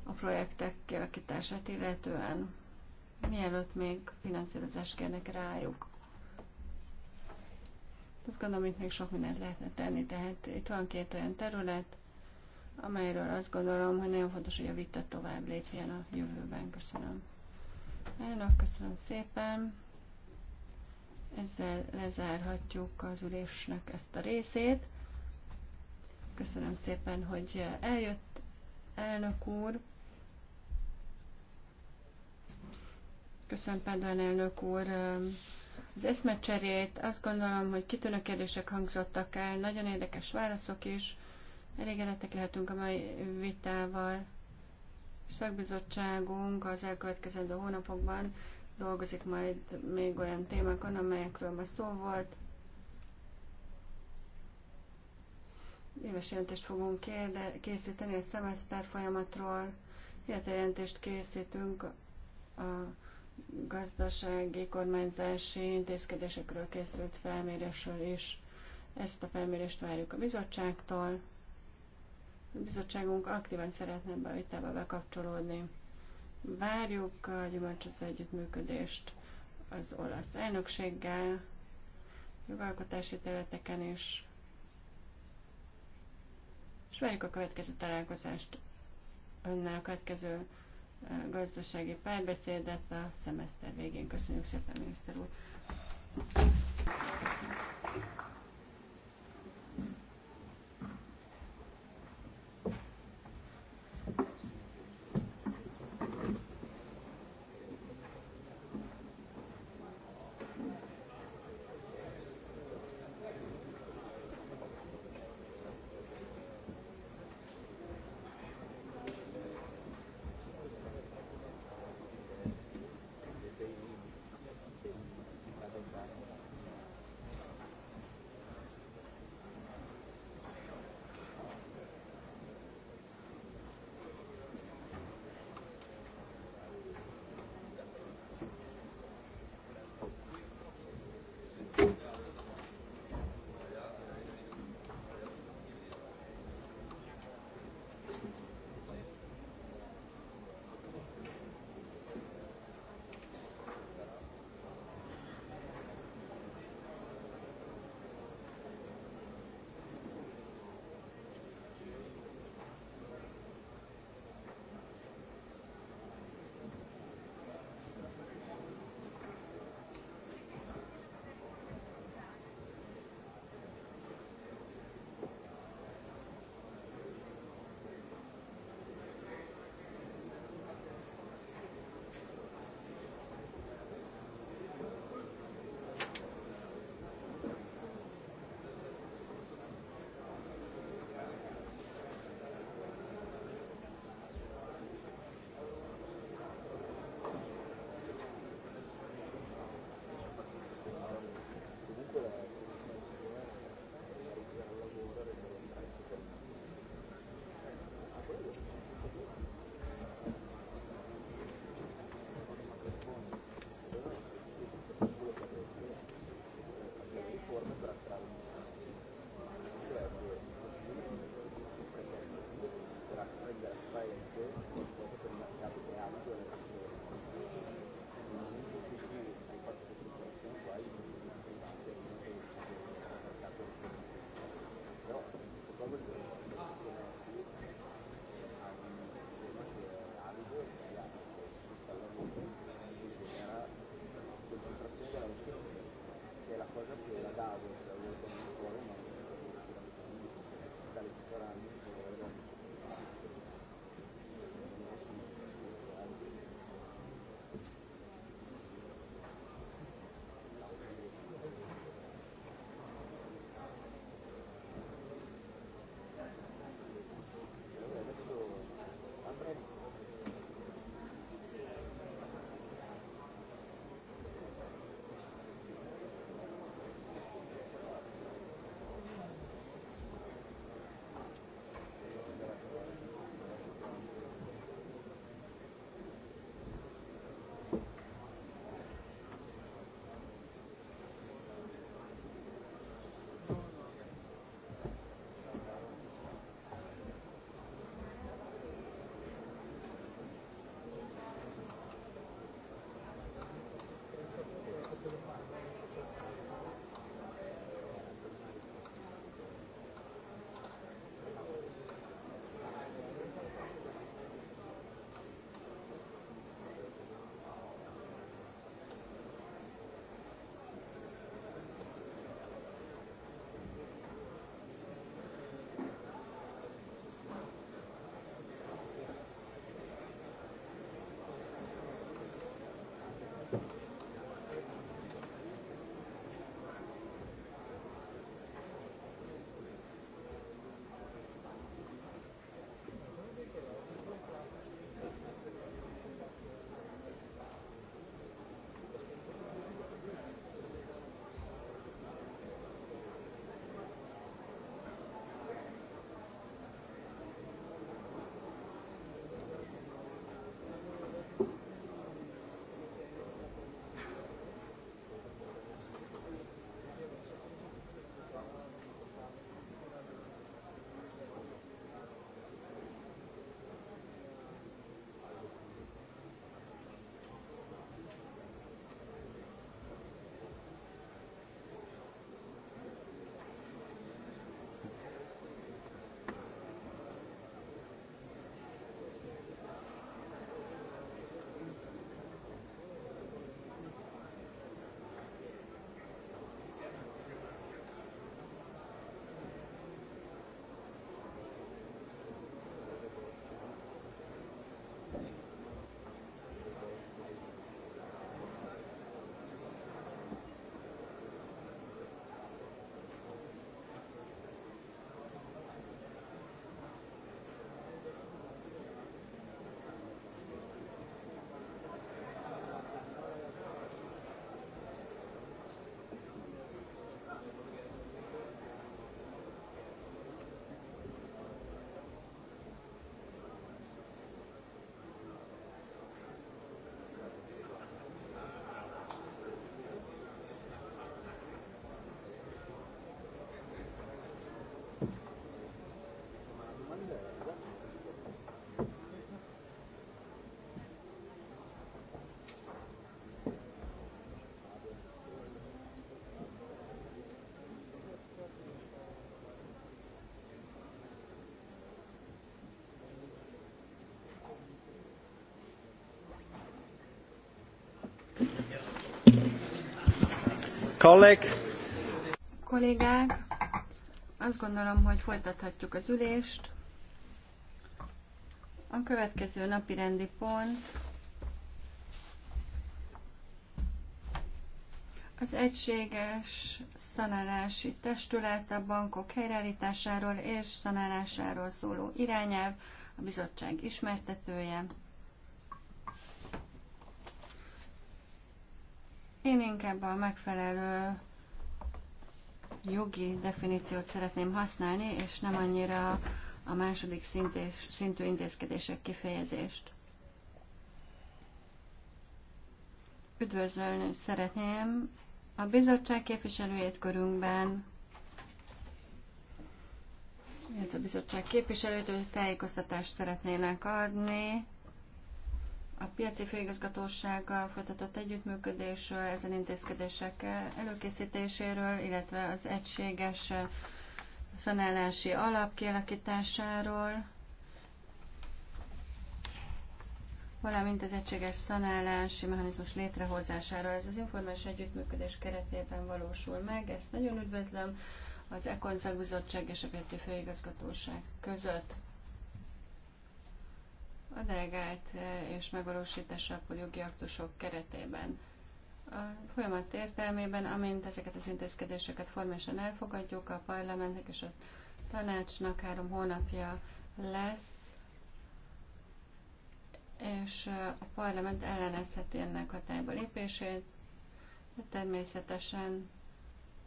a projektek kialakítását illetően, mielőtt még finanszírozást kérnek rájuk. Azt gondolom, itt még sok mindent lehetne tenni, tehát itt van két olyan terület, amelyről azt gondolom, hogy nagyon fontos, hogy a vita tovább lépjen a jövőben. Köszönöm. Elnök, köszönöm szépen. Ezzel lezárhatjuk az ülésnek ezt a részét. Köszönöm szépen, hogy eljött elnök úr. Köszönöm Pádán elnök úr az eszmecserét. Azt gondolom, hogy kitűnő kérdések hangzottak el, nagyon érdekes válaszok is. Elégedettek lehetünk a mai vitával. A szakbizottságunk az elkövetkezendő hónapokban dolgozik majd még olyan témákon, amelyekről ma szó volt. Éves jelentést fogunk kérde- készíteni a szemeszter folyamatról, illetve jelentést készítünk a gazdasági kormányzási intézkedésekről készült felmérésről is. Ezt a felmérést várjuk a bizottságtól. A bizottságunk aktívan szeretne ebbe a vitába bekapcsolódni. Várjuk a gyümölcsöző együttműködést az olasz elnökséggel, jogalkotási területeken is, és várjuk a következő találkozást önnel a következő gazdasági párbeszédet a szemeszter végén. Köszönjük szépen, miniszter úr! Kollégák, azt gondolom, hogy folytathatjuk az ülést. A következő napi rendi pont az egységes szanálási testület a bankok helyreállításáról és szanálásáról szóló irányelv, a bizottság ismertetője. Én inkább a megfelelő jogi definíciót szeretném használni, és nem annyira a második szintés, szintű intézkedések kifejezést. Üdvözölni szeretném a bizottság képviselőjét körünkben, illetve a bizottság képviselőtől tájékoztatást szeretnének adni a piaci főigazgatósággal folytatott együttműködésről, ezen intézkedések előkészítéséről, illetve az egységes szanálási alap kialakításáról, valamint az egységes szanálási mechanizmus létrehozásáról. Ez az informális együttműködés keretében valósul meg, ezt nagyon üdvözlöm az Ekonszak Bizottság és a Piaci Főigazgatóság között a delegált e, és a jogi aktusok keretében. A folyamat értelmében, amint ezeket az intézkedéseket formálisan elfogadjuk, a parlamentnek és a tanácsnak három hónapja lesz, és e, a parlament ellenezheti ennek hatályba lépését. De természetesen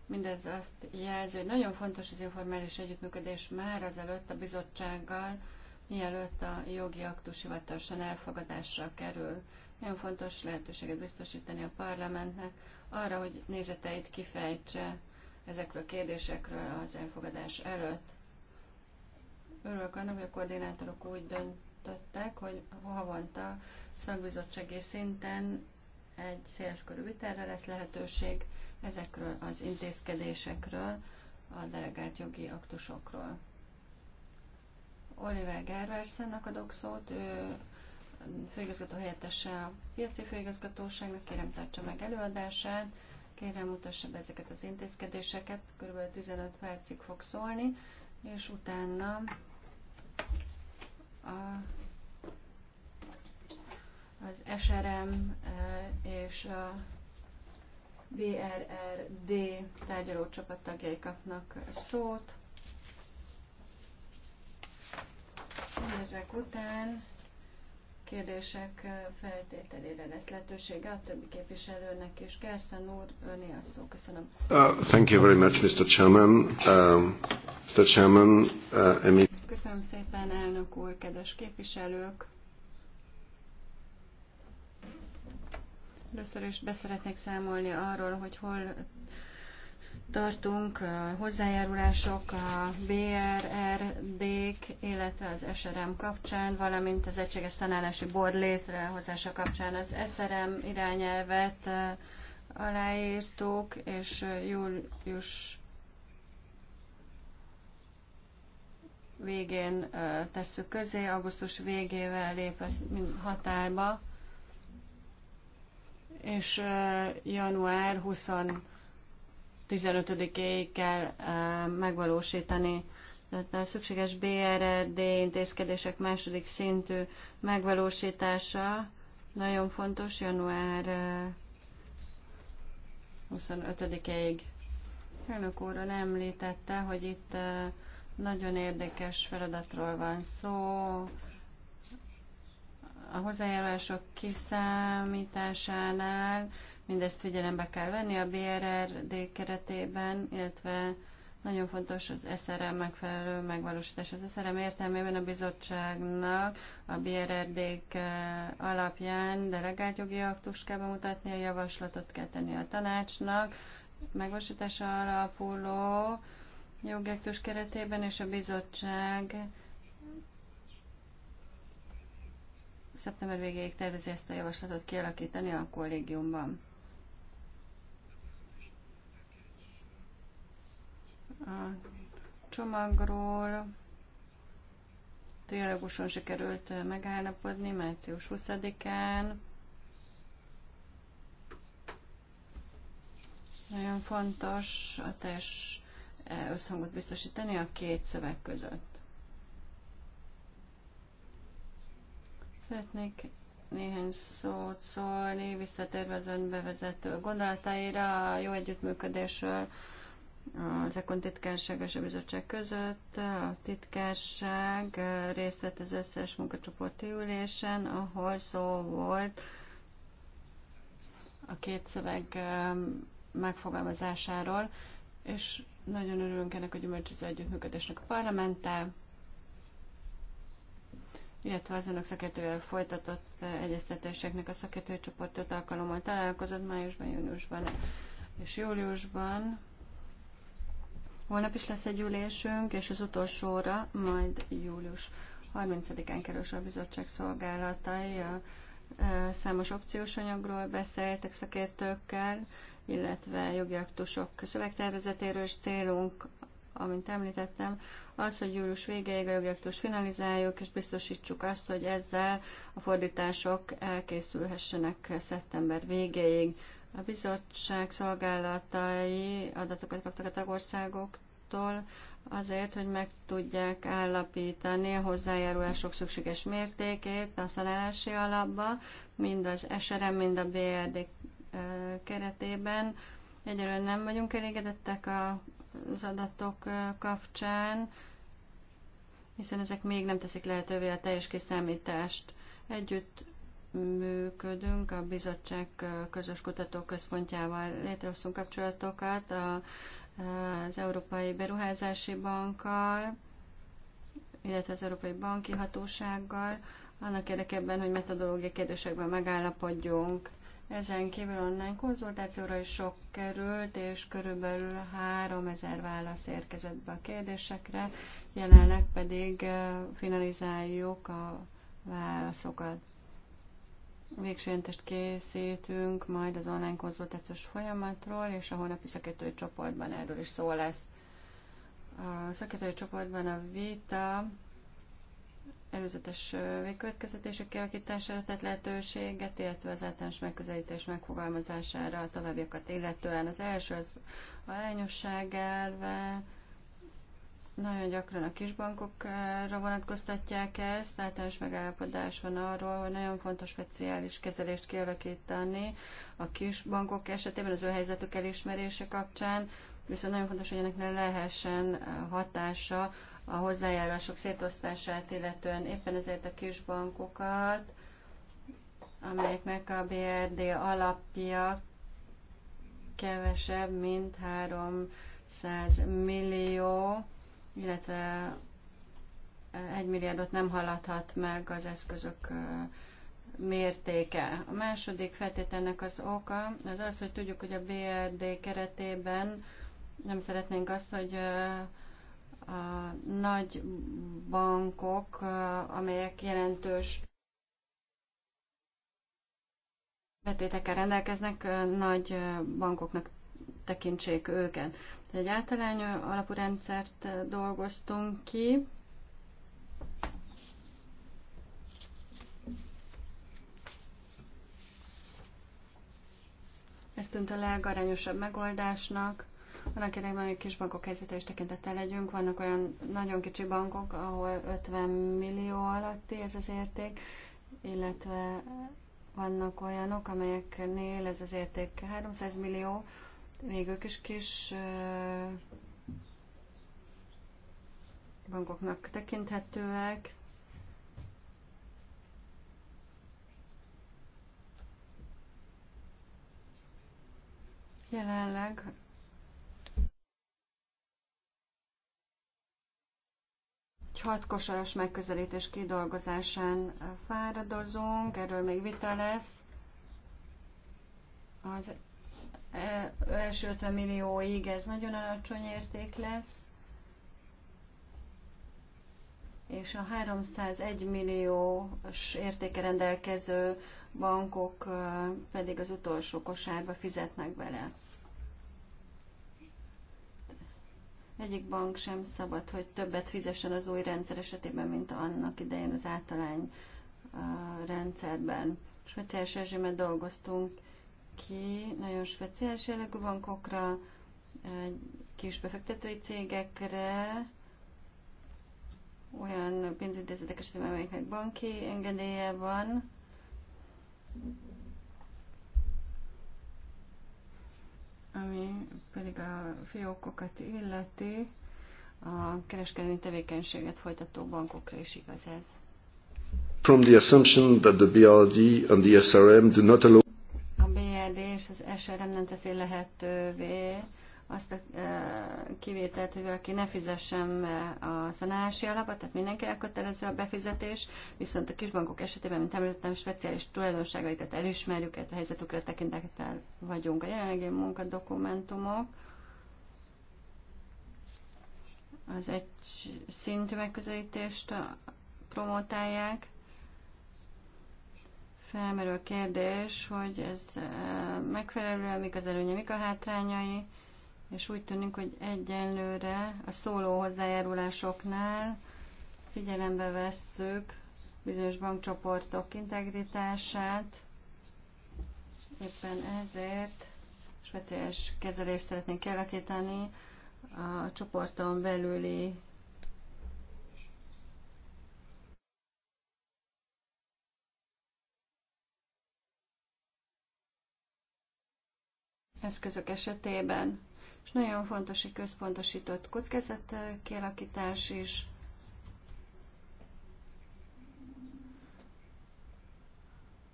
mindez azt jelzi, hogy nagyon fontos az informális együttműködés már azelőtt a bizottsággal, mielőtt a jogi aktus hivatalosan elfogadásra kerül. Nagyon fontos lehetőséget biztosítani a parlamentnek arra, hogy nézeteit kifejtse ezekről a kérdésekről az elfogadás előtt. Örülök annak, hogy a koordinátorok úgy döntöttek, hogy havonta szakbizottsági szinten egy széleskörű vitára lesz lehetőség ezekről az intézkedésekről, a delegált jogi aktusokról. Oliver Gerversennek adok szót, ő főigazgató helyettese a piaci főigazgatóságnak, kérem tartsa meg előadását, kérem mutassa be ezeket az intézkedéseket, kb. 15 percig fog szólni, és utána a, az SRM e, és a BRRD tárgyaló csapat tagjai kapnak szót. Ezek után kérdések feltételére lesz lehetősége a többi képviselőnek is. Gerszán úr, öné a szó. Köszönöm. Uh, thank you very much, Mr. Chairman. Uh, Mr. Chairman, uh, Emi... Köszönöm szépen, elnök úr, kedves képviselők. Először is beszeretnék számolni arról, hogy hol tartunk, a hozzájárulások a BRRD-k, illetve az SRM kapcsán, valamint az Egységes Tanálási Bord létrehozása kapcsán az SRM irányelvet aláírtuk, és július végén tesszük közé, augusztus végével lép ez határba, és január 20 15-éig kell megvalósítani. Tehát a szükséges BRD intézkedések második szintű megvalósítása nagyon fontos január 25 éig Elnök úr említette, hogy itt nagyon érdekes feladatról van szó. A hozzájárulások kiszámításánál Mindezt figyelembe kell venni a BRRD keretében, illetve nagyon fontos az SRM megfelelő megvalósítás. Az SRM értelmében a bizottságnak a brrd eh, alapján delegált jogi aktust kell bemutatni, a javaslatot kell tenni a tanácsnak, megvalósítása alapuló aktus keretében, és a bizottság szeptember végéig tervezi ezt a javaslatot kialakítani a kollégiumban. a csomagról. Trialoguson sikerült megállapodni március 20-án. Nagyon fontos a teljes e, összhangot biztosítani a két szöveg között. Szeretnék néhány szót szólni, visszatérve az önbevezető bevezető gondolataira, a jó együttműködésről, az EKON titkárság és a bizottság között. A titkárság részt vett az összes munkacsoporti ülésen, ahol szó volt a két szöveg megfogalmazásáról, és nagyon örülünk ennek a gyümölcsöző együttműködésnek a parlamente, illetve az önök szakértővel folytatott egyeztetéseknek a szakértői csoport alkalommal találkozott májusban, júniusban és júliusban Holnap is lesz egy ülésünk, és az utolsóra majd július 30-án kerül a bizottság szolgálatai. Számos opciós anyagról beszéltek szakértőkkel, illetve jogi aktusok szövegtervezetéről, és célunk, amint említettem, az, hogy július végéig a jogi aktus finalizáljuk, és biztosítsuk azt, hogy ezzel a fordítások elkészülhessenek szeptember végéig. A bizottság szolgálatai adatokat kaptak a tagországoktól azért, hogy meg tudják állapítani a hozzájárulások szükséges mértékét a szalálási alapba, mind az SRM, mind a BRD eh, keretében. Egyelőre nem vagyunk elégedettek az adatok eh, kapcsán, hiszen ezek még nem teszik lehetővé a teljes kiszámítást. Együtt működünk, a bizottság közös kutatóközpontjával létrehoztunk kapcsolatokat a, az Európai Beruházási Bankkal, illetve az Európai Banki Hatósággal, annak érdekében, hogy metodológiai kérdésekben megállapodjunk. Ezen kívül online konzultációra is sok került, és körülbelül 3000 válasz érkezett be a kérdésekre, jelenleg pedig finalizáljuk a válaszokat. Végső készítünk majd az online konzultációs folyamatról, és a holnapi szakértői csoportban erről is szó lesz. A szakértői csoportban a vita előzetes végkövetkezetések kialakítására tett lehetőséget, illetve az általános megközelítés megfogalmazására a továbbiakat illetően. Az első az lányosság elve, nagyon gyakran a kisbankokra vonatkoztatják ezt, általános megállapodás van arról, hogy nagyon fontos speciális kezelést kialakítani a kisbankok esetében az ő helyzetük elismerése kapcsán, viszont nagyon fontos, hogy ennek ne lehessen hatása a hozzájárulások szétosztását, illetően éppen ezért a kisbankokat, amelyeknek a BRD alapja kevesebb, mint 300 millió illetve eh, egy milliárdot nem haladhat meg az eszközök eh, mértéke. A második feltételnek az oka az az, hogy tudjuk, hogy a BRD keretében nem szeretnénk azt, hogy eh, a nagy bankok, amelyek jelentős betétekkel rendelkeznek, nagy bankoknak tekintsék őket egy általány alapú rendszert dolgoztunk ki. Ez tűnt a legarányosabb megoldásnak. Annak érdekében, hogy kis bankok helyzete is tekintettel legyünk, vannak olyan nagyon kicsi bankok, ahol 50 millió alatti ez az érték, illetve vannak olyanok, amelyeknél ez az érték 300 millió, még a kis, kis bankoknak tekinthetőek. Jelenleg egy hat kosaras megközelítés kidolgozásán fáradozunk, erről még vita lesz. Az első 50 millióig ez nagyon alacsony érték lesz, és a 301 milliós értéke rendelkező bankok pedig az utolsó kosárba fizetnek bele. Egyik bank sem szabad, hogy többet fizessen az új rendszer esetében, mint annak idején az általány rendszerben. hogy teljes dolgoztunk ki nagyon speciális jellegű bankokra, kis befektetői cégekre, olyan pénzintézetek esetében, amelyeknek banki engedélye van. Ami pedig a fiókokat illeti, a kereskedelmi tevékenységet folytató bankokra is igaz ez. From the assumption that the BRD and the SRM do not allow kérdés, az SRM nem teszi lehetővé azt a kivételt, hogy valaki ne fizessen a szanálási alapot, tehát mindenkinek kötelező a befizetés, viszont a kisbankok esetében, mint említettem, speciális tulajdonságaikat elismerjük, a helyzetükre tekintettel vagyunk. A jelenlegi munkadokumentumok az egy szintű megközelítést promotálják, felmerül a kérdés, hogy ez eh, megfelelő, mik az előnye, mik a hátrányai, és úgy tűnik, hogy egyenlőre a szóló hozzájárulásoknál figyelembe vesszük bizonyos bankcsoportok integritását, éppen ezért speciális kezelést szeretnénk kialakítani a csoporton belüli eszközök esetében. És nagyon fontos egy központosított kockázat kialakítás is.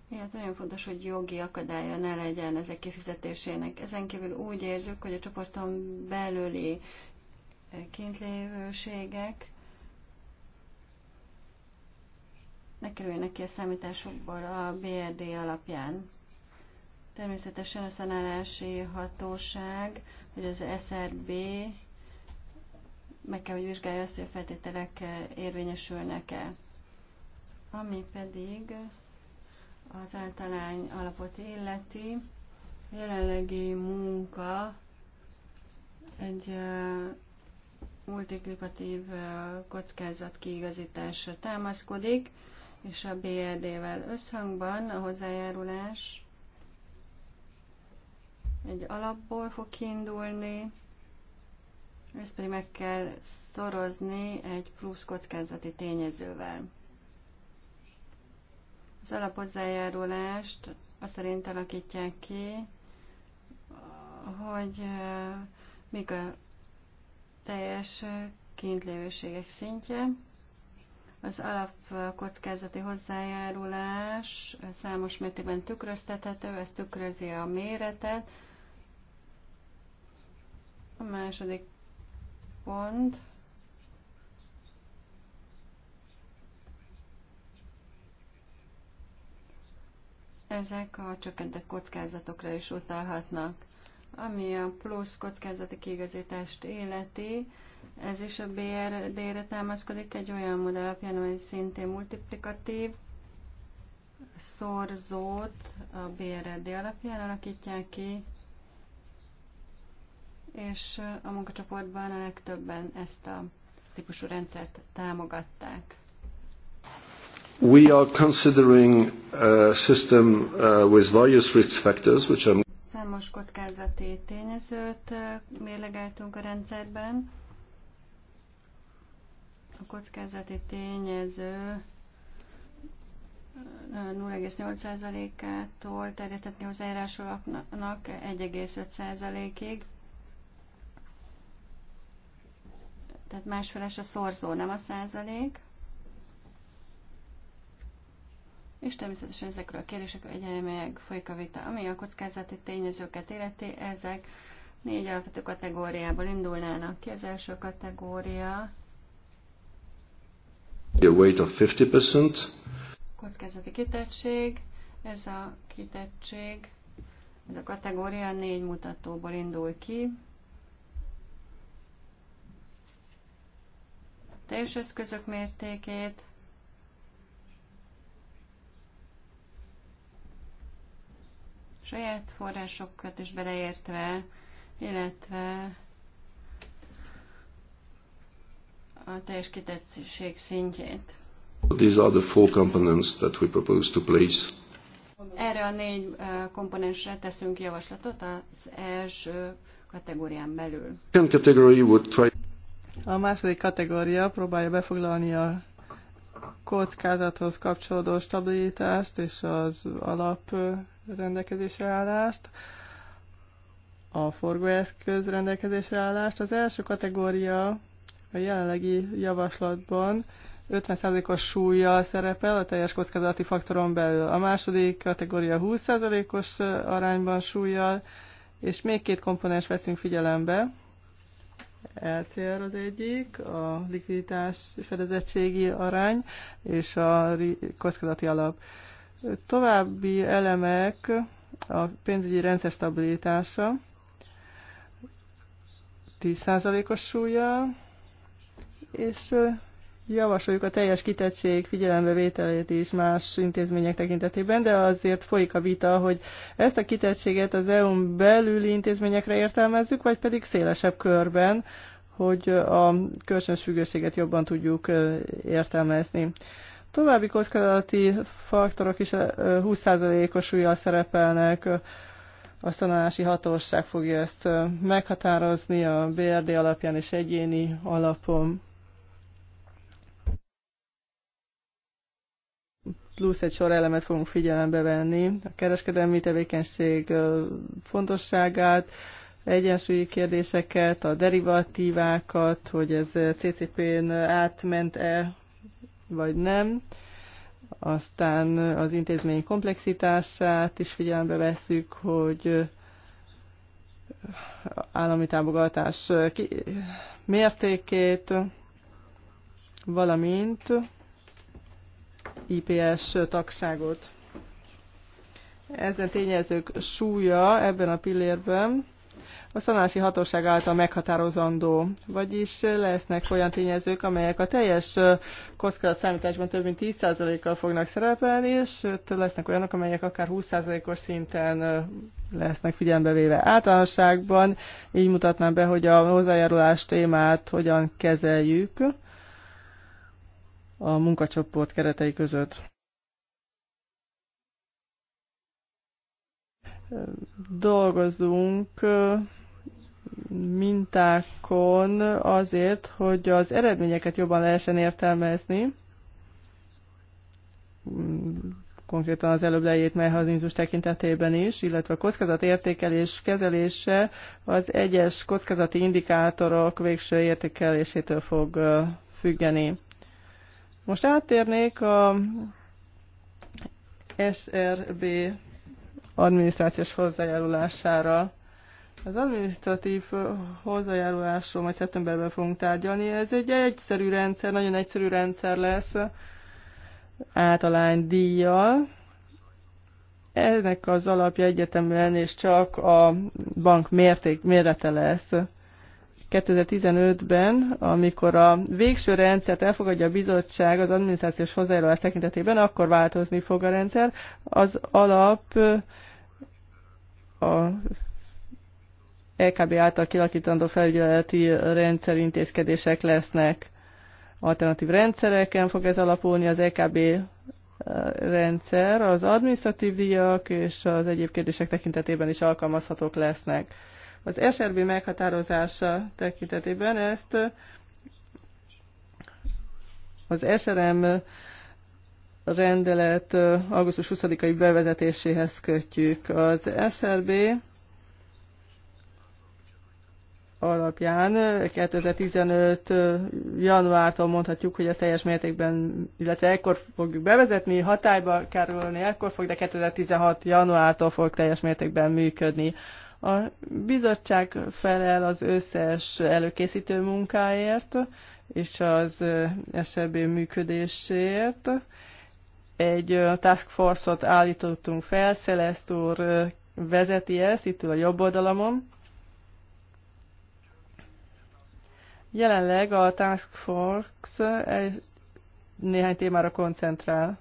Ilyet nagyon fontos, hogy jogi akadálya ne legyen ezek kifizetésének. Ezen kívül úgy érzük, hogy a csoporton belüli eh, kintlévőségek ne kerüljenek ki a számításokból a BRD alapján. Természetesen a szanálási hatóság, hogy az SRB meg kell, hogy vizsgálja azt, hogy a feltételek érvényesülnek-e. Ami pedig az általány alapot illeti, jelenlegi munka egy multiklikatív kockázat kiigazításra támaszkodik, és a BRD-vel összhangban a hozzájárulás egy alapból fog kiindulni, ezt pedig meg kell szorozni egy plusz kockázati tényezővel. Az alapozzájárulást azt szerint alakítják ki, hogy eh, mik a teljes kintlévőségek szintje. Az alapkockázati hozzájárulás számos mértékben tükröztethető, ez tükrözi a méretet, a második pont. Ezek a csökkentett kockázatokra is utalhatnak. Ami a plusz kockázati kiigazítást életi, ez is a BRD-re támaszkodik, egy olyan modell alapján, amely szintén multiplikatív, szorzót a BRD alapján alakítják ki, és a munkacsoportban a legtöbben ezt a típusú rendszert támogatták. We are considering a system uh, with various risk factors, which are számos kockázati tényezőt mérlegeltünk a rendszerben. A kockázati tényező 0,8%-ától terjedhetni az 1,5%-ig. Tehát másfeles a szorzó, nem a százalék. És természetesen ezekről a kérdésekről egyenemélyek folyik a vita, ami a kockázati tényezőket illeti, ezek négy alapvető kategóriából indulnának ki. Az első kategória The weight of 50%. Kockázati kitettség, ez a kitettség, ez a kategória négy mutatóból indul ki. teljes eszközök mértékét, saját forrásokat is beleértve, illetve a teljes kitetszőség szintjét. These are the four components that we propose to place. Erre a négy komponensre teszünk javaslatot az első kategórián belül. Second category would try a második kategória próbálja befoglalni a kockázathoz kapcsolódó stabilitást és az alap rendelkezésre állást, a forgóeszköz rendelkezésre állást. Az első kategória a jelenlegi javaslatban 50%-os súlyjal szerepel a teljes kockázati faktoron belül. A második kategória 20%-os arányban súlyjal, és még két komponens veszünk figyelembe, LCR az egyik, a likviditás fedezettségi arány és a kockázati alap. További elemek a pénzügyi rendszer stabilitása, 10%-os súlya, és Javasoljuk a teljes kitettség vételét is más intézmények tekintetében, de azért folyik a vita, hogy ezt a kitettséget az EU-n belüli intézményekre értelmezzük, vagy pedig szélesebb körben, hogy a kölcsönös függőséget jobban tudjuk értelmezni. További kockázati faktorok is 20%-os újjal szerepelnek, a szanálási hatóság fogja ezt meghatározni a BRD alapján és egyéni alapon. plusz egy sor elemet fogunk figyelembe venni, a kereskedelmi tevékenység fontosságát, egyensúlyi kérdéseket, a derivatívákat, hogy ez CCP-n átment-e, vagy nem. Aztán az intézmény komplexitását is figyelembe veszük, hogy állami támogatás mértékét, valamint IPS tagságot. Ezen tényezők súlya ebben a pillérben a szanási hatóság által meghatározandó, vagyis lesznek olyan tényezők, amelyek a teljes számításban több mint 10%-kal fognak szerepelni, és lesznek olyanok, amelyek akár 20%-os szinten lesznek figyelembe véve általánosságban. Így mutatnám be, hogy a hozzájárulás témát hogyan kezeljük a munkacsoport keretei között. Dolgozunk mintákon azért, hogy az eredményeket jobban lehessen értelmezni, konkrétan az előbb lejét mechanizmus tekintetében is, illetve a kockázatértékelés kezelése az egyes kockázati indikátorok végső értékelésétől fog függeni. Most áttérnék a SRB adminisztrációs hozzájárulására. Az adminisztratív hozzájárulásról majd szeptemberben fogunk tárgyalni. Ez egy egyszerű rendszer, nagyon egyszerű rendszer lesz általány díjjal. Ennek az alapja egyetemben és csak a bank mérték, mérete lesz. 2015-ben, amikor a végső rendszert elfogadja a bizottság az adminisztrációs hozzájárulás tekintetében, akkor változni fog a rendszer. Az alap a LKB által kilakítandó felügyeleti rendszer intézkedések lesznek. Alternatív rendszereken fog ez alapulni az EKB eh, rendszer, az administratív díjak és az egyéb kérdések tekintetében is alkalmazhatók lesznek. Az SRB meghatározása tekintetében ezt az SRM rendelet augusztus 20-ai bevezetéséhez kötjük. Az SRB alapján 2015. januártól mondhatjuk, hogy ez teljes mértékben, illetve ekkor fogjuk bevezetni, hatályba kerülni, ekkor fog, de 2016. januártól fog teljes mértékben működni. A bizottság felel az összes előkészítő munkáért és az SEB működéséért. Egy task force-ot állítottunk fel, Szeleszt úr vezeti ezt, itt ül a jobb oldalamon. Jelenleg a Task Force néhány témára koncentrál.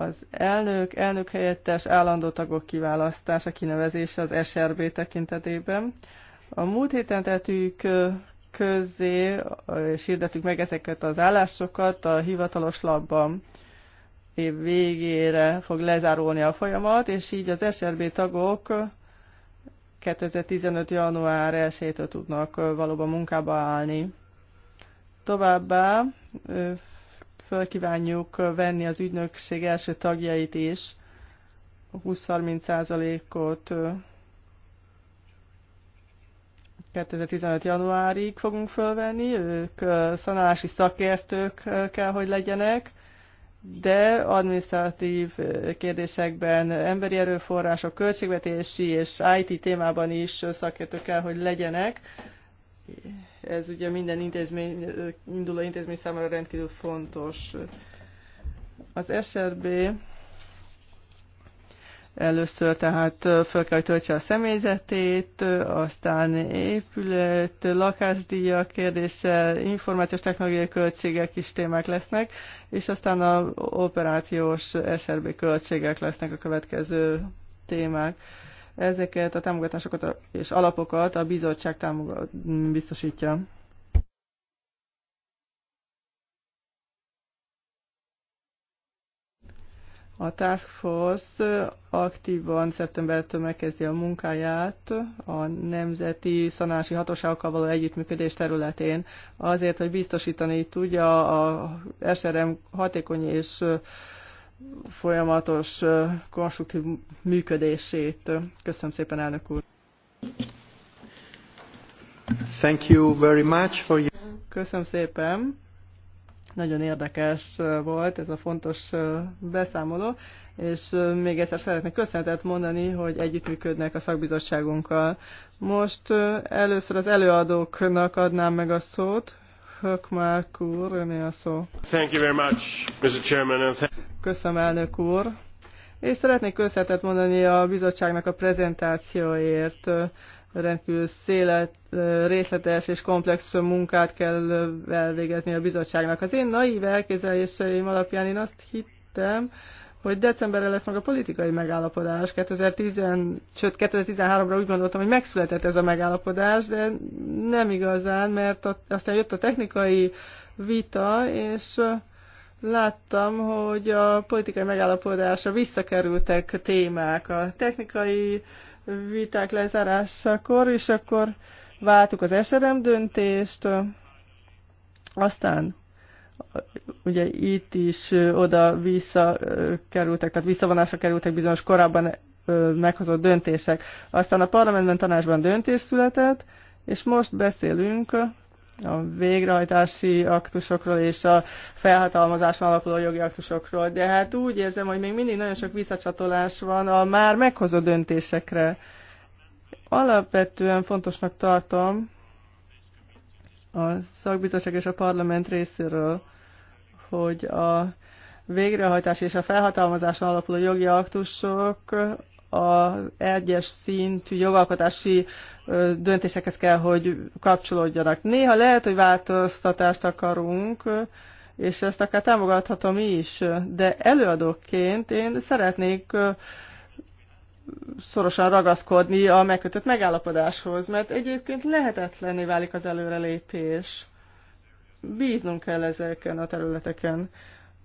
Az elnök, elnök helyettes állandó tagok kiválasztása, kinevezése az SRB tekintetében. A múlt héten tettük közzé, és hirdettük meg ezeket az állásokat a hivatalos labban év végére fog lezárulni a folyamat, és így az SRB tagok 2015. január 1 tudnak valóban munkába állni. Továbbá fölkívánjuk venni az ügynökség első tagjait is, 20-30%-ot 2015. januárig fogunk fölvenni, ők szanálási szakértők kell, hogy legyenek, de administratív kérdésekben, emberi erőforrások, költségvetési és IT témában is szakértők kell, hogy legyenek, ez ugye minden intézmény, induló intézmény számára rendkívül fontos. Az SRB először tehát fel kell, hogy töltse a személyzetét, aztán épület, lakásdíjak kérdése, információs technológiai költségek is témák lesznek, és aztán a operációs SRB költségek lesznek a következő témák ezeket a támogatásokat és alapokat a bizottság támogat, biztosítja. A Task Force aktívan szeptembertől megkezdi a munkáját a Nemzeti Szanási Hatóságokkal való együttműködés területén, azért, hogy biztosítani tudja a SRM hatékony és folyamatos konstruktív működését. Köszönöm szépen, elnök úr! Thank you very much for your... Köszönöm szépen! Nagyon érdekes volt ez a fontos beszámoló, és még egyszer szeretnék köszönetet mondani, hogy együttműködnek a szakbizottságunkkal. Most először az előadóknak adnám meg a szót, Hökmark úr, a szó. Thank you very much, Mr. Chairman. Köszönöm, elnök úr. És szeretnék köszönetet mondani a bizottságnak a prezentációért. Rendkívül szélet, részletes és komplex munkát kell elvégezni a bizottságnak. Az én naív elképzeléseim alapján én azt hittem, hogy decemberre lesz meg a politikai megállapodás. 2010, sőt 2013-ra úgy gondoltam, hogy megszületett ez a megállapodás, de nem igazán, mert aztán jött a technikai vita, és láttam, hogy a politikai megállapodásra visszakerültek témák. A technikai viták lezárásakor, és akkor váltuk az SRM döntést, aztán Ugye itt is oda-vissza kerültek, tehát visszavonásra kerültek bizonyos korábban meghozott döntések. Aztán a parlamentben, tanácsban döntés született, és most beszélünk a végrehajtási aktusokról és a felhatalmazáson alapuló jogi aktusokról. De hát úgy érzem, hogy még mindig nagyon sok visszacsatolás van a már meghozott döntésekre. Alapvetően fontosnak tartom a szakbizottság és a parlament részéről, hogy a végrehajtás és a felhatalmazáson alapuló jogi aktusok a egyes szintű jogalkotási döntéseket kell, hogy kapcsolódjanak. Néha lehet, hogy változtatást akarunk, és ezt akár támogathatom is, de előadóként én szeretnék szorosan ragaszkodni a megkötött megállapodáshoz, mert egyébként lehetetlenné válik az előrelépés bíznunk kell ezeken a területeken.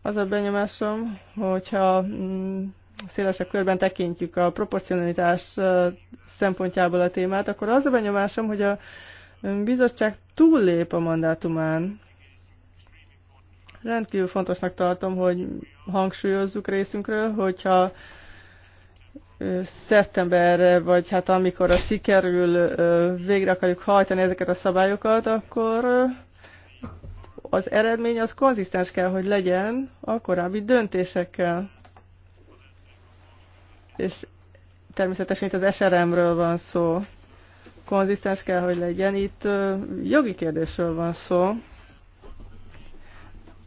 Az a benyomásom, hogyha mm, szélesebb körben tekintjük a proporcionalitás szempontjából a témát, akkor az a benyomásom, hogy a mm, bizottság túllép a mandátumán. Rendkívül fontosnak tartom, hogy hangsúlyozzuk részünkről, hogyha szeptemberre, vagy hát amikor a sikerül végre akarjuk hajtani ezeket a szabályokat, akkor az eredmény az konzisztens kell, hogy legyen a korábbi döntésekkel. És természetesen itt az SRM-ről van szó. Konzisztens kell, hogy legyen. Itt jogi kérdésről van szó.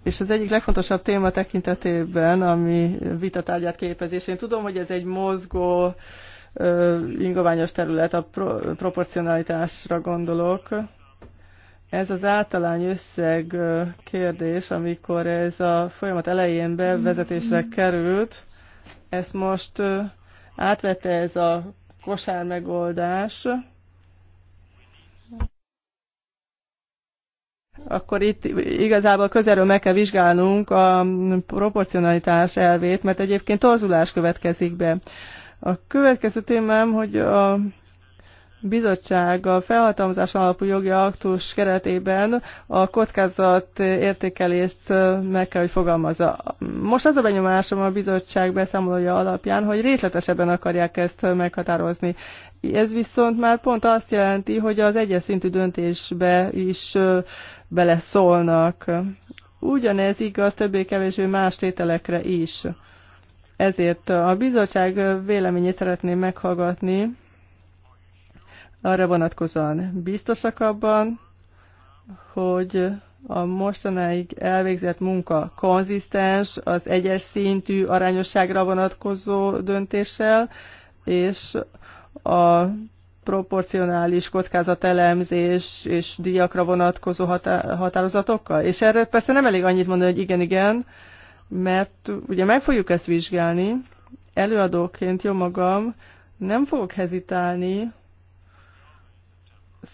És az egyik legfontosabb téma tekintetében, ami vitatárgyát képezés, én tudom, hogy ez egy mozgó, ingoványos terület, a pro- proporcionalitásra gondolok, ez az általány összeg kérdés, amikor ez a folyamat elején bevezetésre került, ezt most átvette ez a kosár megoldás, akkor itt igazából közelről meg kell vizsgálnunk a proporcionalitás elvét, mert egyébként torzulás következik be. A következő témám, hogy a bizottság a felhatalmazás alapú jogi aktus keretében a kockázat értékelést meg kell, hogy fogalmazza. Most az a benyomásom a bizottság beszámolója alapján, hogy részletesebben akarják ezt meghatározni. Ez viszont már pont azt jelenti, hogy az egyes szintű döntésbe is beleszólnak. Ugyanez igaz többé-kevésbé más tételekre is. Ezért a bizottság véleményét szeretném meghallgatni arra vonatkozóan biztosak abban, hogy a mostanáig elvégzett munka konzisztens az egyes szintű arányosságra vonatkozó döntéssel, és a proporcionális kockázatelemzés és díjakra vonatkozó hatá határozatokkal. És erre persze nem elég annyit mondani, hogy igen, igen, mert ugye meg fogjuk ezt vizsgálni, előadóként jó magam, nem fogok hezitálni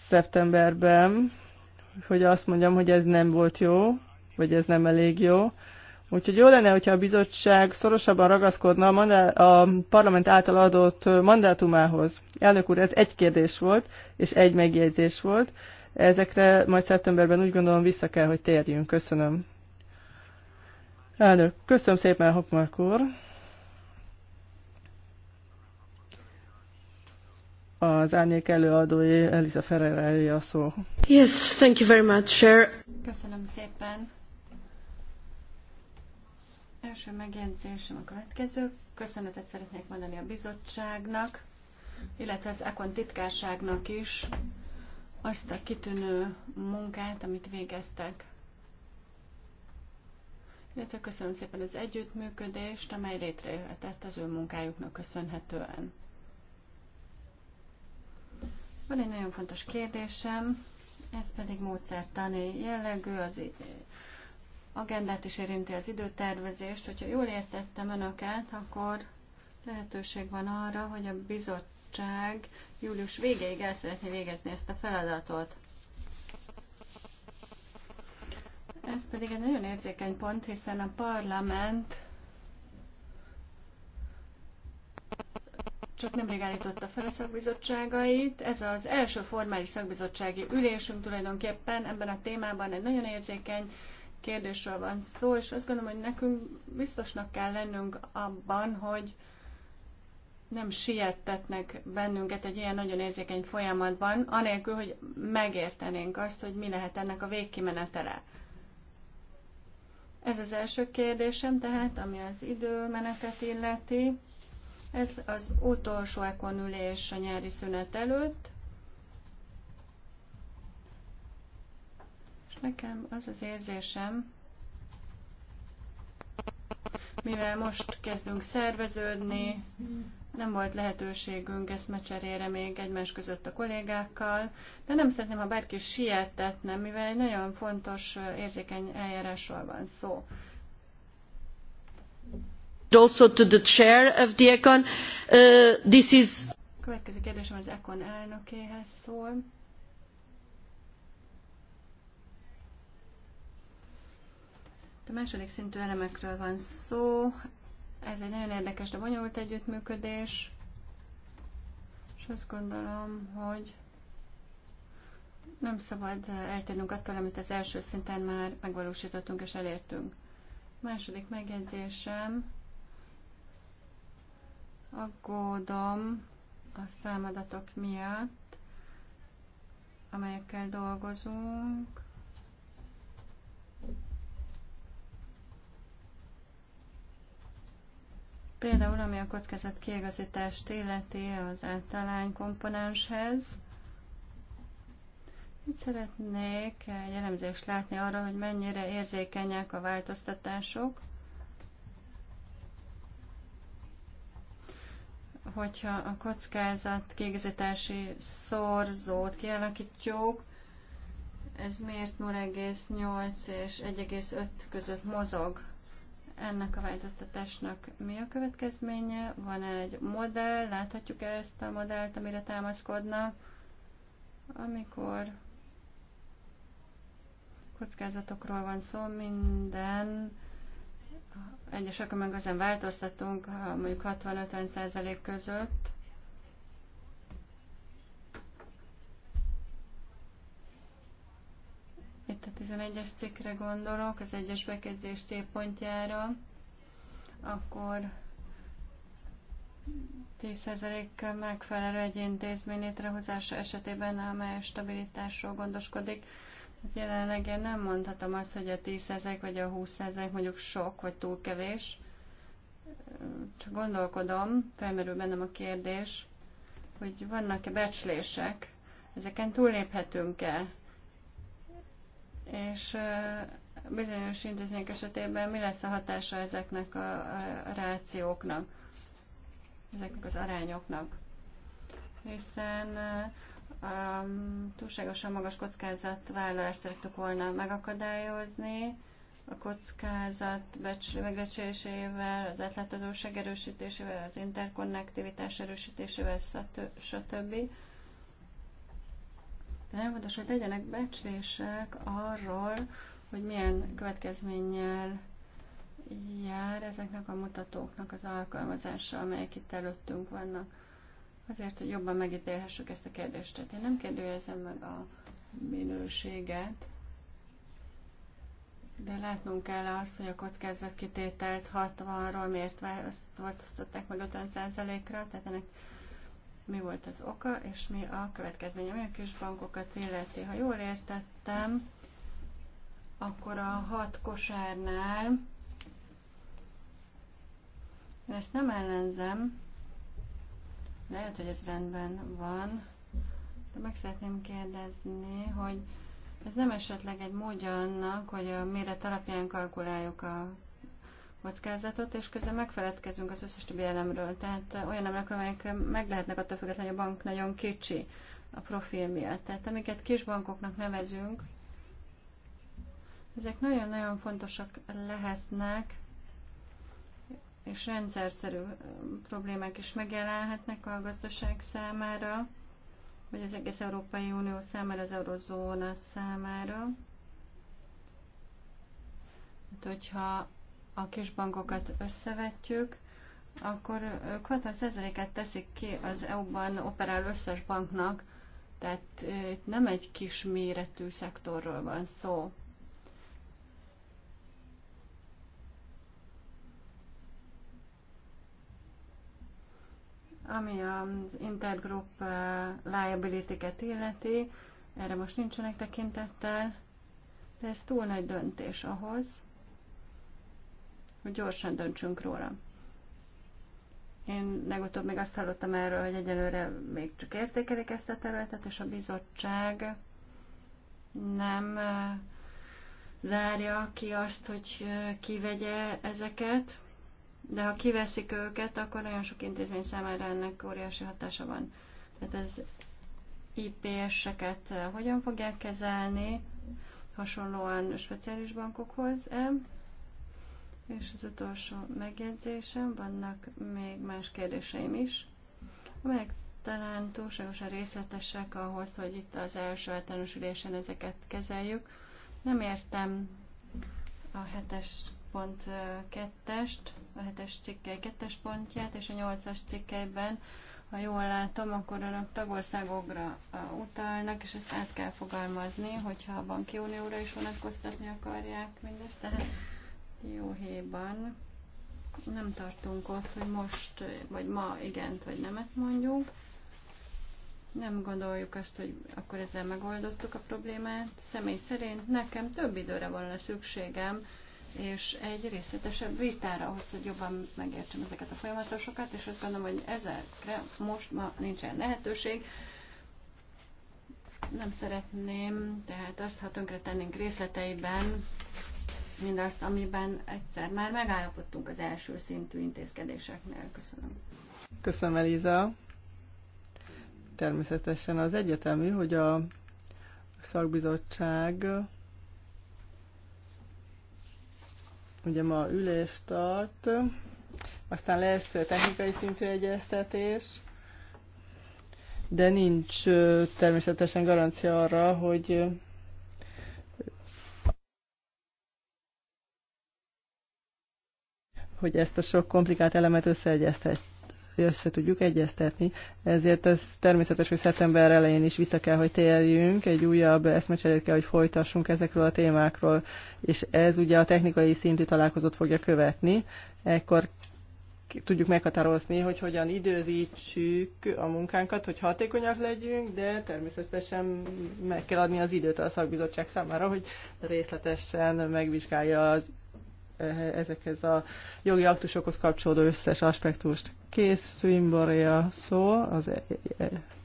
szeptemberben, hogy azt mondjam, hogy ez nem volt jó, vagy ez nem elég jó. Úgyhogy jó lenne, hogyha a bizottság szorosabban ragaszkodna a, mandá- a parlament által adott mandátumához. Elnök úr, ez egy kérdés volt, és egy megjegyzés volt. Ezekre majd szeptemberben úgy gondolom vissza kell, hogy térjünk. Köszönöm. Elnök, köszönöm szépen, Hopmark úr. Az árnyék előadói Elisa Ferreira a szó. Yes, thank you very much, Chair. Köszönöm szépen. Első megjegyzésem a következő. Köszönetet szeretnék mondani a bizottságnak, illetve az Ekon titkárságnak is azt a kitűnő munkát, amit végeztek. Illetve köszönöm szépen az együttműködést, amely létrejöhetett az ő munkájuknak köszönhetően. Van egy nagyon fontos kérdésem, ez pedig módszertani jellegű, az agendát is érinti az időtervezést. Hogyha jól értettem önöket, akkor lehetőség van arra, hogy a bizottság július végéig el szeretné végezni ezt a feladatot. Ez pedig egy nagyon érzékeny pont, hiszen a parlament csak nemrég állította fel a szakbizottságait. Ez az első formális szakbizottsági ülésünk tulajdonképpen ebben a témában egy nagyon érzékeny kérdésről van szó, és azt gondolom, hogy nekünk biztosnak kell lennünk abban, hogy nem siettetnek bennünket egy ilyen nagyon érzékeny folyamatban, anélkül, hogy megértenénk azt, hogy mi lehet ennek a végkimenetele. Ez az első kérdésem, tehát ami az időmenetet illeti. Ez az utolsó ekon ülés a nyári szünet előtt. És nekem az az érzésem, mivel most kezdünk szerveződni, nem volt lehetőségünk eszmecserére még egymás között a kollégákkal, de nem szeretném, ha bárki sietetne, mivel egy nagyon fontos, érzékeny eljárásról van szó also to the chair of the ECON. Uh, this is... Következő kérdésem az ECON elnökéhez szól. A második szintű elemekről van szó. Ez egy nagyon érdekes, de bonyolult együttműködés. És azt gondolom, hogy nem szabad eltérnünk attól, amit az első szinten már megvalósítottunk és elértünk. A második megjegyzésem, Aggódom a számadatok miatt, amelyekkel dolgozunk. Például, ami a kockázat kiegazítást illeti az általány komponenshez, itt szeretnék egy elemzést látni arra, hogy mennyire érzékenyek a változtatások. hogyha a kockázat kiegészítési szorzót kialakítjuk, ez miért 0,8 és 1,5 között mozog? Ennek a változtatásnak mi a következménye? Van -e egy modell? Láthatjuk -e ezt a modellt, amire támaszkodnak? Amikor kockázatokról van szó, minden egyes meg ezen változtatunk, ha mondjuk 60-50 százalék között. Itt a 11-es cikkre gondolok, az egyes bekezdés T Akkor 10% megfelelő egy intézmény létrehozása esetében, amely stabilitásról gondoskodik. Hát jelenleg én nem mondhatom azt, hogy a 10% vagy a 20% mondjuk sok vagy túl kevés. Csak gondolkodom, felmerül bennem a kérdés, hogy vannak-e becslések, ezeken túlléphetünk-e, és bizonyos intézmények esetében mi lesz a hatása ezeknek a, a rációknak, ezeknek az arányoknak. Hiszen um, túlságosan magas kockázatvállalást szerettük volna megakadályozni, a kockázat megrecsésével, az átláthatóság erősítésével, az interkonnektivitás erősítésével, stb. De nem fontos, hogy legyenek becslések arról, hogy milyen következménnyel jár ezeknek a mutatóknak az alkalmazása, amelyek itt előttünk vannak azért, hogy jobban megítélhessük ezt a kérdést. Tehát én nem kérdőjezem meg a minőséget, de látnunk kell azt, hogy a kitételt 60-ról miért változtatták meg 50%-ra, tehát ennek mi volt az oka, és mi a következmény. Olyan kis bankokat illeti, ha jól értettem, akkor a hat kosárnál, én ezt nem ellenzem, lehet, hogy ez rendben van, de meg szeretném kérdezni, hogy ez nem esetleg egy módja annak, hogy a méret alapján kalkuláljuk a kockázatot, és közben megfeledkezünk az összes többi elemről. Tehát olyan emlékről, amelyek meg lehetnek attól függetlenül, hogy a bank nagyon kicsi a profil miatt. Tehát amiket kisbankoknak nevezünk, ezek nagyon-nagyon fontosak lehetnek és rendszerszerű problémák is megjelenhetnek a gazdaság számára, vagy az egész Európai Unió számára, az eurozóna számára. Hát, hogyha a kisbankokat összevetjük, akkor ők 60%-et teszik ki az EU-ban operál összes banknak, tehát itt nem egy kis méretű szektorról van szó. Ami az intergroup eh, liability-ket illeti, erre most nincsenek tekintettel, de ez túl nagy döntés ahhoz, hogy gyorsan döntsünk róla. Én legutóbb még azt hallottam erről, hogy egyelőre még csak értékelik ezt a területet, és a bizottság nem eh, zárja ki azt, hogy eh, kivegye ezeket de ha kiveszik őket, akkor nagyon sok intézmény számára ennek óriási hatása van. Tehát az IPS-eket eh, hogyan fogják kezelni, hasonlóan speciális bankokhoz. -e. És az utolsó megjegyzésem, vannak még más kérdéseim is, amelyek talán túlságosan részletesek ahhoz, hogy itt az első általános ülésen ezeket kezeljük. Nem értem a hetes 72 est a 7-es cikkely 2-es pontját, és a 8-as cikkelyben, ha jól látom, akkor önök tagországokra utalnak, és ezt át kell fogalmazni, hogyha a banki unióra is vonatkoztatni akarják mindezt, tehát jó héban nem tartunk ott, hogy most, vagy ma igent, vagy nemet mondjuk. Nem gondoljuk azt, hogy akkor ezzel megoldottuk a problémát. Személy szerint nekem több időre van le szükségem, és egy részletesebb vitára ahhoz, hogy jobban megértsem ezeket a folyamatosokat, és azt gondolom, hogy ezekre most ma nincsen lehetőség. Nem szeretném, tehát azt, ha tönkretennénk részleteiben, mindazt, amiben egyszer már megállapodtunk az első szintű intézkedéseknél. Köszönöm. Köszönöm, Eliza. Természetesen az egyetemű, hogy a szakbizottság Ugye ma ülést tart, aztán lesz technikai szintű egyeztetés, de nincs természetesen garancia arra, hogy hogy ezt a sok komplikált elemet összeegyeztetjük össze tudjuk egyeztetni. Ezért ez természetes, hogy szeptember elején is vissza kell, hogy térjünk, egy újabb eszmecserét kell, hogy folytassunk ezekről a témákról, és ez ugye a technikai szintű találkozót fogja követni. Ekkor tudjuk meghatározni, hogy hogyan időzítsük a munkánkat, hogy hatékonyak legyünk, de természetesen meg kell adni az időt a szakbizottság számára, hogy részletesen megvizsgálja az Eh, ezekhez a jogi aktusokhoz kapcsolódó összes aspektust. Kész Swinburne szó az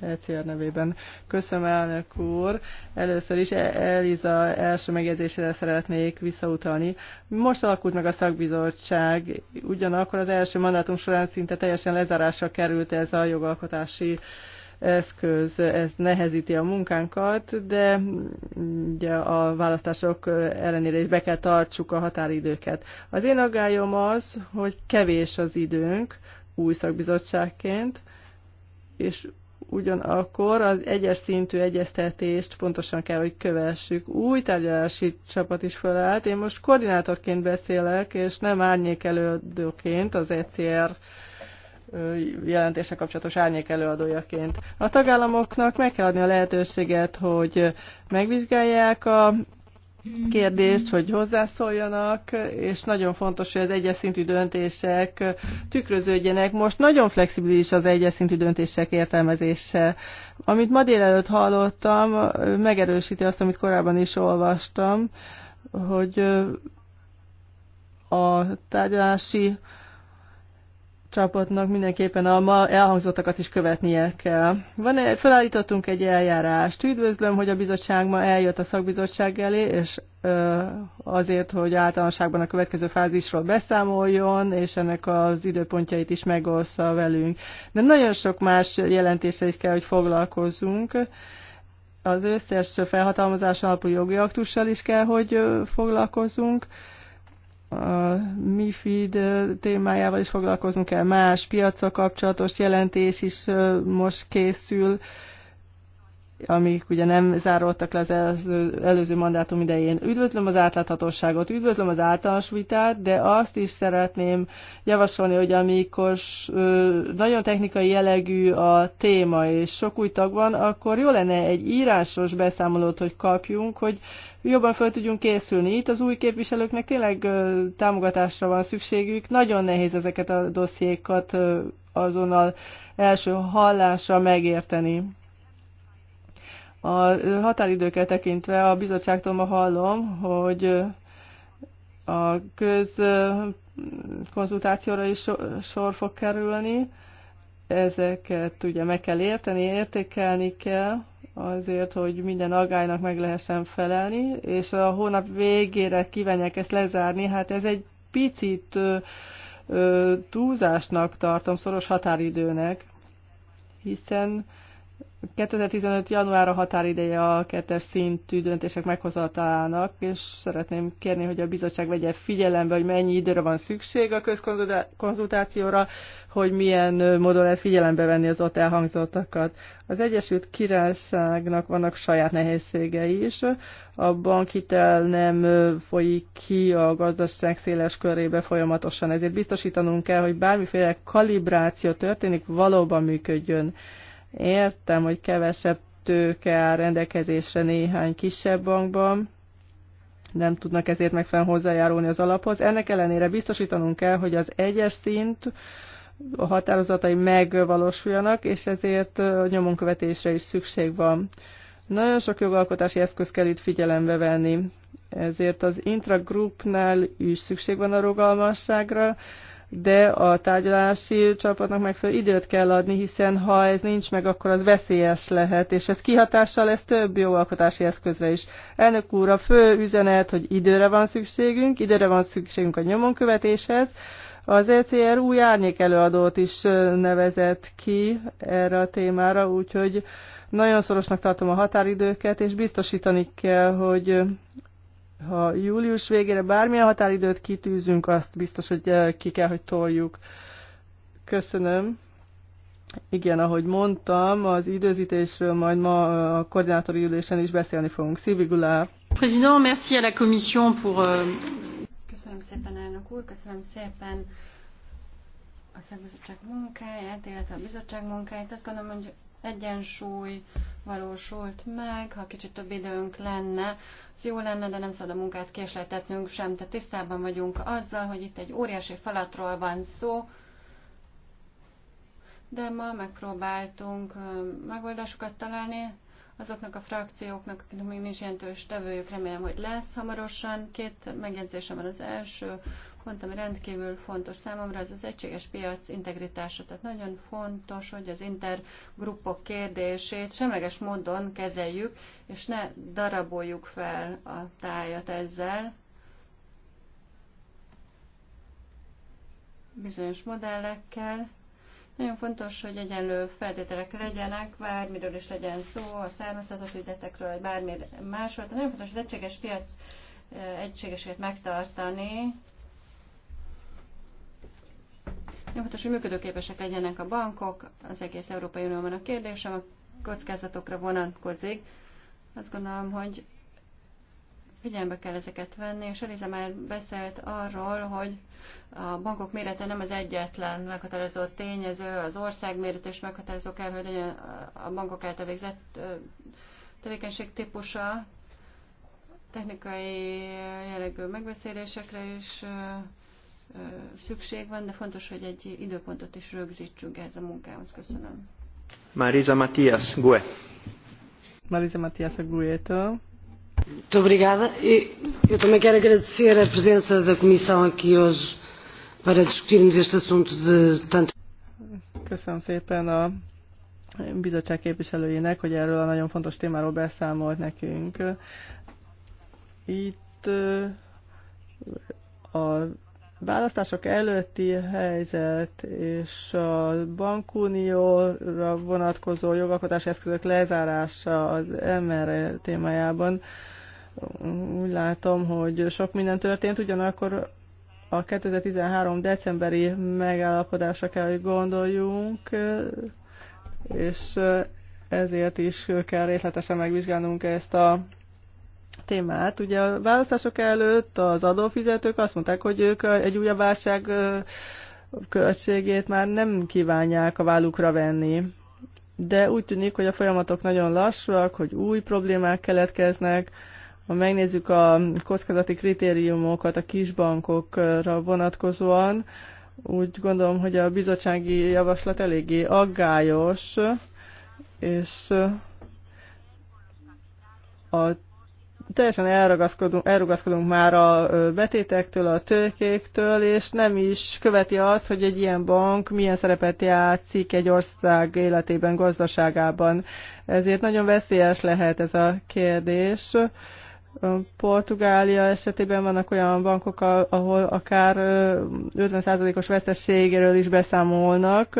ECR e- e nevében. Köszönöm, elnök úr. Először is e- Eliza első megjegyzésére szeretnék visszautalni. Most alakult meg a szakbizottság, ugyanakkor az első mandátum során szinte teljesen lezárásra került ez a jogalkotási eszköz, ez nehezíti a munkánkat, de ugye a választások ellenére is be kell tartsuk a határidőket. Az én aggályom az, hogy kevés az időnk új szakbizottságként, és ugyanakkor az egyes szintű egyeztetést pontosan kell, hogy kövessük. Új tárgyalási csapat is felállt. Én most koordinátorként beszélek, és nem árnyékelődőként az ECR jelentése kapcsolatos árnyék előadójaként. A tagállamoknak meg kell adni a lehetőséget, hogy megvizsgálják a kérdést, hogy hozzászóljanak, és nagyon fontos, hogy az egyes szintű döntések tükröződjenek. Most nagyon flexibilis az egyes szintű döntések értelmezése. Amit ma délelőtt hallottam, megerősíti azt, amit korábban is olvastam, hogy a tárgyalási csapatnak mindenképpen a ma elhangzottakat is követnie kell. Van -e, felállítottunk egy eljárást. Üdvözlöm, hogy a bizottság ma eljött a szakbizottság elé, és ö, azért, hogy általánosságban a következő fázisról beszámoljon, és ennek az időpontjait is megossza velünk. De nagyon sok más jelentése is kell, hogy foglalkozzunk. Az összes felhatalmazás alapú jogi aktussal is kell, hogy foglalkozzunk a MIFID témájával is foglalkozunk kell, más piacra kapcsolatos jelentés is most készül, amik ugye nem zárultak le az előző, előző mandátum idején. Üdvözlöm az átláthatóságot, üdvözlöm az általános vitát, de azt is szeretném javasolni, hogy amikor nagyon technikai jellegű a téma, és sok új tag van, akkor jó lenne egy írásos beszámolót, hogy kapjunk, hogy jobban fel tudjunk készülni. Itt az új képviselőknek tényleg támogatásra van szükségük. Nagyon nehéz ezeket a dossziékat azonnal első hallásra megérteni. A határidőket tekintve a bizottságtól ma hallom, hogy a közkonzultációra is sor fog kerülni. Ezeket ugye meg kell érteni, értékelni kell azért, hogy minden agálynak meg lehessen felelni, és a hónap végére kívánják ezt lezárni, hát ez egy picit ö, ö, túlzásnak tartom, szoros határidőnek, hiszen 2015. január a határideje a kettes szintű döntések meghozatalának, és szeretném kérni, hogy a bizottság vegye figyelembe, hogy mennyi időre van szükség a közkonzultációra, hogy milyen módon lehet figyelembe venni az ott elhangzottakat. Az Egyesült Királyságnak vannak saját nehézségei is, a bankhitel nem folyik ki a gazdaság széles körébe folyamatosan, ezért biztosítanunk kell, hogy bármiféle kalibráció történik, valóban működjön Értem, hogy kevesebb tőke áll rendelkezésre néhány kisebb bankban, nem tudnak ezért megfelelően hozzájárulni az alaphoz. Ennek ellenére biztosítanunk kell, hogy az egyes szint a határozatai megvalósuljanak, és ezért a nyomonkövetésre is szükség van. Nagyon sok jogalkotási eszköz kell itt figyelembe venni, ezért az intragroupnál is szükség van a rugalmasságra, de a tárgyalási csapatnak megfelelő időt kell adni, hiszen ha ez nincs meg, akkor az veszélyes lehet, és ez kihatással lesz több jó alkotási eszközre is. Elnök úr, a fő üzenet, hogy időre van szükségünk, időre van szükségünk a nyomonkövetéshez, az ECR új árnyék előadót is nevezett ki erre a témára, úgyhogy nagyon szorosnak tartom a határidőket, és biztosítani kell, hogy ha július végére bármilyen határidőt kitűzünk, azt biztos, hogy eh, ki kell, hogy toljuk. Köszönöm. Igen, ahogy mondtam, az időzítésről majd ma eh, a koordinátori ülésen is beszélni fogunk. Szívigulá. Président, merci à la commission pour... Euh, köszönöm szépen, elnök úr, köszönöm szépen a szakbizottság munkáját, illetve a bizottság munkáját. Azt gondolom, hogy egyensúly valósult meg. Ha kicsit több időnk lenne, az jó lenne, de nem szabad a munkát késleltetnünk sem. Tehát tisztában vagyunk azzal, hogy itt egy óriási falatról van szó, de ma megpróbáltunk megoldásokat találni azoknak a frakcióknak, akiknek még nincs jelentős tevőjük, remélem, hogy lesz hamarosan. Két megjegyzésem van az első, Mondtam, rendkívül fontos számomra ez az egységes piac integritása, tehát nagyon fontos, hogy az intergrupok kérdését semleges módon kezeljük, és ne daraboljuk fel a tájat ezzel, bizonyos modellekkel. Nagyon fontos, hogy egyenlő feltételek legyenek, bármiről is legyen szó, a származhatat ügyetekről, vagy bármi másról. De nagyon fontos az egységes piac eh, egységesét megtartani, nem fontos, hogy működőképesek legyenek a bankok, az egész Európai Unióban a kérdésem a kockázatokra vonatkozik. Azt gondolom, hogy figyelembe kell ezeket venni, és Eliza már beszélt arról, hogy a bankok mérete nem az egyetlen meghatározó tényező, az ország mérete is meghatározó kell, hogy legyen a bankok által végzett tevékenység típusa, technikai jellegű megbeszélésekre is szükség van, de fontos, hogy egy időpontot is rögzítsünk ehhez a munkához. Köszönöm. Marisa Matias, GUE. Marisa Matias, a Muito obrigada. E eu também quero agradecer a presença da Comissão aqui hoje para discutirmos este assunto de tanto. Köszönöm szépen a bizottság képviselőjének, hogy erről a nagyon fontos témáról beszámolt nekünk. Itt a választások előtti helyzet és a bankunióra vonatkozó jogalkotási eszközök lezárása az MR e témájában úgy látom, hogy sok minden történt, ugyanakkor a 2013. decemberi megállapodásra kell, hogy gondoljunk, és ezért is kell részletesen megvizsgálnunk ezt a témát. Ugye a választások előtt az adófizetők azt mondták, hogy ők egy újabb válság költségét már nem kívánják a vállukra venni. De úgy tűnik, hogy a folyamatok nagyon lassúak, hogy új problémák keletkeznek. Ha megnézzük a kockázati kritériumokat a kisbankokra vonatkozóan, úgy gondolom, hogy a bizottsági javaslat eléggé aggályos, és a teljesen elragaszkodunk, elragaszkodunk már a betétektől, a tőkéktől, és nem is követi azt, hogy egy ilyen bank milyen szerepet játszik egy ország életében, gazdaságában. Ezért nagyon veszélyes lehet ez a kérdés. Portugália esetében vannak olyan bankok, ahol akár 50%-os veszességéről is beszámolnak,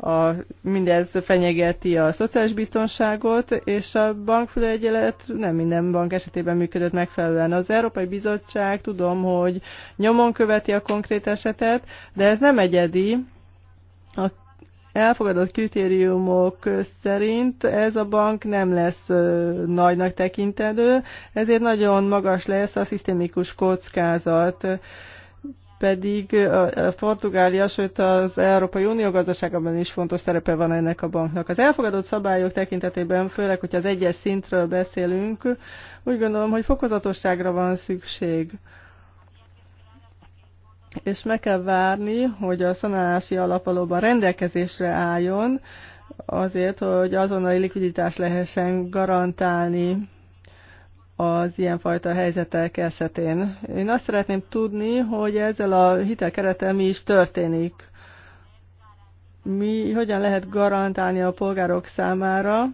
a, mindez fenyegeti a szociális biztonságot, és a bankfülegyelet nem minden bank esetében működött megfelelően. Az Európai Bizottság tudom, hogy nyomon követi a konkrét esetet, de ez nem egyedi. A elfogadott kritériumok szerint ez a bank nem lesz nagynak tekintendő, ezért nagyon magas lesz a szisztémikus kockázat pedig a Portugália, sőt az Európai Unió gazdaságában is fontos szerepe van ennek a banknak. Az elfogadott szabályok tekintetében, főleg, hogyha az egyes szintről beszélünk, úgy gondolom, hogy fokozatosságra van szükség. És meg kell várni, hogy a szanálási alap valóban rendelkezésre álljon, azért, hogy azonnali likviditást lehessen garantálni az ilyenfajta helyzetek esetén. Én azt szeretném tudni, hogy ezzel a hitelkerettel mi is történik. Mi hogyan lehet garantálni a polgárok számára,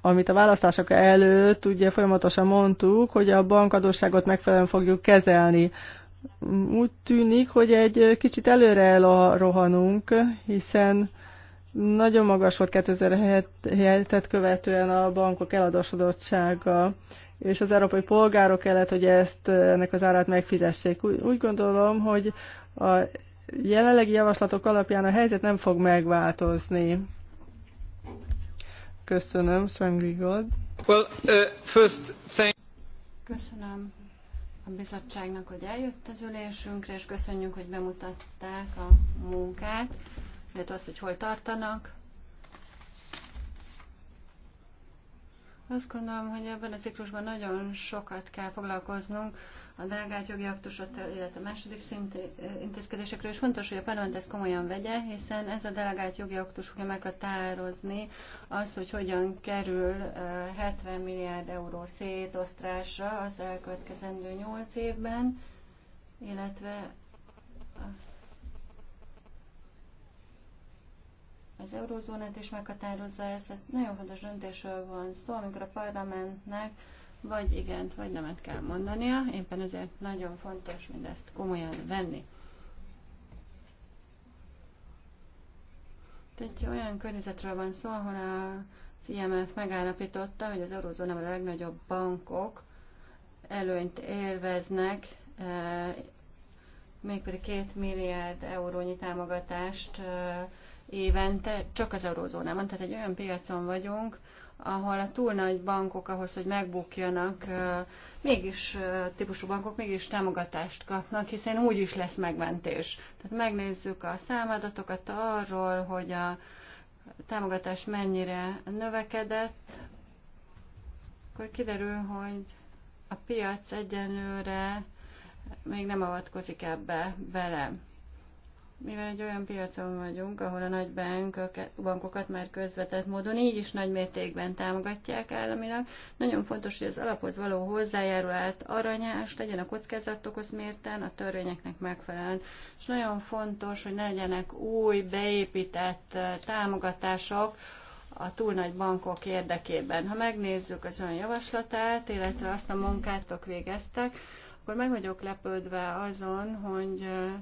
amit a választások előtt ugye folyamatosan mondtuk, hogy a bankadóságot megfelelően fogjuk kezelni. Úgy tűnik, hogy egy kicsit előre elrohanunk, hiszen nagyon magas volt 2007-et követően a bankok eladósodottsága, és az európai polgárok kellett, hogy ezt, ennek az árát megfizessék. Úgy, gondolom, hogy a jelenlegi javaslatok alapján a helyzet nem fog megváltozni. Köszönöm, Sven Grigod. Well, uh, first, thank Köszönöm a bizottságnak, hogy eljött az ülésünkre, és köszönjük, hogy bemutatták a munkát illetve hát azt, hogy hol tartanak. Azt gondolom, hogy ebben a ciklusban nagyon sokat kell foglalkoznunk a delegált jogi aktusokról, illetve a második szint eh, intézkedésekről, és fontos, hogy a parlament ezt komolyan vegye, hiszen ez a delegált jogi aktus fogja meghatározni azt, hogy hogyan kerül 70 eh, milliárd euró szétosztrásra az elkövetkezendő 8 évben, illetve a az eurózónát is meghatározza ezt, tehát nagyon fontos döntésről van szó, amikor a parlamentnek vagy igent, vagy nemet kell mondania, éppen ezért nagyon fontos mindezt komolyan venni. Egy olyan környezetről van szó, ahol a IMF megállapította, hogy az eurózóna a legnagyobb bankok előnyt élveznek, e, mégpedig két milliárd eurónyi támogatást e, évente csak az eurózónában. Tehát egy olyan piacon vagyunk, ahol a túl nagy bankok ahhoz, hogy megbukjanak, mégis típusú bankok mégis támogatást kapnak, hiszen úgy is lesz megmentés. Tehát megnézzük a számadatokat arról, hogy a támogatás mennyire növekedett, akkor kiderül, hogy a piac egyenlőre még nem avatkozik ebbe bele mivel egy olyan piacon vagyunk, ahol a nagy bankokat már közvetett módon így is nagy mértékben támogatják államilag, nagyon fontos, hogy az alaphoz való hozzájárulát aranyás legyen a kockázatokhoz mérten, a törvényeknek megfelelően. És nagyon fontos, hogy ne legyenek új, beépített eh, támogatások, a túl nagy bankok érdekében. Ha megnézzük az ön javaslatát, illetve azt a munkátok végeztek, akkor meg vagyok lepődve azon, hogy eh,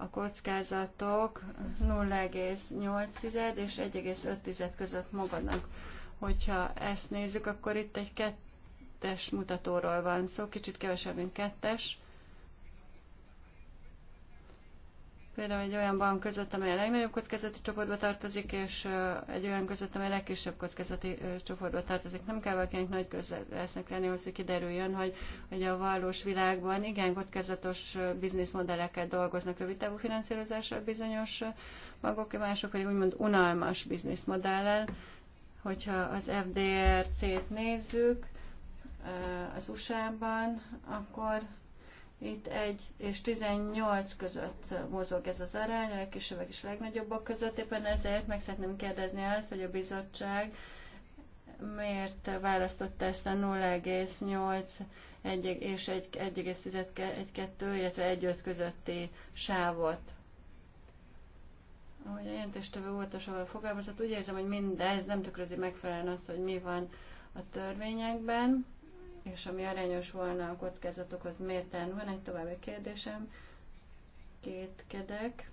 a kockázatok 0,8 és 1,5 között magadnak. Hogyha ezt nézzük, akkor itt egy kettes mutatóról van szó, kicsit kevesebb, mint kettes. Például egy olyan bank között, amely a legnagyobb kockázati csoportba tartozik, és egy olyan között, amely a legkisebb kockázati csoportba tartozik. Nem kell valakinek nagy közlekedésnek lenni, hogy kiderüljön, hogy, hogy a valós világban igen kockázatos bizniszmodelleket dolgoznak rövid távú finanszírozásra bizonyos magok, mások pedig úgymond unalmas bizniszmodellel. Hogyha az FDRC-t nézzük, az USA-ban, akkor itt 1 és 18 között mozog ez az arány, a legkisebbek és legnagyobbak között. Éppen ezért meg szeretném kérdezni azt, hogy a bizottság miért választotta ezt a 0,8 és 1,12, illetve 1,5 közötti sávot? Ahogy a jelentéstevő óvatosan fogalmazott, úgy érzem, hogy mindez nem tükrözi megfelelően azt, hogy mi van a törvényekben és ami arányos volna a kockázatokhoz mérten. Van egy további kérdésem, kétkedek.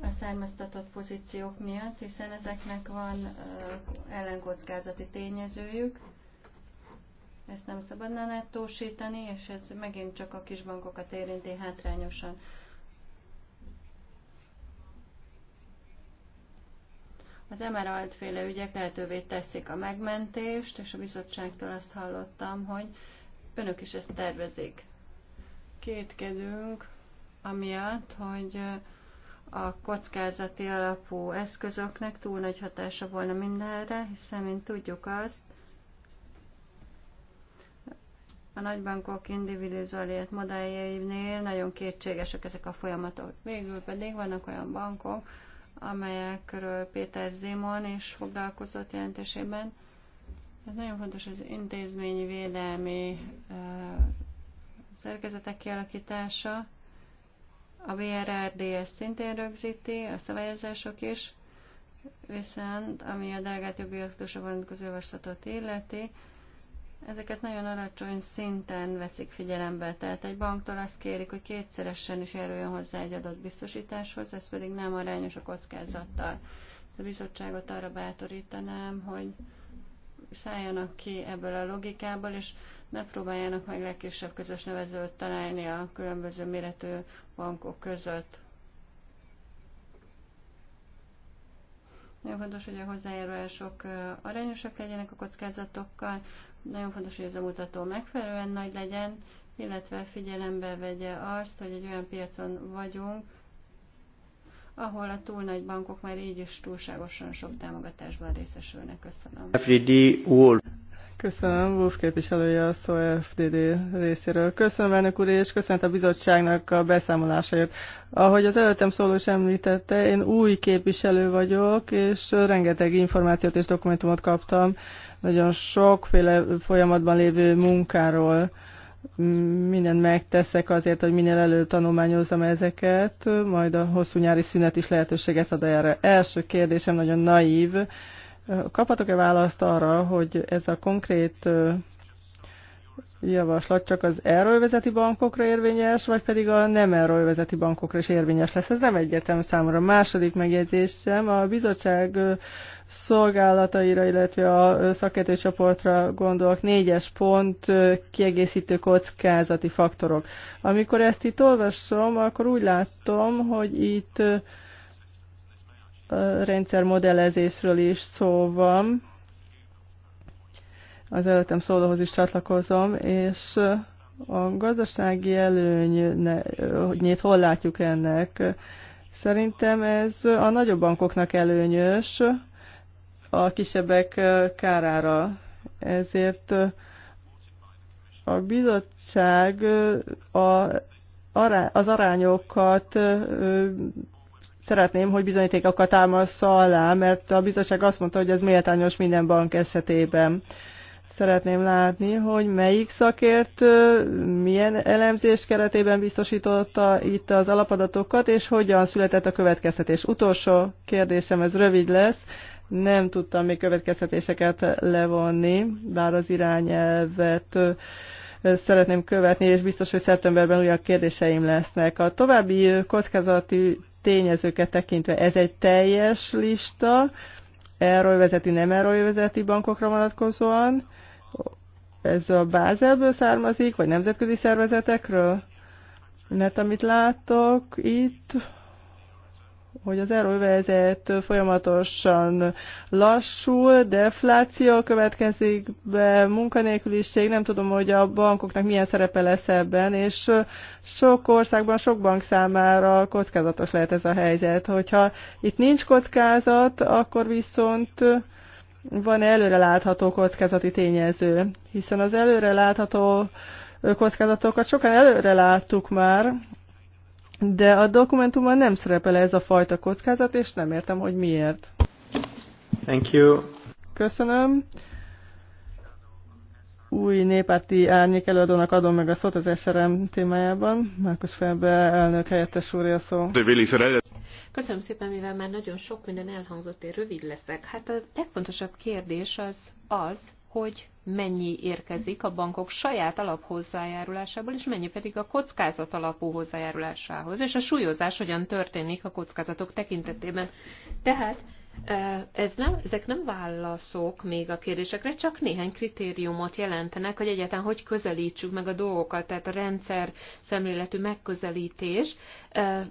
a származtatott pozíciók miatt, hiszen ezeknek van uh, ellenkockázati tényezőjük. Ezt nem szabadna nettósítani, és ez megint csak a kisbankokat érinti hátrányosan. Az Emerald féle ügyek lehetővé teszik a megmentést, és a bizottságtól azt hallottam, hogy önök is ezt tervezik. Kétkedünk amiatt, hogy a kockázati alapú eszközöknek túl nagy hatása volna mindenre, hiszen mint tudjuk azt, a nagybankok individualizált modelljeinél nagyon kétségesek ezek a folyamatok. Végül pedig vannak olyan bankok, amelyekről Péter Zimon is foglalkozott jelentésében. Ez nagyon fontos az intézményi védelmi szerkezetek kialakítása. A BRRD ezt szintén rögzíti, a szabályozások is, viszont ami a delegált jogi aktusra vonatkozó javaslatot illeti, ezeket nagyon alacsony szinten veszik figyelembe. Tehát egy banktól azt kérik, hogy kétszeresen is járuljon hozzá egy adott biztosításhoz, ez pedig nem arányos a kockázattal. A bizottságot arra bátorítanám, hogy szálljanak ki ebből a logikából, és ne próbáljanak meg legkisebb közös nevezőt találni a különböző méretű bankok között. Nagyon fontos, hogy a hozzájárulások arányosak legyenek a kockázatokkal, nagyon fontos, hogy ez a mutató megfelelően nagy legyen, illetve figyelembe vegye azt, hogy egy olyan piacon vagyunk, ahol a túl nagy bankok már így is túlságosan sok támogatásban részesülnek. Köszönöm. FDD Wolf. Köszönöm, Wolf képviselője a szó FDD részéről. Köszönöm, elnök úr, és köszönet a bizottságnak a beszámolásért. Ahogy az előttem szóló is említette, én új képviselő vagyok, és rengeteg információt és dokumentumot kaptam nagyon sokféle folyamatban lévő munkáról mindent megteszek azért, hogy minél előbb tanulmányozzam ezeket, majd a hosszú nyári szünet is lehetőséget ad erre. Első kérdésem nagyon naív. Kaphatok-e választ arra, hogy ez a konkrét javaslat csak az elrővezeti bankokra érvényes, vagy pedig a nem elrővezeti bankokra is érvényes lesz. Ez nem egyértelmű számomra. Második megjegyzésem a bizottság szolgálataira, illetve a szakértői csoportra gondolok. Négyes pont, kiegészítő kockázati faktorok. Amikor ezt itt olvasom, akkor úgy látom, hogy itt rendszermodellezésről is szó van az előttem szólóhoz is csatlakozom, és a gazdasági nyit, hol látjuk ennek? Szerintem ez a nagyobb bankoknak előnyös, a kisebbek kárára. Ezért a bizottság a, az arányokat szeretném, hogy bizonyítékokat támaszza alá, mert a bizottság azt mondta, hogy ez méltányos minden bank esetében szeretném látni, hogy melyik szakértő milyen elemzés keretében biztosította itt az alapadatokat, és hogyan született a következtetés. Utolsó kérdésem, ez rövid lesz. Nem tudtam még következtetéseket levonni, bár az irányelvet szeretném követni, és biztos, hogy szeptemberben újabb kérdéseim lesznek. A további kockázati tényezőket tekintve ez egy teljes lista, vezeti, nem vezeti bankokra vonatkozóan, ez a Bázelből származik, vagy nemzetközi szervezetekről? Mert amit látok itt, hogy az erővezet folyamatosan lassul, defláció következik be, munkanélküliség, nem tudom, hogy a bankoknak milyen szerepe lesz ebben, és sok országban, sok bank számára kockázatos lehet ez a helyzet. Hogyha itt nincs kockázat, akkor viszont van-e előrelátható kockázati tényező, hiszen az előrelátható kockázatokat sokan előre láttuk már, de a dokumentumban nem szerepel ez a fajta kockázat, és nem értem, hogy miért. Thank you. Köszönöm új néppárti árnyék előadónak adom meg a szót az SRM témájában. Márkus Felbe elnök helyettes úr a szó. Köszönöm szépen, mivel már nagyon sok minden elhangzott, én rövid leszek. Hát a legfontosabb kérdés az az, hogy mennyi érkezik a bankok saját alaphozzájárulásából, és mennyi pedig a kockázat alapú hozzájárulásához, és a súlyozás hogyan történik a kockázatok tekintetében. Tehát ez nem, ezek nem válaszok még a kérdésekre, csak néhány kritériumot jelentenek, hogy egyáltalán hogy közelítsük meg a dolgokat, tehát a rendszer szemléletű megközelítés,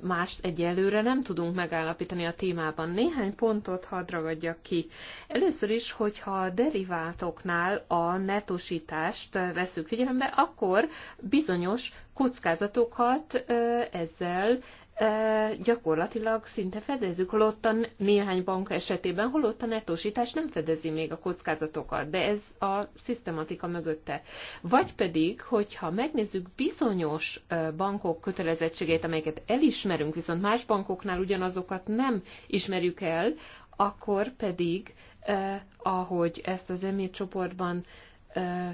mást egyelőre nem tudunk megállapítani a témában. Néhány pontot hadd ragadjak ki. Először is, hogyha a deriváltoknál a netosítást veszük figyelembe, akkor bizonyos kockázatokat ezzel gyakorlatilag szinte fedezzük, holott a néhány bank esetében, holott a netosítás nem fedezi még a kockázatokat, de ez a szisztematika mögötte. Vagy pedig, hogyha megnézzük bizonyos bankok kötelezettségeit, amelyeket elismerünk, viszont más bankoknál ugyanazokat nem ismerjük el, akkor pedig, ahogy ezt az emírcsoportban csoportban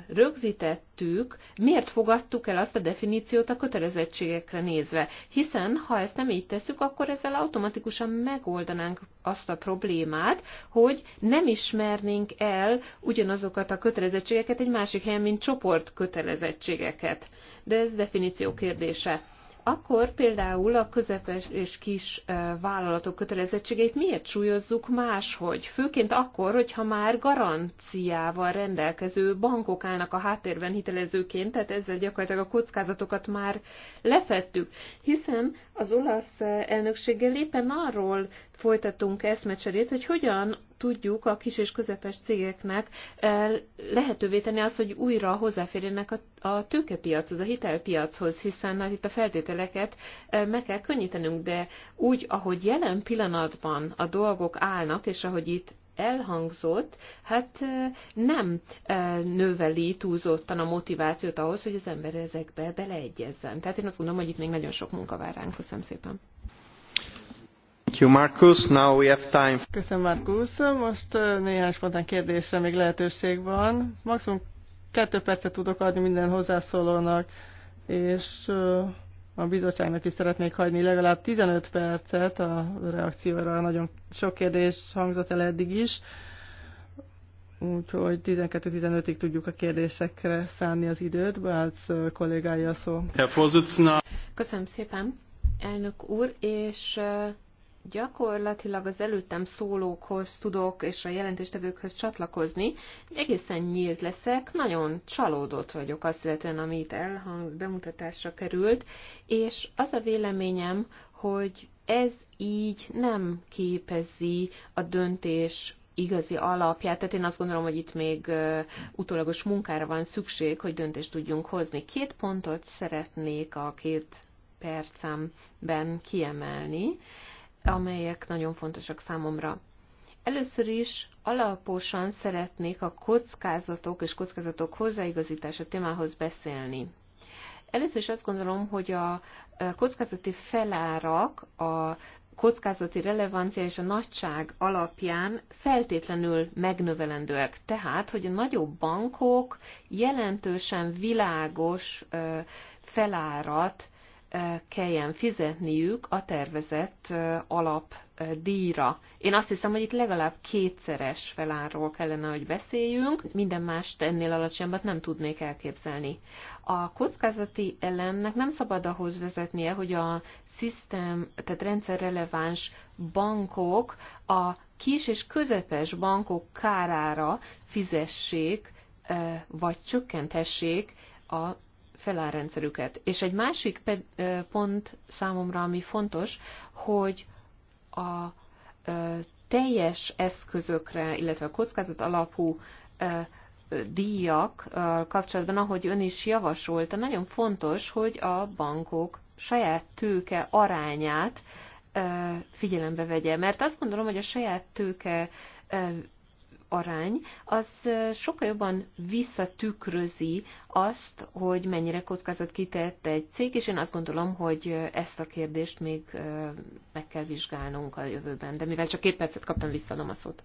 rögzítettük, miért fogadtuk el azt a definíciót a kötelezettségekre nézve. Hiszen, ha ezt nem így tesszük, akkor ezzel automatikusan megoldanánk azt a problémát, hogy nem ismernénk el ugyanazokat a kötelezettségeket egy másik helyen, mint csoport kötelezettségeket. De ez definíció kérdése akkor például a közepes és kis vállalatok kötelezettségeit miért súlyozzuk máshogy? Főként akkor, hogyha már garanciával rendelkező bankok állnak a háttérben hitelezőként, tehát ezzel gyakorlatilag a kockázatokat már lefettük. Hiszen az olasz elnökséggel éppen arról folytatunk eszmecserét, hogy hogyan tudjuk a kis és közepes cégeknek eh, lehetővé tenni azt, hogy újra hozzáférjenek a, tőkepiachoz, a hitelpiachoz, hiszen hát itt a feltételeket eh, meg kell könnyítenünk, de úgy, ahogy jelen pillanatban a dolgok állnak, és ahogy itt elhangzott, hát eh, nem növeli túlzottan a motivációt ahhoz, hogy az ember ezekbe beleegyezzen. Tehát én azt gondolom, hogy itt még nagyon sok munka vár ránk. Köszönöm szépen. Köszönöm, Markus. Most néhány spontán kérdésre még lehetőség van. Maximum kettő percet tudok adni minden hozzászólónak, és a bizottságnak is szeretnék hagyni legalább 15 percet a reakcióra. Nagyon sok kérdés hangzott el eddig is, úgyhogy 12-15-ig tudjuk a kérdésekre szánni az időt. Bálc kollégája szó. Köszönöm szépen, elnök úr, és gyakorlatilag az előttem szólókhoz tudok és a jelentéstevőkhöz csatlakozni. Egészen nyílt leszek, nagyon csalódott vagyok azt illetően, amit elhang bemutatásra került, és az a véleményem, hogy ez így nem képezi a döntés igazi alapját. Tehát én azt gondolom, hogy itt még utólagos munkára van szükség, hogy döntést tudjunk hozni. Két pontot szeretnék a két percemben kiemelni amelyek nagyon fontosak számomra. Először is alaposan szeretnék a kockázatok és kockázatok hozzáigazítása témához beszélni. Először is azt gondolom, hogy a kockázati felárak a kockázati relevancia és a nagyság alapján feltétlenül megnövelendőek. Tehát, hogy a nagyobb bankok jelentősen világos felárat kelljen fizetniük a tervezett alapdíjra. Én azt hiszem, hogy itt legalább kétszeres felárról kellene, hogy beszéljünk, minden más ennél alacsonyabbat nem tudnék elképzelni. A kockázati elemnek nem szabad ahhoz vezetnie, hogy a szisztem, tehát rendszerreleváns bankok a kis és közepes bankok kárára fizessék, vagy csökkenthessék a felárrendszerüket. És egy másik pont számomra, ami fontos, hogy a teljes eszközökre, illetve a kockázat alapú díjak kapcsolatban, ahogy ön is javasolta, nagyon fontos, hogy a bankok saját tőke arányát figyelembe vegye. Mert azt gondolom, hogy a saját tőke arány, az sokkal jobban visszatükrözi azt, hogy mennyire kockázat kitett egy cég, és én azt gondolom, hogy ezt a kérdést még meg kell vizsgálnunk a jövőben. De mivel csak két percet kaptam, visszaadom a szót.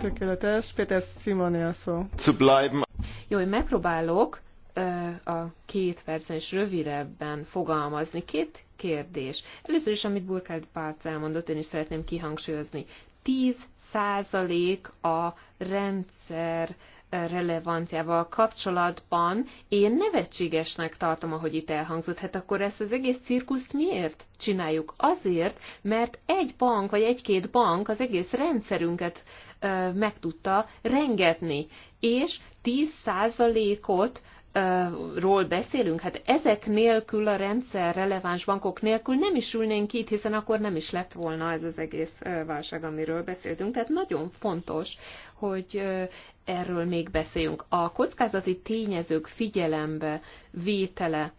Tökéletes. Péter Simoni a szó. Jó, én megpróbálok a két percen és rövidebben fogalmazni. Két kérdés. Először is, amit Burkhard Párc elmondott, én is szeretném kihangsúlyozni. 10 százalék a rendszer relevanciával kapcsolatban én nevetségesnek tartom, ahogy itt elhangzott. Hát akkor ezt az egész cirkuszt miért csináljuk? Azért, mert egy bank vagy egy-két bank az egész rendszerünket ö, meg tudta rengetni, és 10%-ot ról beszélünk, hát ezek nélkül a rendszer releváns bankok nélkül nem is ülnénk itt, hiszen akkor nem is lett volna ez az egész válság, amiről beszéltünk. Tehát nagyon fontos, hogy erről még beszéljünk. A kockázati tényezők figyelembe vétele.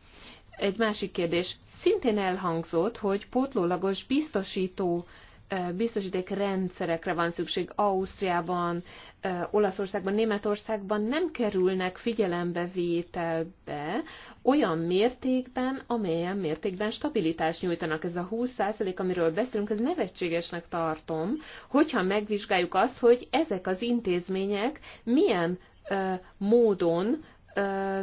Egy másik kérdés. Szintén elhangzott, hogy pótlólagos biztosító biztosíték rendszerekre van szükség Ausztriában, Olaszországban, Németországban nem kerülnek figyelembe vételbe olyan mértékben, amelyen mértékben stabilitást nyújtanak. Ez a 20% amiről beszélünk, ez nevetségesnek tartom, hogyha megvizsgáljuk azt, hogy ezek az intézmények milyen módon ö,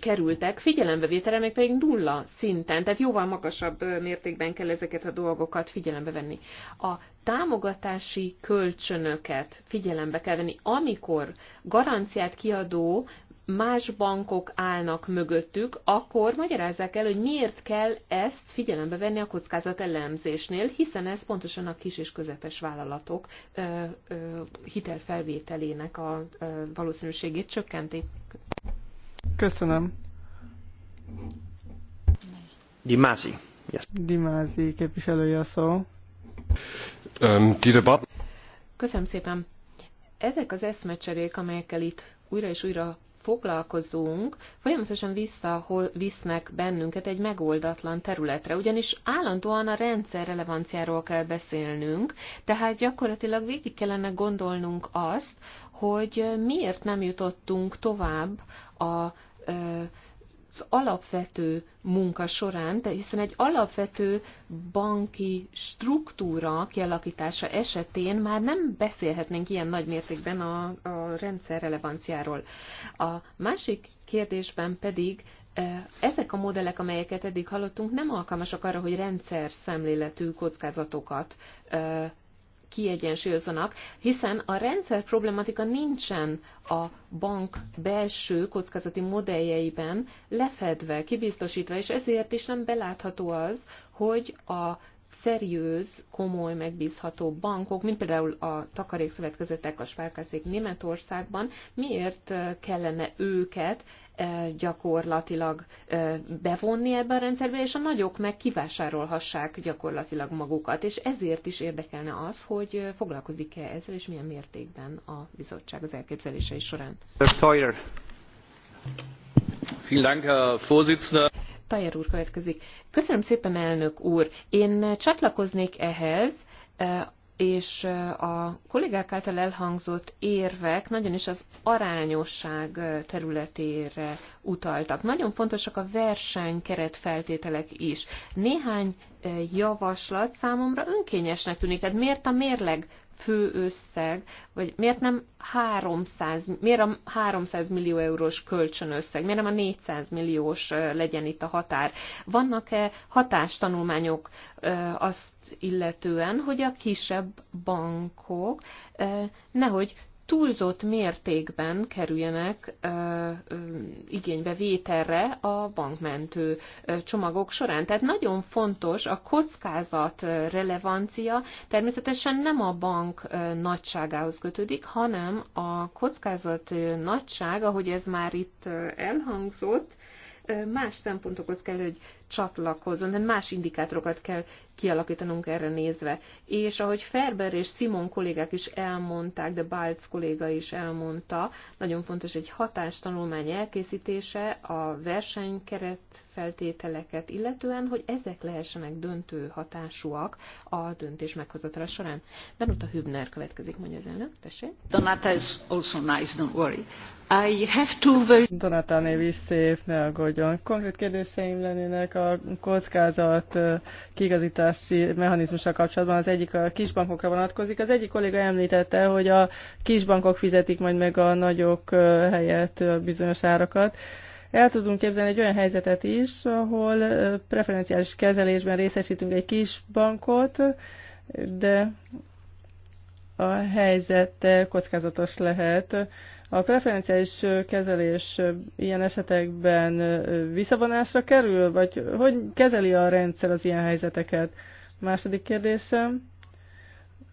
kerültek figyelembevételre, még pedig nulla szinten, tehát jóval magasabb mértékben kell ezeket a dolgokat figyelembe venni. A támogatási kölcsönöket figyelembe kell venni, amikor garanciát kiadó más bankok állnak mögöttük, akkor magyarázzák el, hogy miért kell ezt figyelembe venni a kockázat elemzésnél, hiszen ez pontosan a kis és közepes vállalatok ö, ö, hitelfelvételének a ö, valószínűségét csökkenti. Köszönöm. Dimázi. Yes. Dimázi képviselője a szó. Um, Köszönöm szépen. Ezek az eszmecserék, amelyekkel itt újra és újra foglalkozunk, folyamatosan visznek bennünket egy megoldatlan területre, ugyanis állandóan a rendszer relevanciáról kell beszélnünk, tehát gyakorlatilag végig kellene gondolnunk azt, hogy miért nem jutottunk tovább a az alapvető munka során, de hiszen egy alapvető banki struktúra kialakítása esetén már nem beszélhetnénk ilyen nagy mértékben a, a rendszer relevanciáról. A másik kérdésben pedig e, ezek a modellek, amelyeket eddig hallottunk, nem alkalmasak arra, hogy rendszer szemléletű kockázatokat e, kiegyensúlyozzanak, hiszen a rendszer problematika nincsen a bank belső kockázati modelljeiben lefedve, kibiztosítva, és ezért is nem belátható az, hogy a szerjőz, komoly, megbízható bankok, mint például a takarékszövetkezetek, a spárkászék Németországban, miért kellene őket gyakorlatilag bevonni ebbe a rendszerbe, és a nagyok meg kivásárolhassák gyakorlatilag magukat. És ezért is érdekelne az, hogy foglalkozik-e ezzel, és milyen mértékben a bizottság az elképzelései során. Vielen Dank, Herr Vorsitzender. Tajer úr következik. Köszönöm szépen, elnök úr. Én csatlakoznék ehhez, e, és e, a kollégák által elhangzott érvek nagyon is az arányosság e, területére utaltak. Nagyon fontosak a versenykeret feltételek is. Néhány javaslat számomra önkényesnek tűnik, tehát miért a mérleg fő összeg, vagy miért nem 300, miért a 300 millió eurós kölcsönösszeg, miért nem a 400 milliós legyen itt a határ? Vannak-e hatástanulmányok azt illetően, hogy a kisebb bankok nehogy túlzott mértékben kerüljenek ö, ö, igénybe vételre a bankmentő csomagok során. Tehát nagyon fontos a kockázat relevancia, természetesen nem a bank nagyságához kötődik, hanem a kockázat nagyság, ahogy ez már itt elhangzott, más szempontokhoz kell, hogy csatlakozzon, hanem más indikátorokat kell kialakítanunk erre nézve. És ahogy Ferber és Simon kollégák is elmondták, de Balc kolléga is elmondta, nagyon fontos egy hatástanulmány elkészítése a versenykeret feltételeket illetően, hogy ezek lehessenek döntő hatásúak a döntés meghozatala során. Danuta Hübner következik, mondja az elnök. Tessék. Donata is also nice, don't worry. I have to... Donata név is szép, ne aggódjon. Konkrét kérdéseim lennének a a kockázat kiigazítási mechanizmussal kapcsolatban. Az egyik a kisbankokra vonatkozik. Az egyik kolléga említette, hogy a kisbankok fizetik majd meg a nagyok helyett bizonyos árakat. El tudunk képzelni egy olyan helyzetet is, ahol preferenciális kezelésben részesítünk egy kis bankot, de a helyzet kockázatos lehet a preferenciális kezelés ilyen esetekben visszavonásra kerül, vagy hogy kezeli a rendszer az ilyen helyzeteket? Második kérdésem,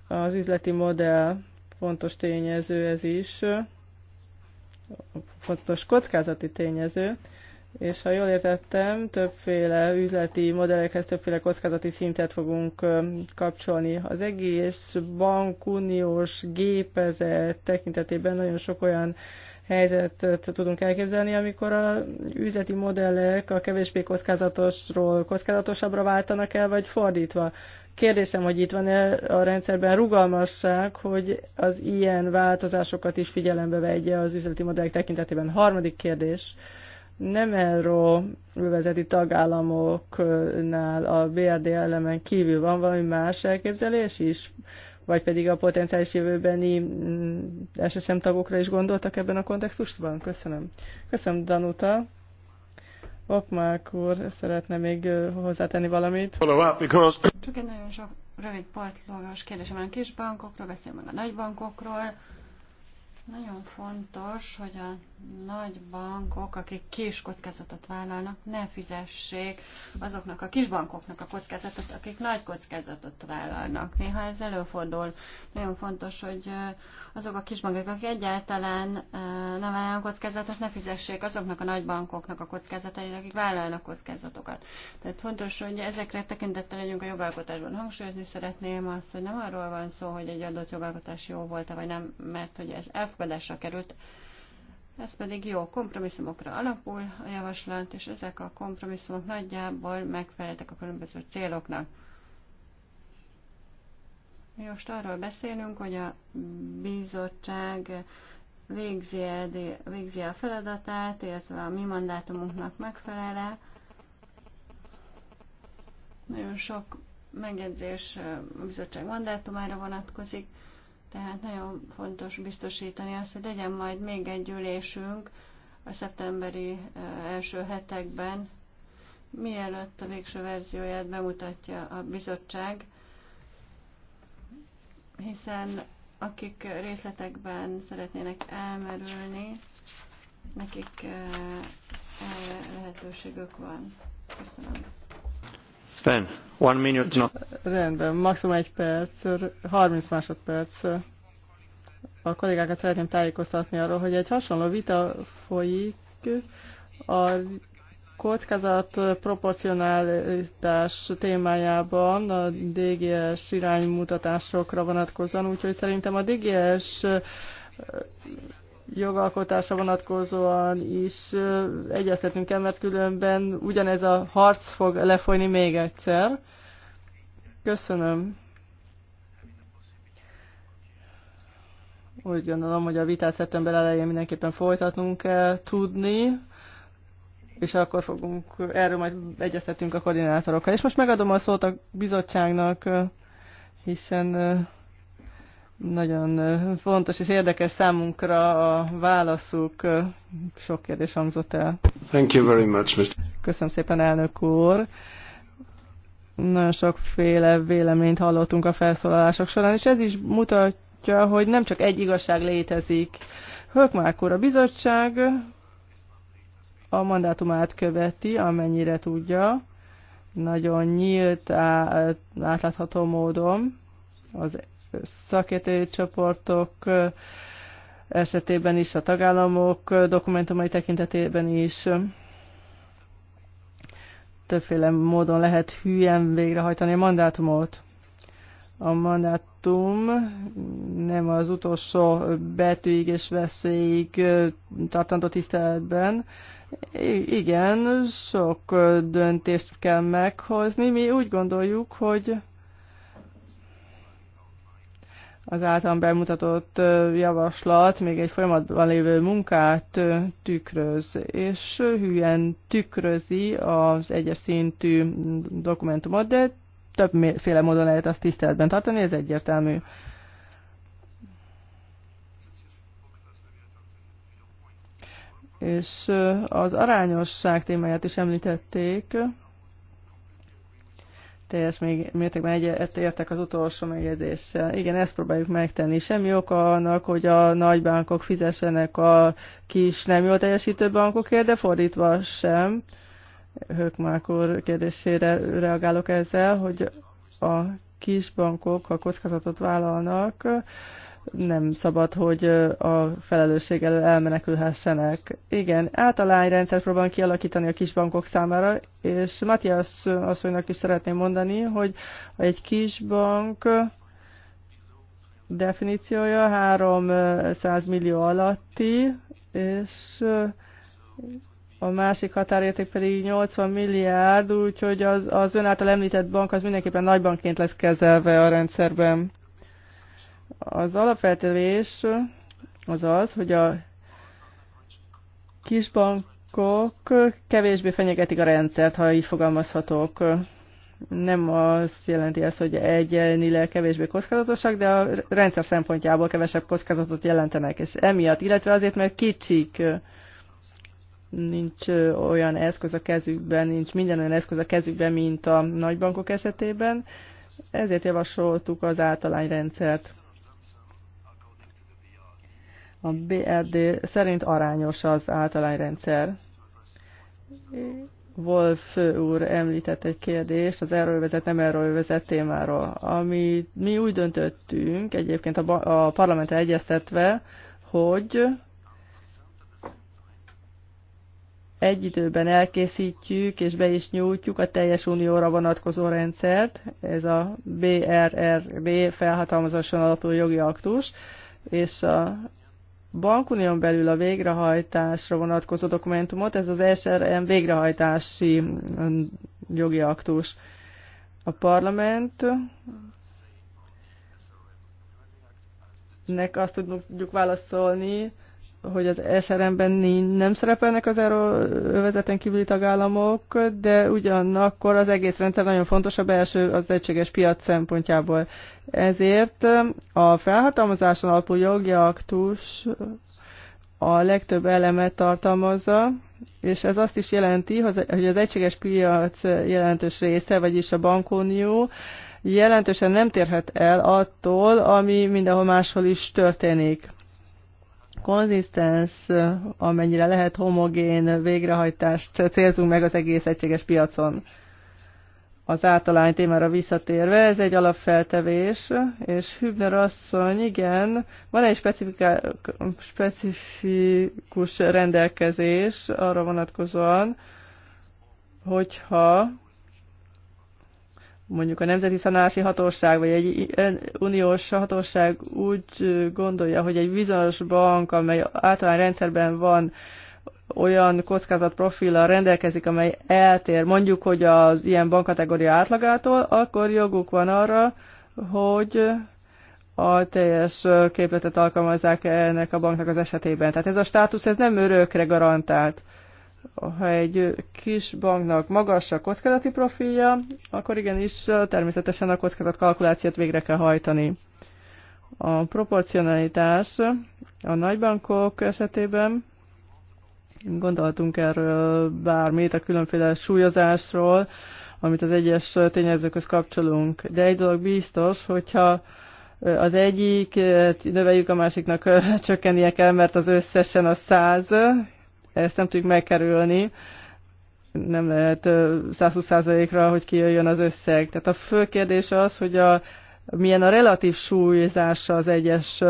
az üzleti modell fontos tényező ez is, fontos kockázati tényező és ha jól értettem, többféle üzleti modellekhez többféle kockázati szintet fogunk kapcsolni. Az egész bankuniós gépezet tekintetében nagyon sok olyan helyzetet tudunk elképzelni, amikor a üzleti modellek a kevésbé kockázatosról kockázatosabbra váltanak el, vagy fordítva. Kérdésem, hogy itt van-e a rendszerben rugalmasság, hogy az ilyen változásokat is figyelembe vegye az üzleti modellek tekintetében. Harmadik kérdés. Uh, nem euró övezeti tagállamoknál a BRD elemen kívül van valami más elképzelés is? Vagy pedig a potenciális jövőbeni SSM mm, tagokra is gondoltak ebben a kontextusban? Köszönöm. Köszönöm, Danuta. Okmák úr, szeretne még hozzátenni valamit? Csak egy nagyon sok rövid partlagos kérdésem a kis bankokról, beszélünk a nagy bankokról nagyon fontos, hogy a nagy bankok, akik kis kockázatot vállalnak, ne fizessék azoknak a kis bankoknak a kockázatot, akik nagy kockázatot vállalnak. Néha ez előfordul. Nagyon fontos, hogy azok a kis bankok, akik egyáltalán nem vállalnak kockázatot, ne fizessék azoknak a nagy bankoknak a kockázatait, akik vállalnak kockázatokat. Tehát fontos, hogy ezekre tekintettel legyünk a jogalkotásban. Hangsúlyozni szeretném azt, hogy nem arról van szó, hogy egy adott jogalkotás jó volt-e vagy nem, mert hogy ez el elfogadásra került. Ez pedig jó kompromisszumokra alapul a javaslat, és ezek a kompromisszumok nagyjából megfeleltek a különböző céloknak. Mi most arról beszélünk, hogy a bizottság végzi, végzi a feladatát, illetve a mi mandátumunknak megfelele. Nagyon sok megjegyzés a bizottság mandátumára vonatkozik. Tehát nagyon fontos biztosítani azt, hogy legyen majd még egy ülésünk a szeptemberi első hetekben, mielőtt a végső verzióját bemutatja a bizottság, hiszen akik részletekben szeretnének elmerülni, nekik lehetőségük van. Köszönöm. Sven, one minute. No. Rendben, maximum egy perc, 30 másodperc. A kollégákat szeretném tájékoztatni arról, hogy egy hasonló vita folyik a kockázat proporcionálitás témájában a DGS iránymutatásokra vonatkozóan, úgyhogy szerintem a DGS jogalkotásra vonatkozóan is egyeztetnünk kell, mert különben ugyanez a harc fog lefolyni még egyszer. Köszönöm. Úgy gondolom, hogy a vitát szeptember elején mindenképpen folytatnunk kell tudni, és akkor fogunk, erről majd egyeztetünk a koordinátorokkal. És most megadom a szót a bizottságnak, hiszen nagyon fontos és érdekes számunkra a válaszuk. Sok kérdés hangzott el. Thank you very much, Mr. Köszönöm szépen, elnök úr. Nagyon sokféle véleményt hallottunk a felszólalások során, és ez is mutatja, hogy nem csak egy igazság létezik. Hökmárk úr, a bizottság a mandátumát követi, amennyire tudja, nagyon nyílt, átlátható módon az szakértői csoportok esetében is, a tagállamok dokumentumai tekintetében is többféle módon lehet hülyen végrehajtani a mandátumot. A mandátum nem az utolsó betűig és veszélyig tartandó tiszteletben. I igen, sok döntést kell meghozni. Mi úgy gondoljuk, hogy az általam bemutatott javaslat még egy folyamatban lévő munkát tükröz, és hülyen tükrözi az egyes szintű dokumentumot, de többféle módon lehet azt tiszteletben tartani, ez egyértelmű. És az arányosság témáját is említették teljes még mértékben egyet értek az utolsó megjegyzéssel. Igen, ezt próbáljuk megtenni. Semmi oka annak, hogy a nagy bankok fizessenek a kis nem jól teljesítő bankokért, de fordítva sem. Hökmák úr kérdésére reagálok ezzel, hogy a kis bankok, ha kockázatot vállalnak, nem szabad, hogy a felelősség elől elmenekülhessenek. Igen, rendszer próbál kialakítani a kisbankok számára, és Matthias asszonynak is szeretném mondani, hogy egy kisbank definíciója 300 millió alatti, és a másik határérték pedig 80 milliárd, úgyhogy az, az ön által említett bank az mindenképpen nagybanként lesz kezelve a rendszerben. Az alapfeltevés az az, hogy a kisbankok kevésbé fenyegetik a rendszert, ha így fogalmazhatok. Nem azt jelenti ez, hogy egyenileg kevésbé kockázatosak, de a rendszer szempontjából kevesebb kockázatot jelentenek, és emiatt, illetve azért, mert kicsik, nincs olyan eszköz a kezükben, nincs minden olyan eszköz a kezükben, mint a nagybankok esetében, ezért javasoltuk az általányrendszert. A BRD e szerint arányos az általányrendszer. Wolf úr említett egy kérdést az erővezet, nem erővezet témáról, ami mi úgy döntöttünk, egyébként a, a parlamentre egyeztetve, hogy egy időben elkészítjük és be is nyújtjuk a teljes unióra vonatkozó rendszert, ez a BRRB felhatalmazáson alapú jogi aktus, és a Bankunion belül a végrehajtásra vonatkozó dokumentumot, ez az SRM végrehajtási mm, jogi aktus. A parlament nek azt tudjuk válaszolni, hogy az SRM-ben nem szerepelnek az övezeten kívüli tagállamok, de ugyanakkor az egész rendszer nagyon fontos a belső, az egységes piac szempontjából. Ezért um, a felhatalmazáson alapú jogi aktus um, a legtöbb elemet tartalmazza, és ez azt is jelenti, hogy az egységes piac jelentős része, vagyis a bankunió, jelentősen nem térhet el attól, ami mindenhol máshol is történik konzisztens, amennyire lehet homogén végrehajtást célzunk meg az egész egységes piacon. Az általány témára visszatérve, ez egy alapfeltevés, és Hübner asszony, igen, van egy specifikus rendelkezés arra vonatkozóan, hogyha mondjuk a Nemzeti Szanálási Hatóság, vagy egy uniós hatóság úgy gondolja, hogy egy bizonyos bank, amely általán rendszerben van, olyan profillal rendelkezik, amely eltér mondjuk, hogy az ilyen bankkategória átlagától, akkor joguk van arra, hogy a teljes képletet alkalmazzák ennek a banknak az esetében. Tehát ez a státusz ez nem örökre garantált ha egy kis banknak magas a kockázati profilja, akkor igenis természetesen a kockázat kalkulációt végre kell hajtani. A proporcionalitás a nagybankok esetében gondoltunk erről bármit a különféle súlyozásról, amit az egyes tényezőköz kapcsolunk. De egy dolog biztos, hogyha az egyik növeljük, a másiknak csökkennie kell, mert az összesen a száz, ezt nem tudjuk megkerülni, nem lehet 120%-ra, hogy kijöjjön az összeg. Tehát a fő kérdés az, hogy a, milyen a relatív súlyzása az egyes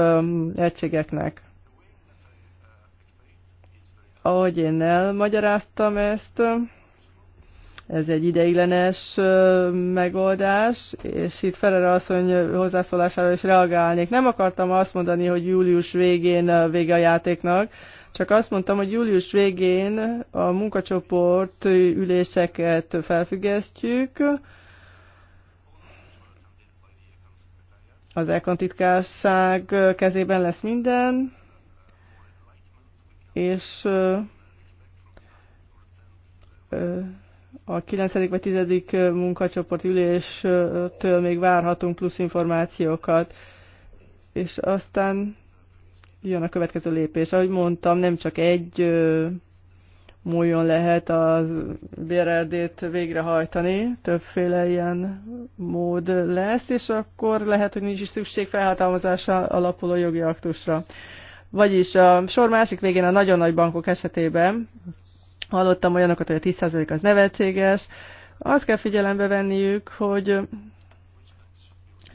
egységeknek. Ahogy én elmagyaráztam ezt, ez egy ideiglenes megoldás, és itt Ferrer asszony hozzászólására is reagálnék. Nem akartam azt mondani, hogy július végén vége a játéknak, csak azt mondtam, hogy július végén a munkacsoport üléseket felfüggesztjük, az elkantitkárság kezében lesz minden, és a 9. vagy 10. munkacsoport üléstől még várhatunk plusz információkat, és aztán jön a következő lépés. Ahogy mondtam, nem csak egy módon lehet a BRRD-t végrehajtani, többféle ilyen mód lesz, és akkor lehet, hogy nincs is szükség felhatalmazásra alapuló jogi aktusra. Vagyis a sor másik végén a nagyon nagy bankok esetében hallottam olyanokat, hogy a 10% az nevetséges, azt kell figyelembe venniük, hogy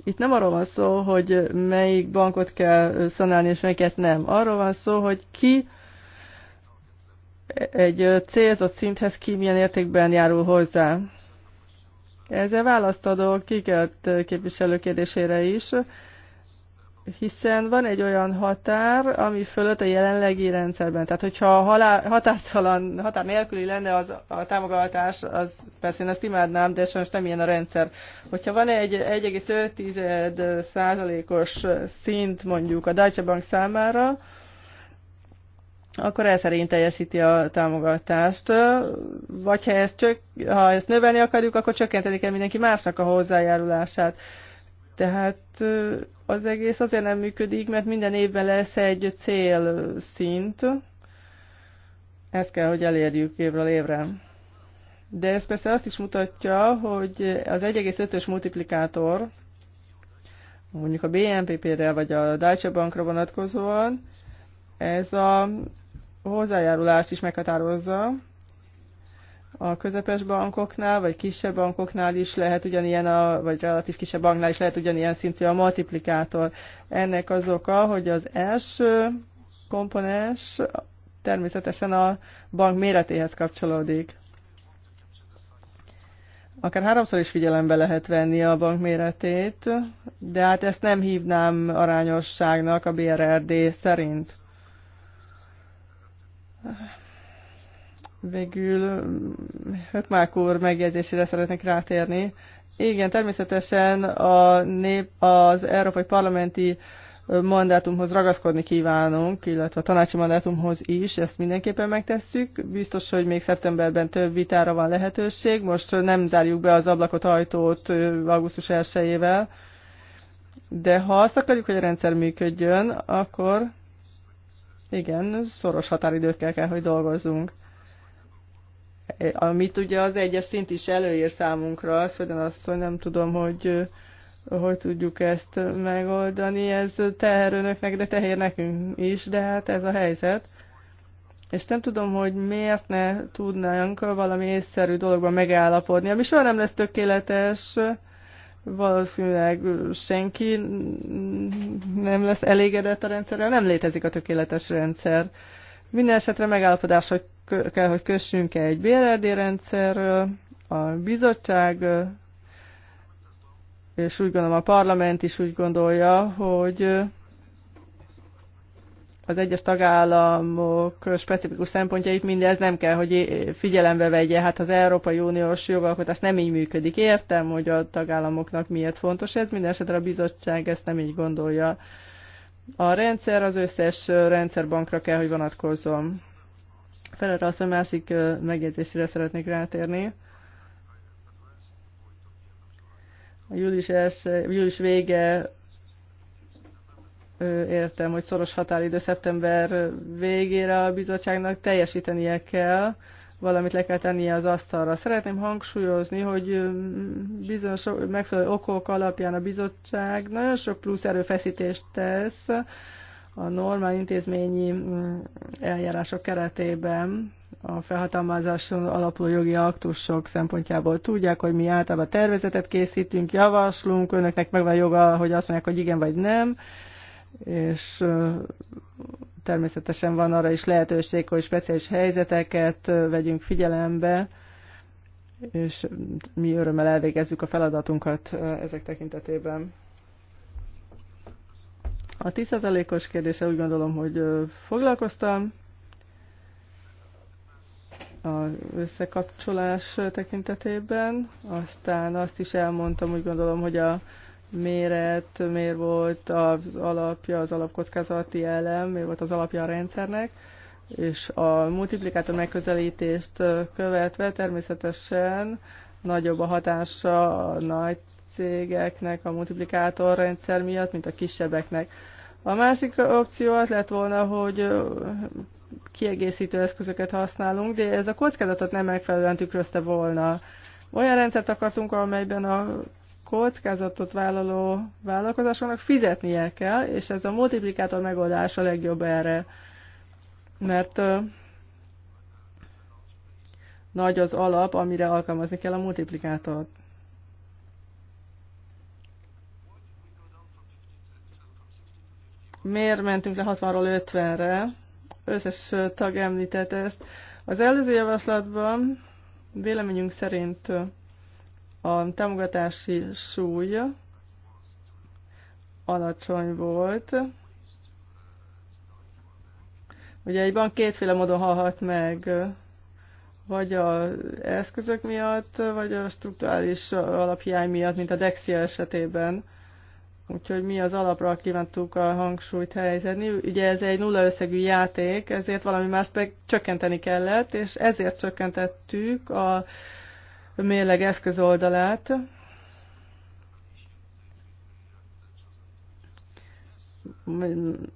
itt nem arról van szó, hogy melyik bankot kell szanálni, és melyiket nem. Arról van szó, hogy ki egy célzott szinthez ki milyen értékben járul hozzá. Ezzel választ adok kiket képviselő kérdésére is hiszen van egy olyan határ, ami fölött a jelenlegi rendszerben. Tehát, hogyha halál, határtalan, határ nélküli lenne az, a támogatás, az persze én ezt imádnám, de sajnos nem ilyen a rendszer. Hogyha van egy 1,5 százalékos szint mondjuk a Deutsche Bank számára, akkor ez szerint teljesíti a támogatást. Vagy ha ezt, csök, ha ezt növelni akarjuk, akkor csökkenteni kell mindenki másnak a hozzájárulását. Tehát az egész azért nem működik, mert minden évben lesz egy célszint, ezt kell, hogy elérjük évről évre. De ez persze azt is mutatja, hogy az 1,5-ös multiplikátor, mondjuk a BNPP-re vagy a Deutsche Bankra vonatkozóan, ez a hozzájárulást is meghatározza, a közepes bankoknál, vagy kisebb bankoknál is lehet ugyanilyen, a, vagy relatív kisebb banknál is lehet ugyanilyen szintű a multiplikátor. Ennek az oka, hogy az első komponens természetesen a bank méretéhez kapcsolódik. Akár háromszor is figyelembe lehet venni a bank méretét, de hát ezt nem hívnám arányosságnak a BRRD szerint Végül Hökmák hát úr megjegyzésére szeretnék rátérni. Igen, természetesen a nép, az Európai Parlamenti mandátumhoz ragaszkodni kívánunk, illetve a tanácsi mandátumhoz is, ezt mindenképpen megtesszük. Biztos, hogy még szeptemberben több vitára van lehetőség. Most nem zárjuk be az ablakot, ajtót augusztus 1-ével, de ha azt akarjuk, hogy a rendszer működjön, akkor igen, szoros határidőkkel kell, hogy dolgozzunk amit ugye az egyes szint is előír számunkra, az, hogy azt, hogy nem tudom, hogy hogy tudjuk ezt megoldani, ez teher önöknek, de teher nekünk is, de hát ez a helyzet. És nem tudom, hogy miért ne tudnánk valami észszerű dologban megállapodni, ami soha nem lesz tökéletes, valószínűleg senki nem lesz elégedett a rendszerrel, nem létezik a tökéletes rendszer. Minden esetre megállapodás, hogy kell, hogy kössünk -e egy BRD rendszerről, a bizottság, és úgy gondolom a parlament is úgy gondolja, hogy az egyes tagállamok specifikus szempontjait mindez nem kell, hogy figyelembe vegye. Hát az Európai Uniós jogalkotás nem így működik. Értem, hogy a tagállamoknak miért fontos ez, minden esetre a bizottság ezt nem így gondolja. A rendszer az összes rendszerbankra kell, hogy vonatkozzon. Ferrer az a másik megjegyzésére szeretnék rátérni. A július, első, július vége értem, hogy szoros határidő szeptember végére a bizottságnak teljesítenie kell, valamit le kell tennie az asztalra. Szeretném hangsúlyozni, hogy bizonyos megfelelő okok alapján a bizottság nagyon sok plusz erőfeszítést tesz, a normál intézményi mm, eljárások keretében a felhatalmazáson alapuló jogi aktusok szempontjából tudják, hogy mi általában tervezetet készítünk, javaslunk, önöknek megvan a joga, hogy azt mondják, hogy igen vagy nem, és természetesen van arra is lehetőség, hogy speciális helyzeteket vegyünk figyelembe, és mm, mi örömmel elvégezzük a feladatunkat ezek tekintetében. A 10%-os kérdése úgy gondolom, hogy foglalkoztam. Az összekapcsolás tekintetében. Aztán azt is elmondtam, úgy gondolom, hogy a méret, miért volt az alapja, az alapkockázati elem, miért volt az alapja a rendszernek, és a multiplikátor megközelítést követve természetesen nagyobb a hatása a nagy cégeknek a multiplikátor rendszer miatt, mint a kisebbeknek. A másik opció az lett volna, hogy kiegészítő eszközöket használunk, de ez a kockázatot nem megfelelően tükrözte volna. Olyan rendszert akartunk, amelyben a kockázatot vállaló vállalkozásoknak fizetnie kell, és ez a multiplikátor megoldás a legjobb erre. Mert nagy az alap, amire alkalmazni kell a multiplikátort. Miért mentünk le 60-ról 50-re? Összes tag említette ezt. Az előző javaslatban véleményünk szerint a támogatási súly alacsony volt. Ugye egy bank kétféle módon halhat meg, vagy az eszközök miatt, vagy a strukturális alaphiány miatt, mint a Dexia esetében. Úgyhogy mi az alapra kívántuk a hangsúlyt helyezni. Ugye ez egy nulla összegű játék, ezért valami mást meg csökkenteni kellett, és ezért csökkentettük a mérleg eszköz oldalát.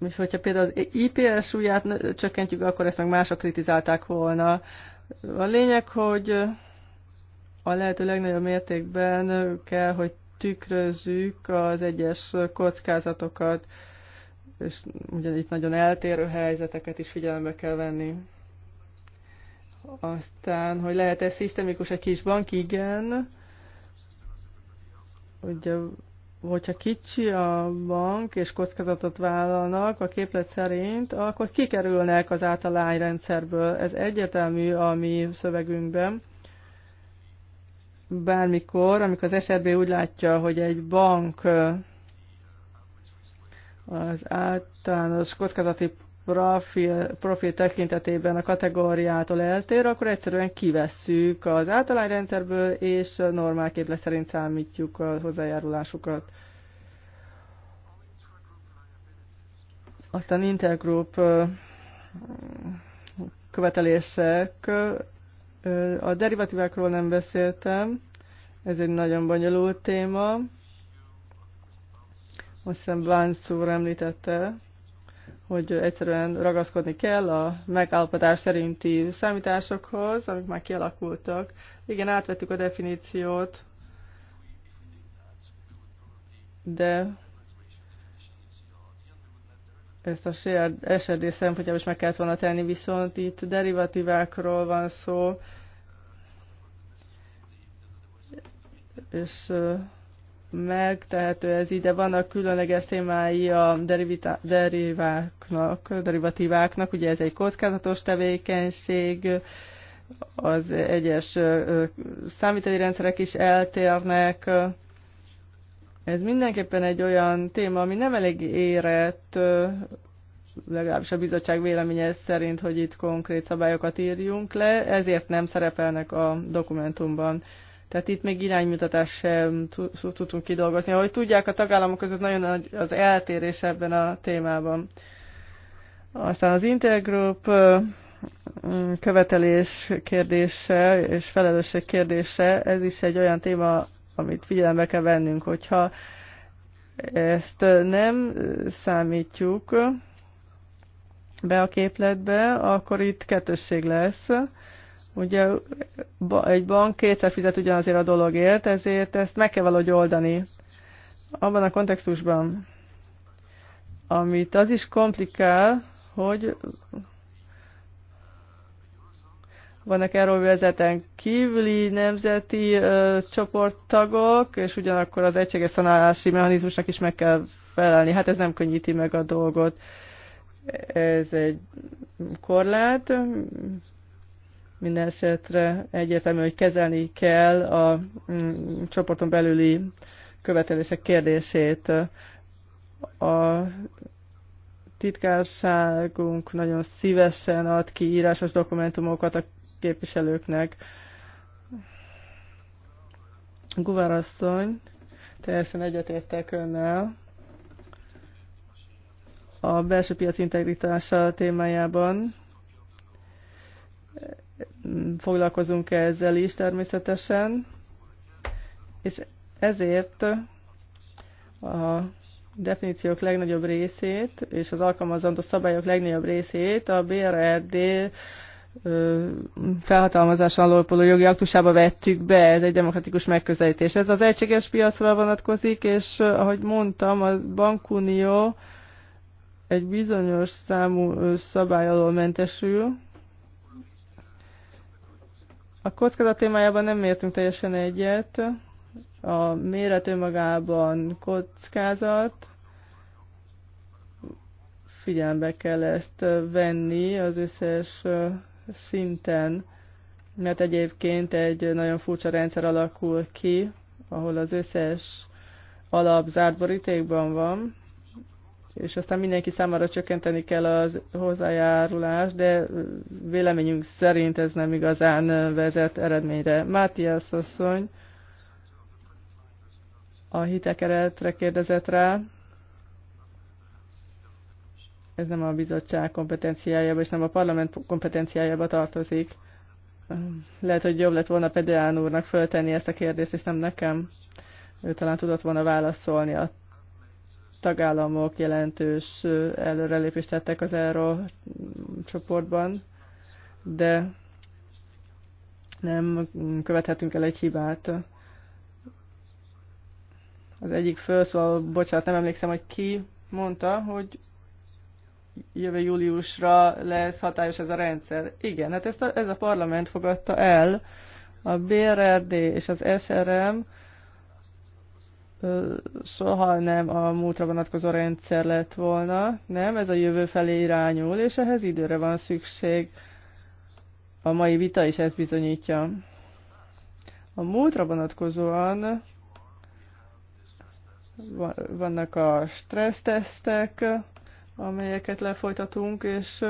És hogyha például az IPS súlyát csökkentjük, akkor ezt meg mások kritizálták volna. A lényeg, hogy a lehető legnagyobb mértékben kell, hogy tükrözzük az egyes kockázatokat, és ugye itt nagyon eltérő helyzeteket is figyelembe kell venni. Aztán, hogy lehet-e szisztemikus egy kis bank? Igen. Ugye, hogyha kicsi a bank és kockázatot vállalnak a képlet szerint, akkor kikerülnek az általányrendszerből. Ez egyértelmű a mi szövegünkben bármikor, amikor az SRB úgy látja, hogy egy bank az általános kockázati profil, profil tekintetében a kategóriától eltér, akkor egyszerűen kivesszük az általányrendszerből, és normál képle szerint számítjuk a hozzájárulásukat. Aztán intergroup követelések a derivatívákról nem beszéltem, ez egy nagyon bonyolult téma. Azt hiszem Blanc úr említette, hogy egyszerűen ragaszkodni kell a megállapodás szerinti számításokhoz, amik már kialakultak. Igen, átvettük a definíciót, de ezt a SRD szempontjából is meg kellett volna tenni, viszont itt derivatívákról van szó, és megtehető ez ide. de vannak különleges témái a deriváknak, derivatíváknak, ugye ez egy kockázatos tevékenység, az egyes számíteli rendszerek is eltérnek, ez mindenképpen egy olyan téma, ami nem elég érett, legalábbis a bizottság véleménye szerint, hogy itt konkrét szabályokat írjunk le, ezért nem szerepelnek a dokumentumban. Tehát itt még iránymutatást sem tudtunk kidolgozni. Ahogy tudják, a tagállamok között nagyon nagy az eltérés ebben a témában. Aztán az Intergroup követelés kérdése és felelősség kérdése, ez is egy olyan téma, amit figyelembe kell vennünk, hogyha ezt nem számítjuk be a képletbe, akkor itt kettősség lesz. Ugye egy bank kétszer fizet ugyanazért a dologért, ezért ezt meg kell valahogy oldani. Abban a kontextusban, amit az is komplikál, hogy vannak euróvezeten kívüli nemzeti ö, csoporttagok, és ugyanakkor az egységes szanálási mechanizmusnak is meg kell felelni. Hát ez nem könnyíti meg a dolgot. Ez egy korlát. Minden esetre egyértelmű, hogy kezelni kell a mm, csoporton belüli követelések kérdését. A titkárságunk nagyon szívesen ad ki írásos dokumentumokat a képviselőknek. Guvarasszony, teljesen egyetértek önnel a belső piac integritása témájában. Foglalkozunk ezzel is természetesen, és ezért a definíciók legnagyobb részét és az alkalmazandó szabályok legnagyobb részét a BRRD felhatalmazás alól jogi aktusába vettük be, ez egy demokratikus megközelítés. Ez az egységes piacra vonatkozik, és ahogy mondtam, a bankunió egy bizonyos számú szabály alól mentesül. A kockázat témájában nem értünk teljesen egyet. A méret önmagában kockázat, figyelembe kell ezt venni az összes szinten, mert egyébként egy nagyon furcsa rendszer alakul ki, ahol az összes alap zárt borítékban van, és aztán mindenki számára csökkenteni kell az hozzájárulás. de véleményünk szerint ez nem igazán vezet eredményre. Mátiás asszony a hitekeretre kérdezett rá, ez nem a bizottság kompetenciájába, és nem a parlament kompetenciájába tartozik. Lehet, hogy jobb lett volna Pedeán úrnak föltenni ezt a kérdést, és nem nekem. Ő talán tudott volna válaszolni. A tagállamok jelentős előrelépést tettek az ERO csoportban, de nem követhetünk el egy hibát. Az egyik felszól, bocsánat, nem emlékszem, hogy ki mondta, hogy jövő júliusra lesz hatályos ez a rendszer. Igen, hát ezt a, ez a parlament fogadta el, a BRRD és az SRM soha nem a múltra vonatkozó rendszer lett volna, nem, ez a jövő felé irányul, és ehhez időre van szükség. A mai vita is ezt bizonyítja. A múltra vonatkozóan vannak a stressztesztek, amelyeket lefolytatunk, és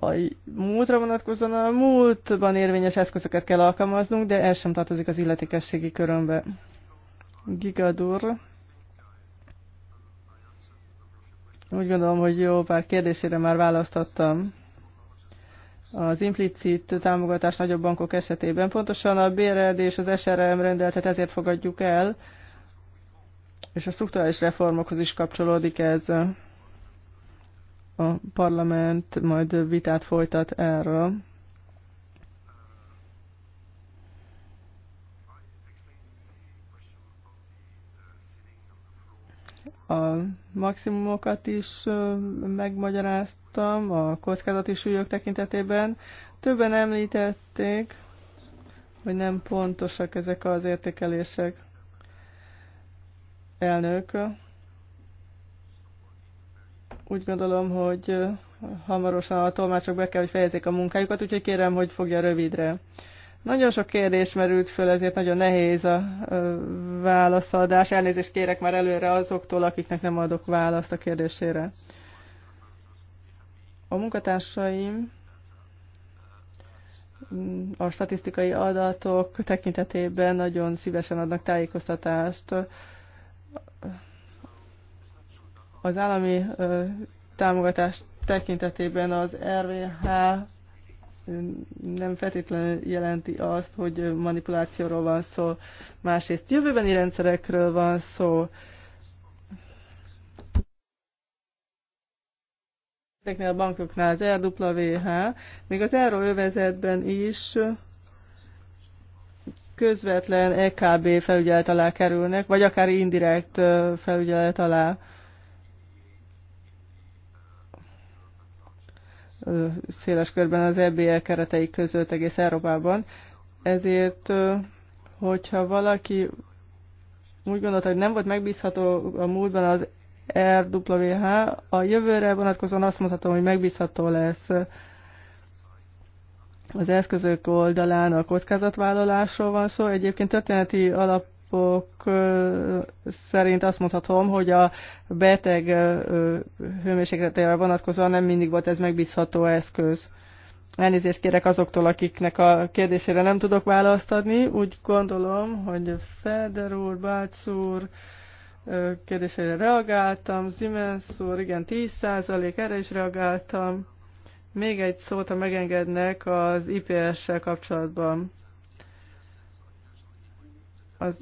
a múltra vonatkozóan a múltban érvényes eszközöket kell alkalmaznunk, de ez sem tartozik az illetékességi körömbe. Gigadur. Úgy gondolom, hogy jó pár kérdésére már választottam. Az implicit támogatás nagyobb bankok esetében pontosan a BRD és az SRM rendeltet ezért fogadjuk el, és a strukturális reformokhoz is kapcsolódik ez. A parlament majd vitát folytat erről. A maximumokat is megmagyaráztam a kockázati súlyok tekintetében. Többen említették, hogy nem pontosak ezek az értékelések elnök. Úgy gondolom, hogy hamarosan a tolmácsok be kell, hogy fejezzék a munkájukat, úgyhogy kérem, hogy fogja rövidre. Nagyon sok kérdés merült föl, ezért nagyon nehéz a válaszadás. Elnézést kérek már előre azoktól, akiknek nem adok választ a kérdésére. A munkatársaim a statisztikai adatok tekintetében nagyon szívesen adnak tájékoztatást az állami támogatás tekintetében az RVH nem feltétlenül jelenti azt, hogy manipulációról van szó, másrészt jövőbeni rendszerekről van szó. Ezeknél a bankoknál az RWH, még az övezetben is közvetlen EKB felügyelet alá kerülnek, vagy akár indirekt felügyelet alá. széles körben az EBL e keretei között egész Európában. Ezért, hogyha valaki úgy gondolta, hogy nem volt megbízható a múltban az RWH, a jövőre vonatkozóan azt mondhatom, hogy megbízható lesz az eszközök oldalán a kockázatvállalásról van szó. Egyébként történeti alap szerint azt mondhatom, hogy a beteg hőmérsékletére vonatkozóan nem mindig volt ez megbízható eszköz. Elnézést kérek azoktól, akiknek a kérdésére nem tudok választ adni. Úgy gondolom, hogy Felder úr, Bács úr kérdésére reagáltam, Siemens úr, igen, 10% erre is reagáltam. Még egy szót, ha megengednek az IPS-sel kapcsolatban. Az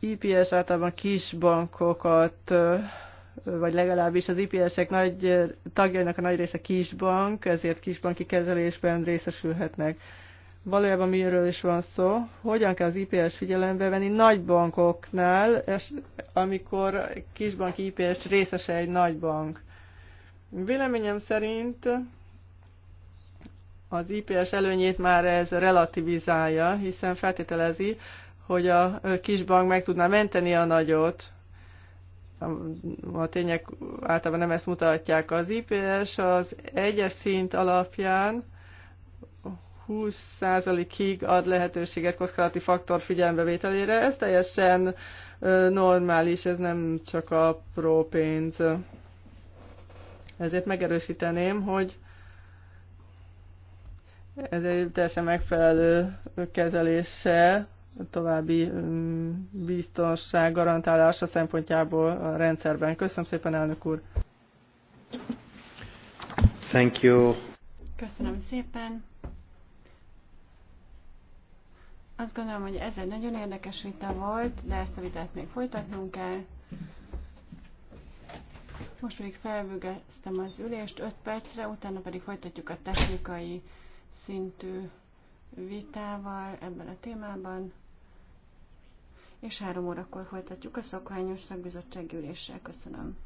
IPS általában kis bankokat, vagy legalábbis az IPS-ek nagy, tagjainak a nagy része kisbank, ezért kisbanki kezelésben részesülhetnek. Valójában miről is van szó? Hogyan kell az IPS figyelembe venni nagy bankoknál, és amikor kisbanki IPS részese egy nagy bank? Véleményem szerint az IPS előnyét már ez relativizálja, hiszen feltételezi, hogy a kisbank meg tudná menteni a nagyot. A tények általában nem ezt mutatják. Az IPS az egyes szint alapján 20%-ig ad lehetőséget kockázati faktor figyelembevételére. Ez teljesen normális, ez nem csak apró pénz. Ezért megerősíteném, hogy ez egy teljesen megfelelő kezelése, további mm, biztonság garantálása szempontjából a rendszerben. Köszönöm szépen, elnök úr! Thank you. Köszönöm szépen! Azt gondolom, hogy ez egy nagyon érdekes vita volt, de ezt a vitát még folytatnunk kell. Most pedig felvügeztem az ülést 5 percre, utána pedig folytatjuk a technikai szintű vitával ebben a témában, és három órakor folytatjuk a szokványos szakbizottsági üléssel. Köszönöm.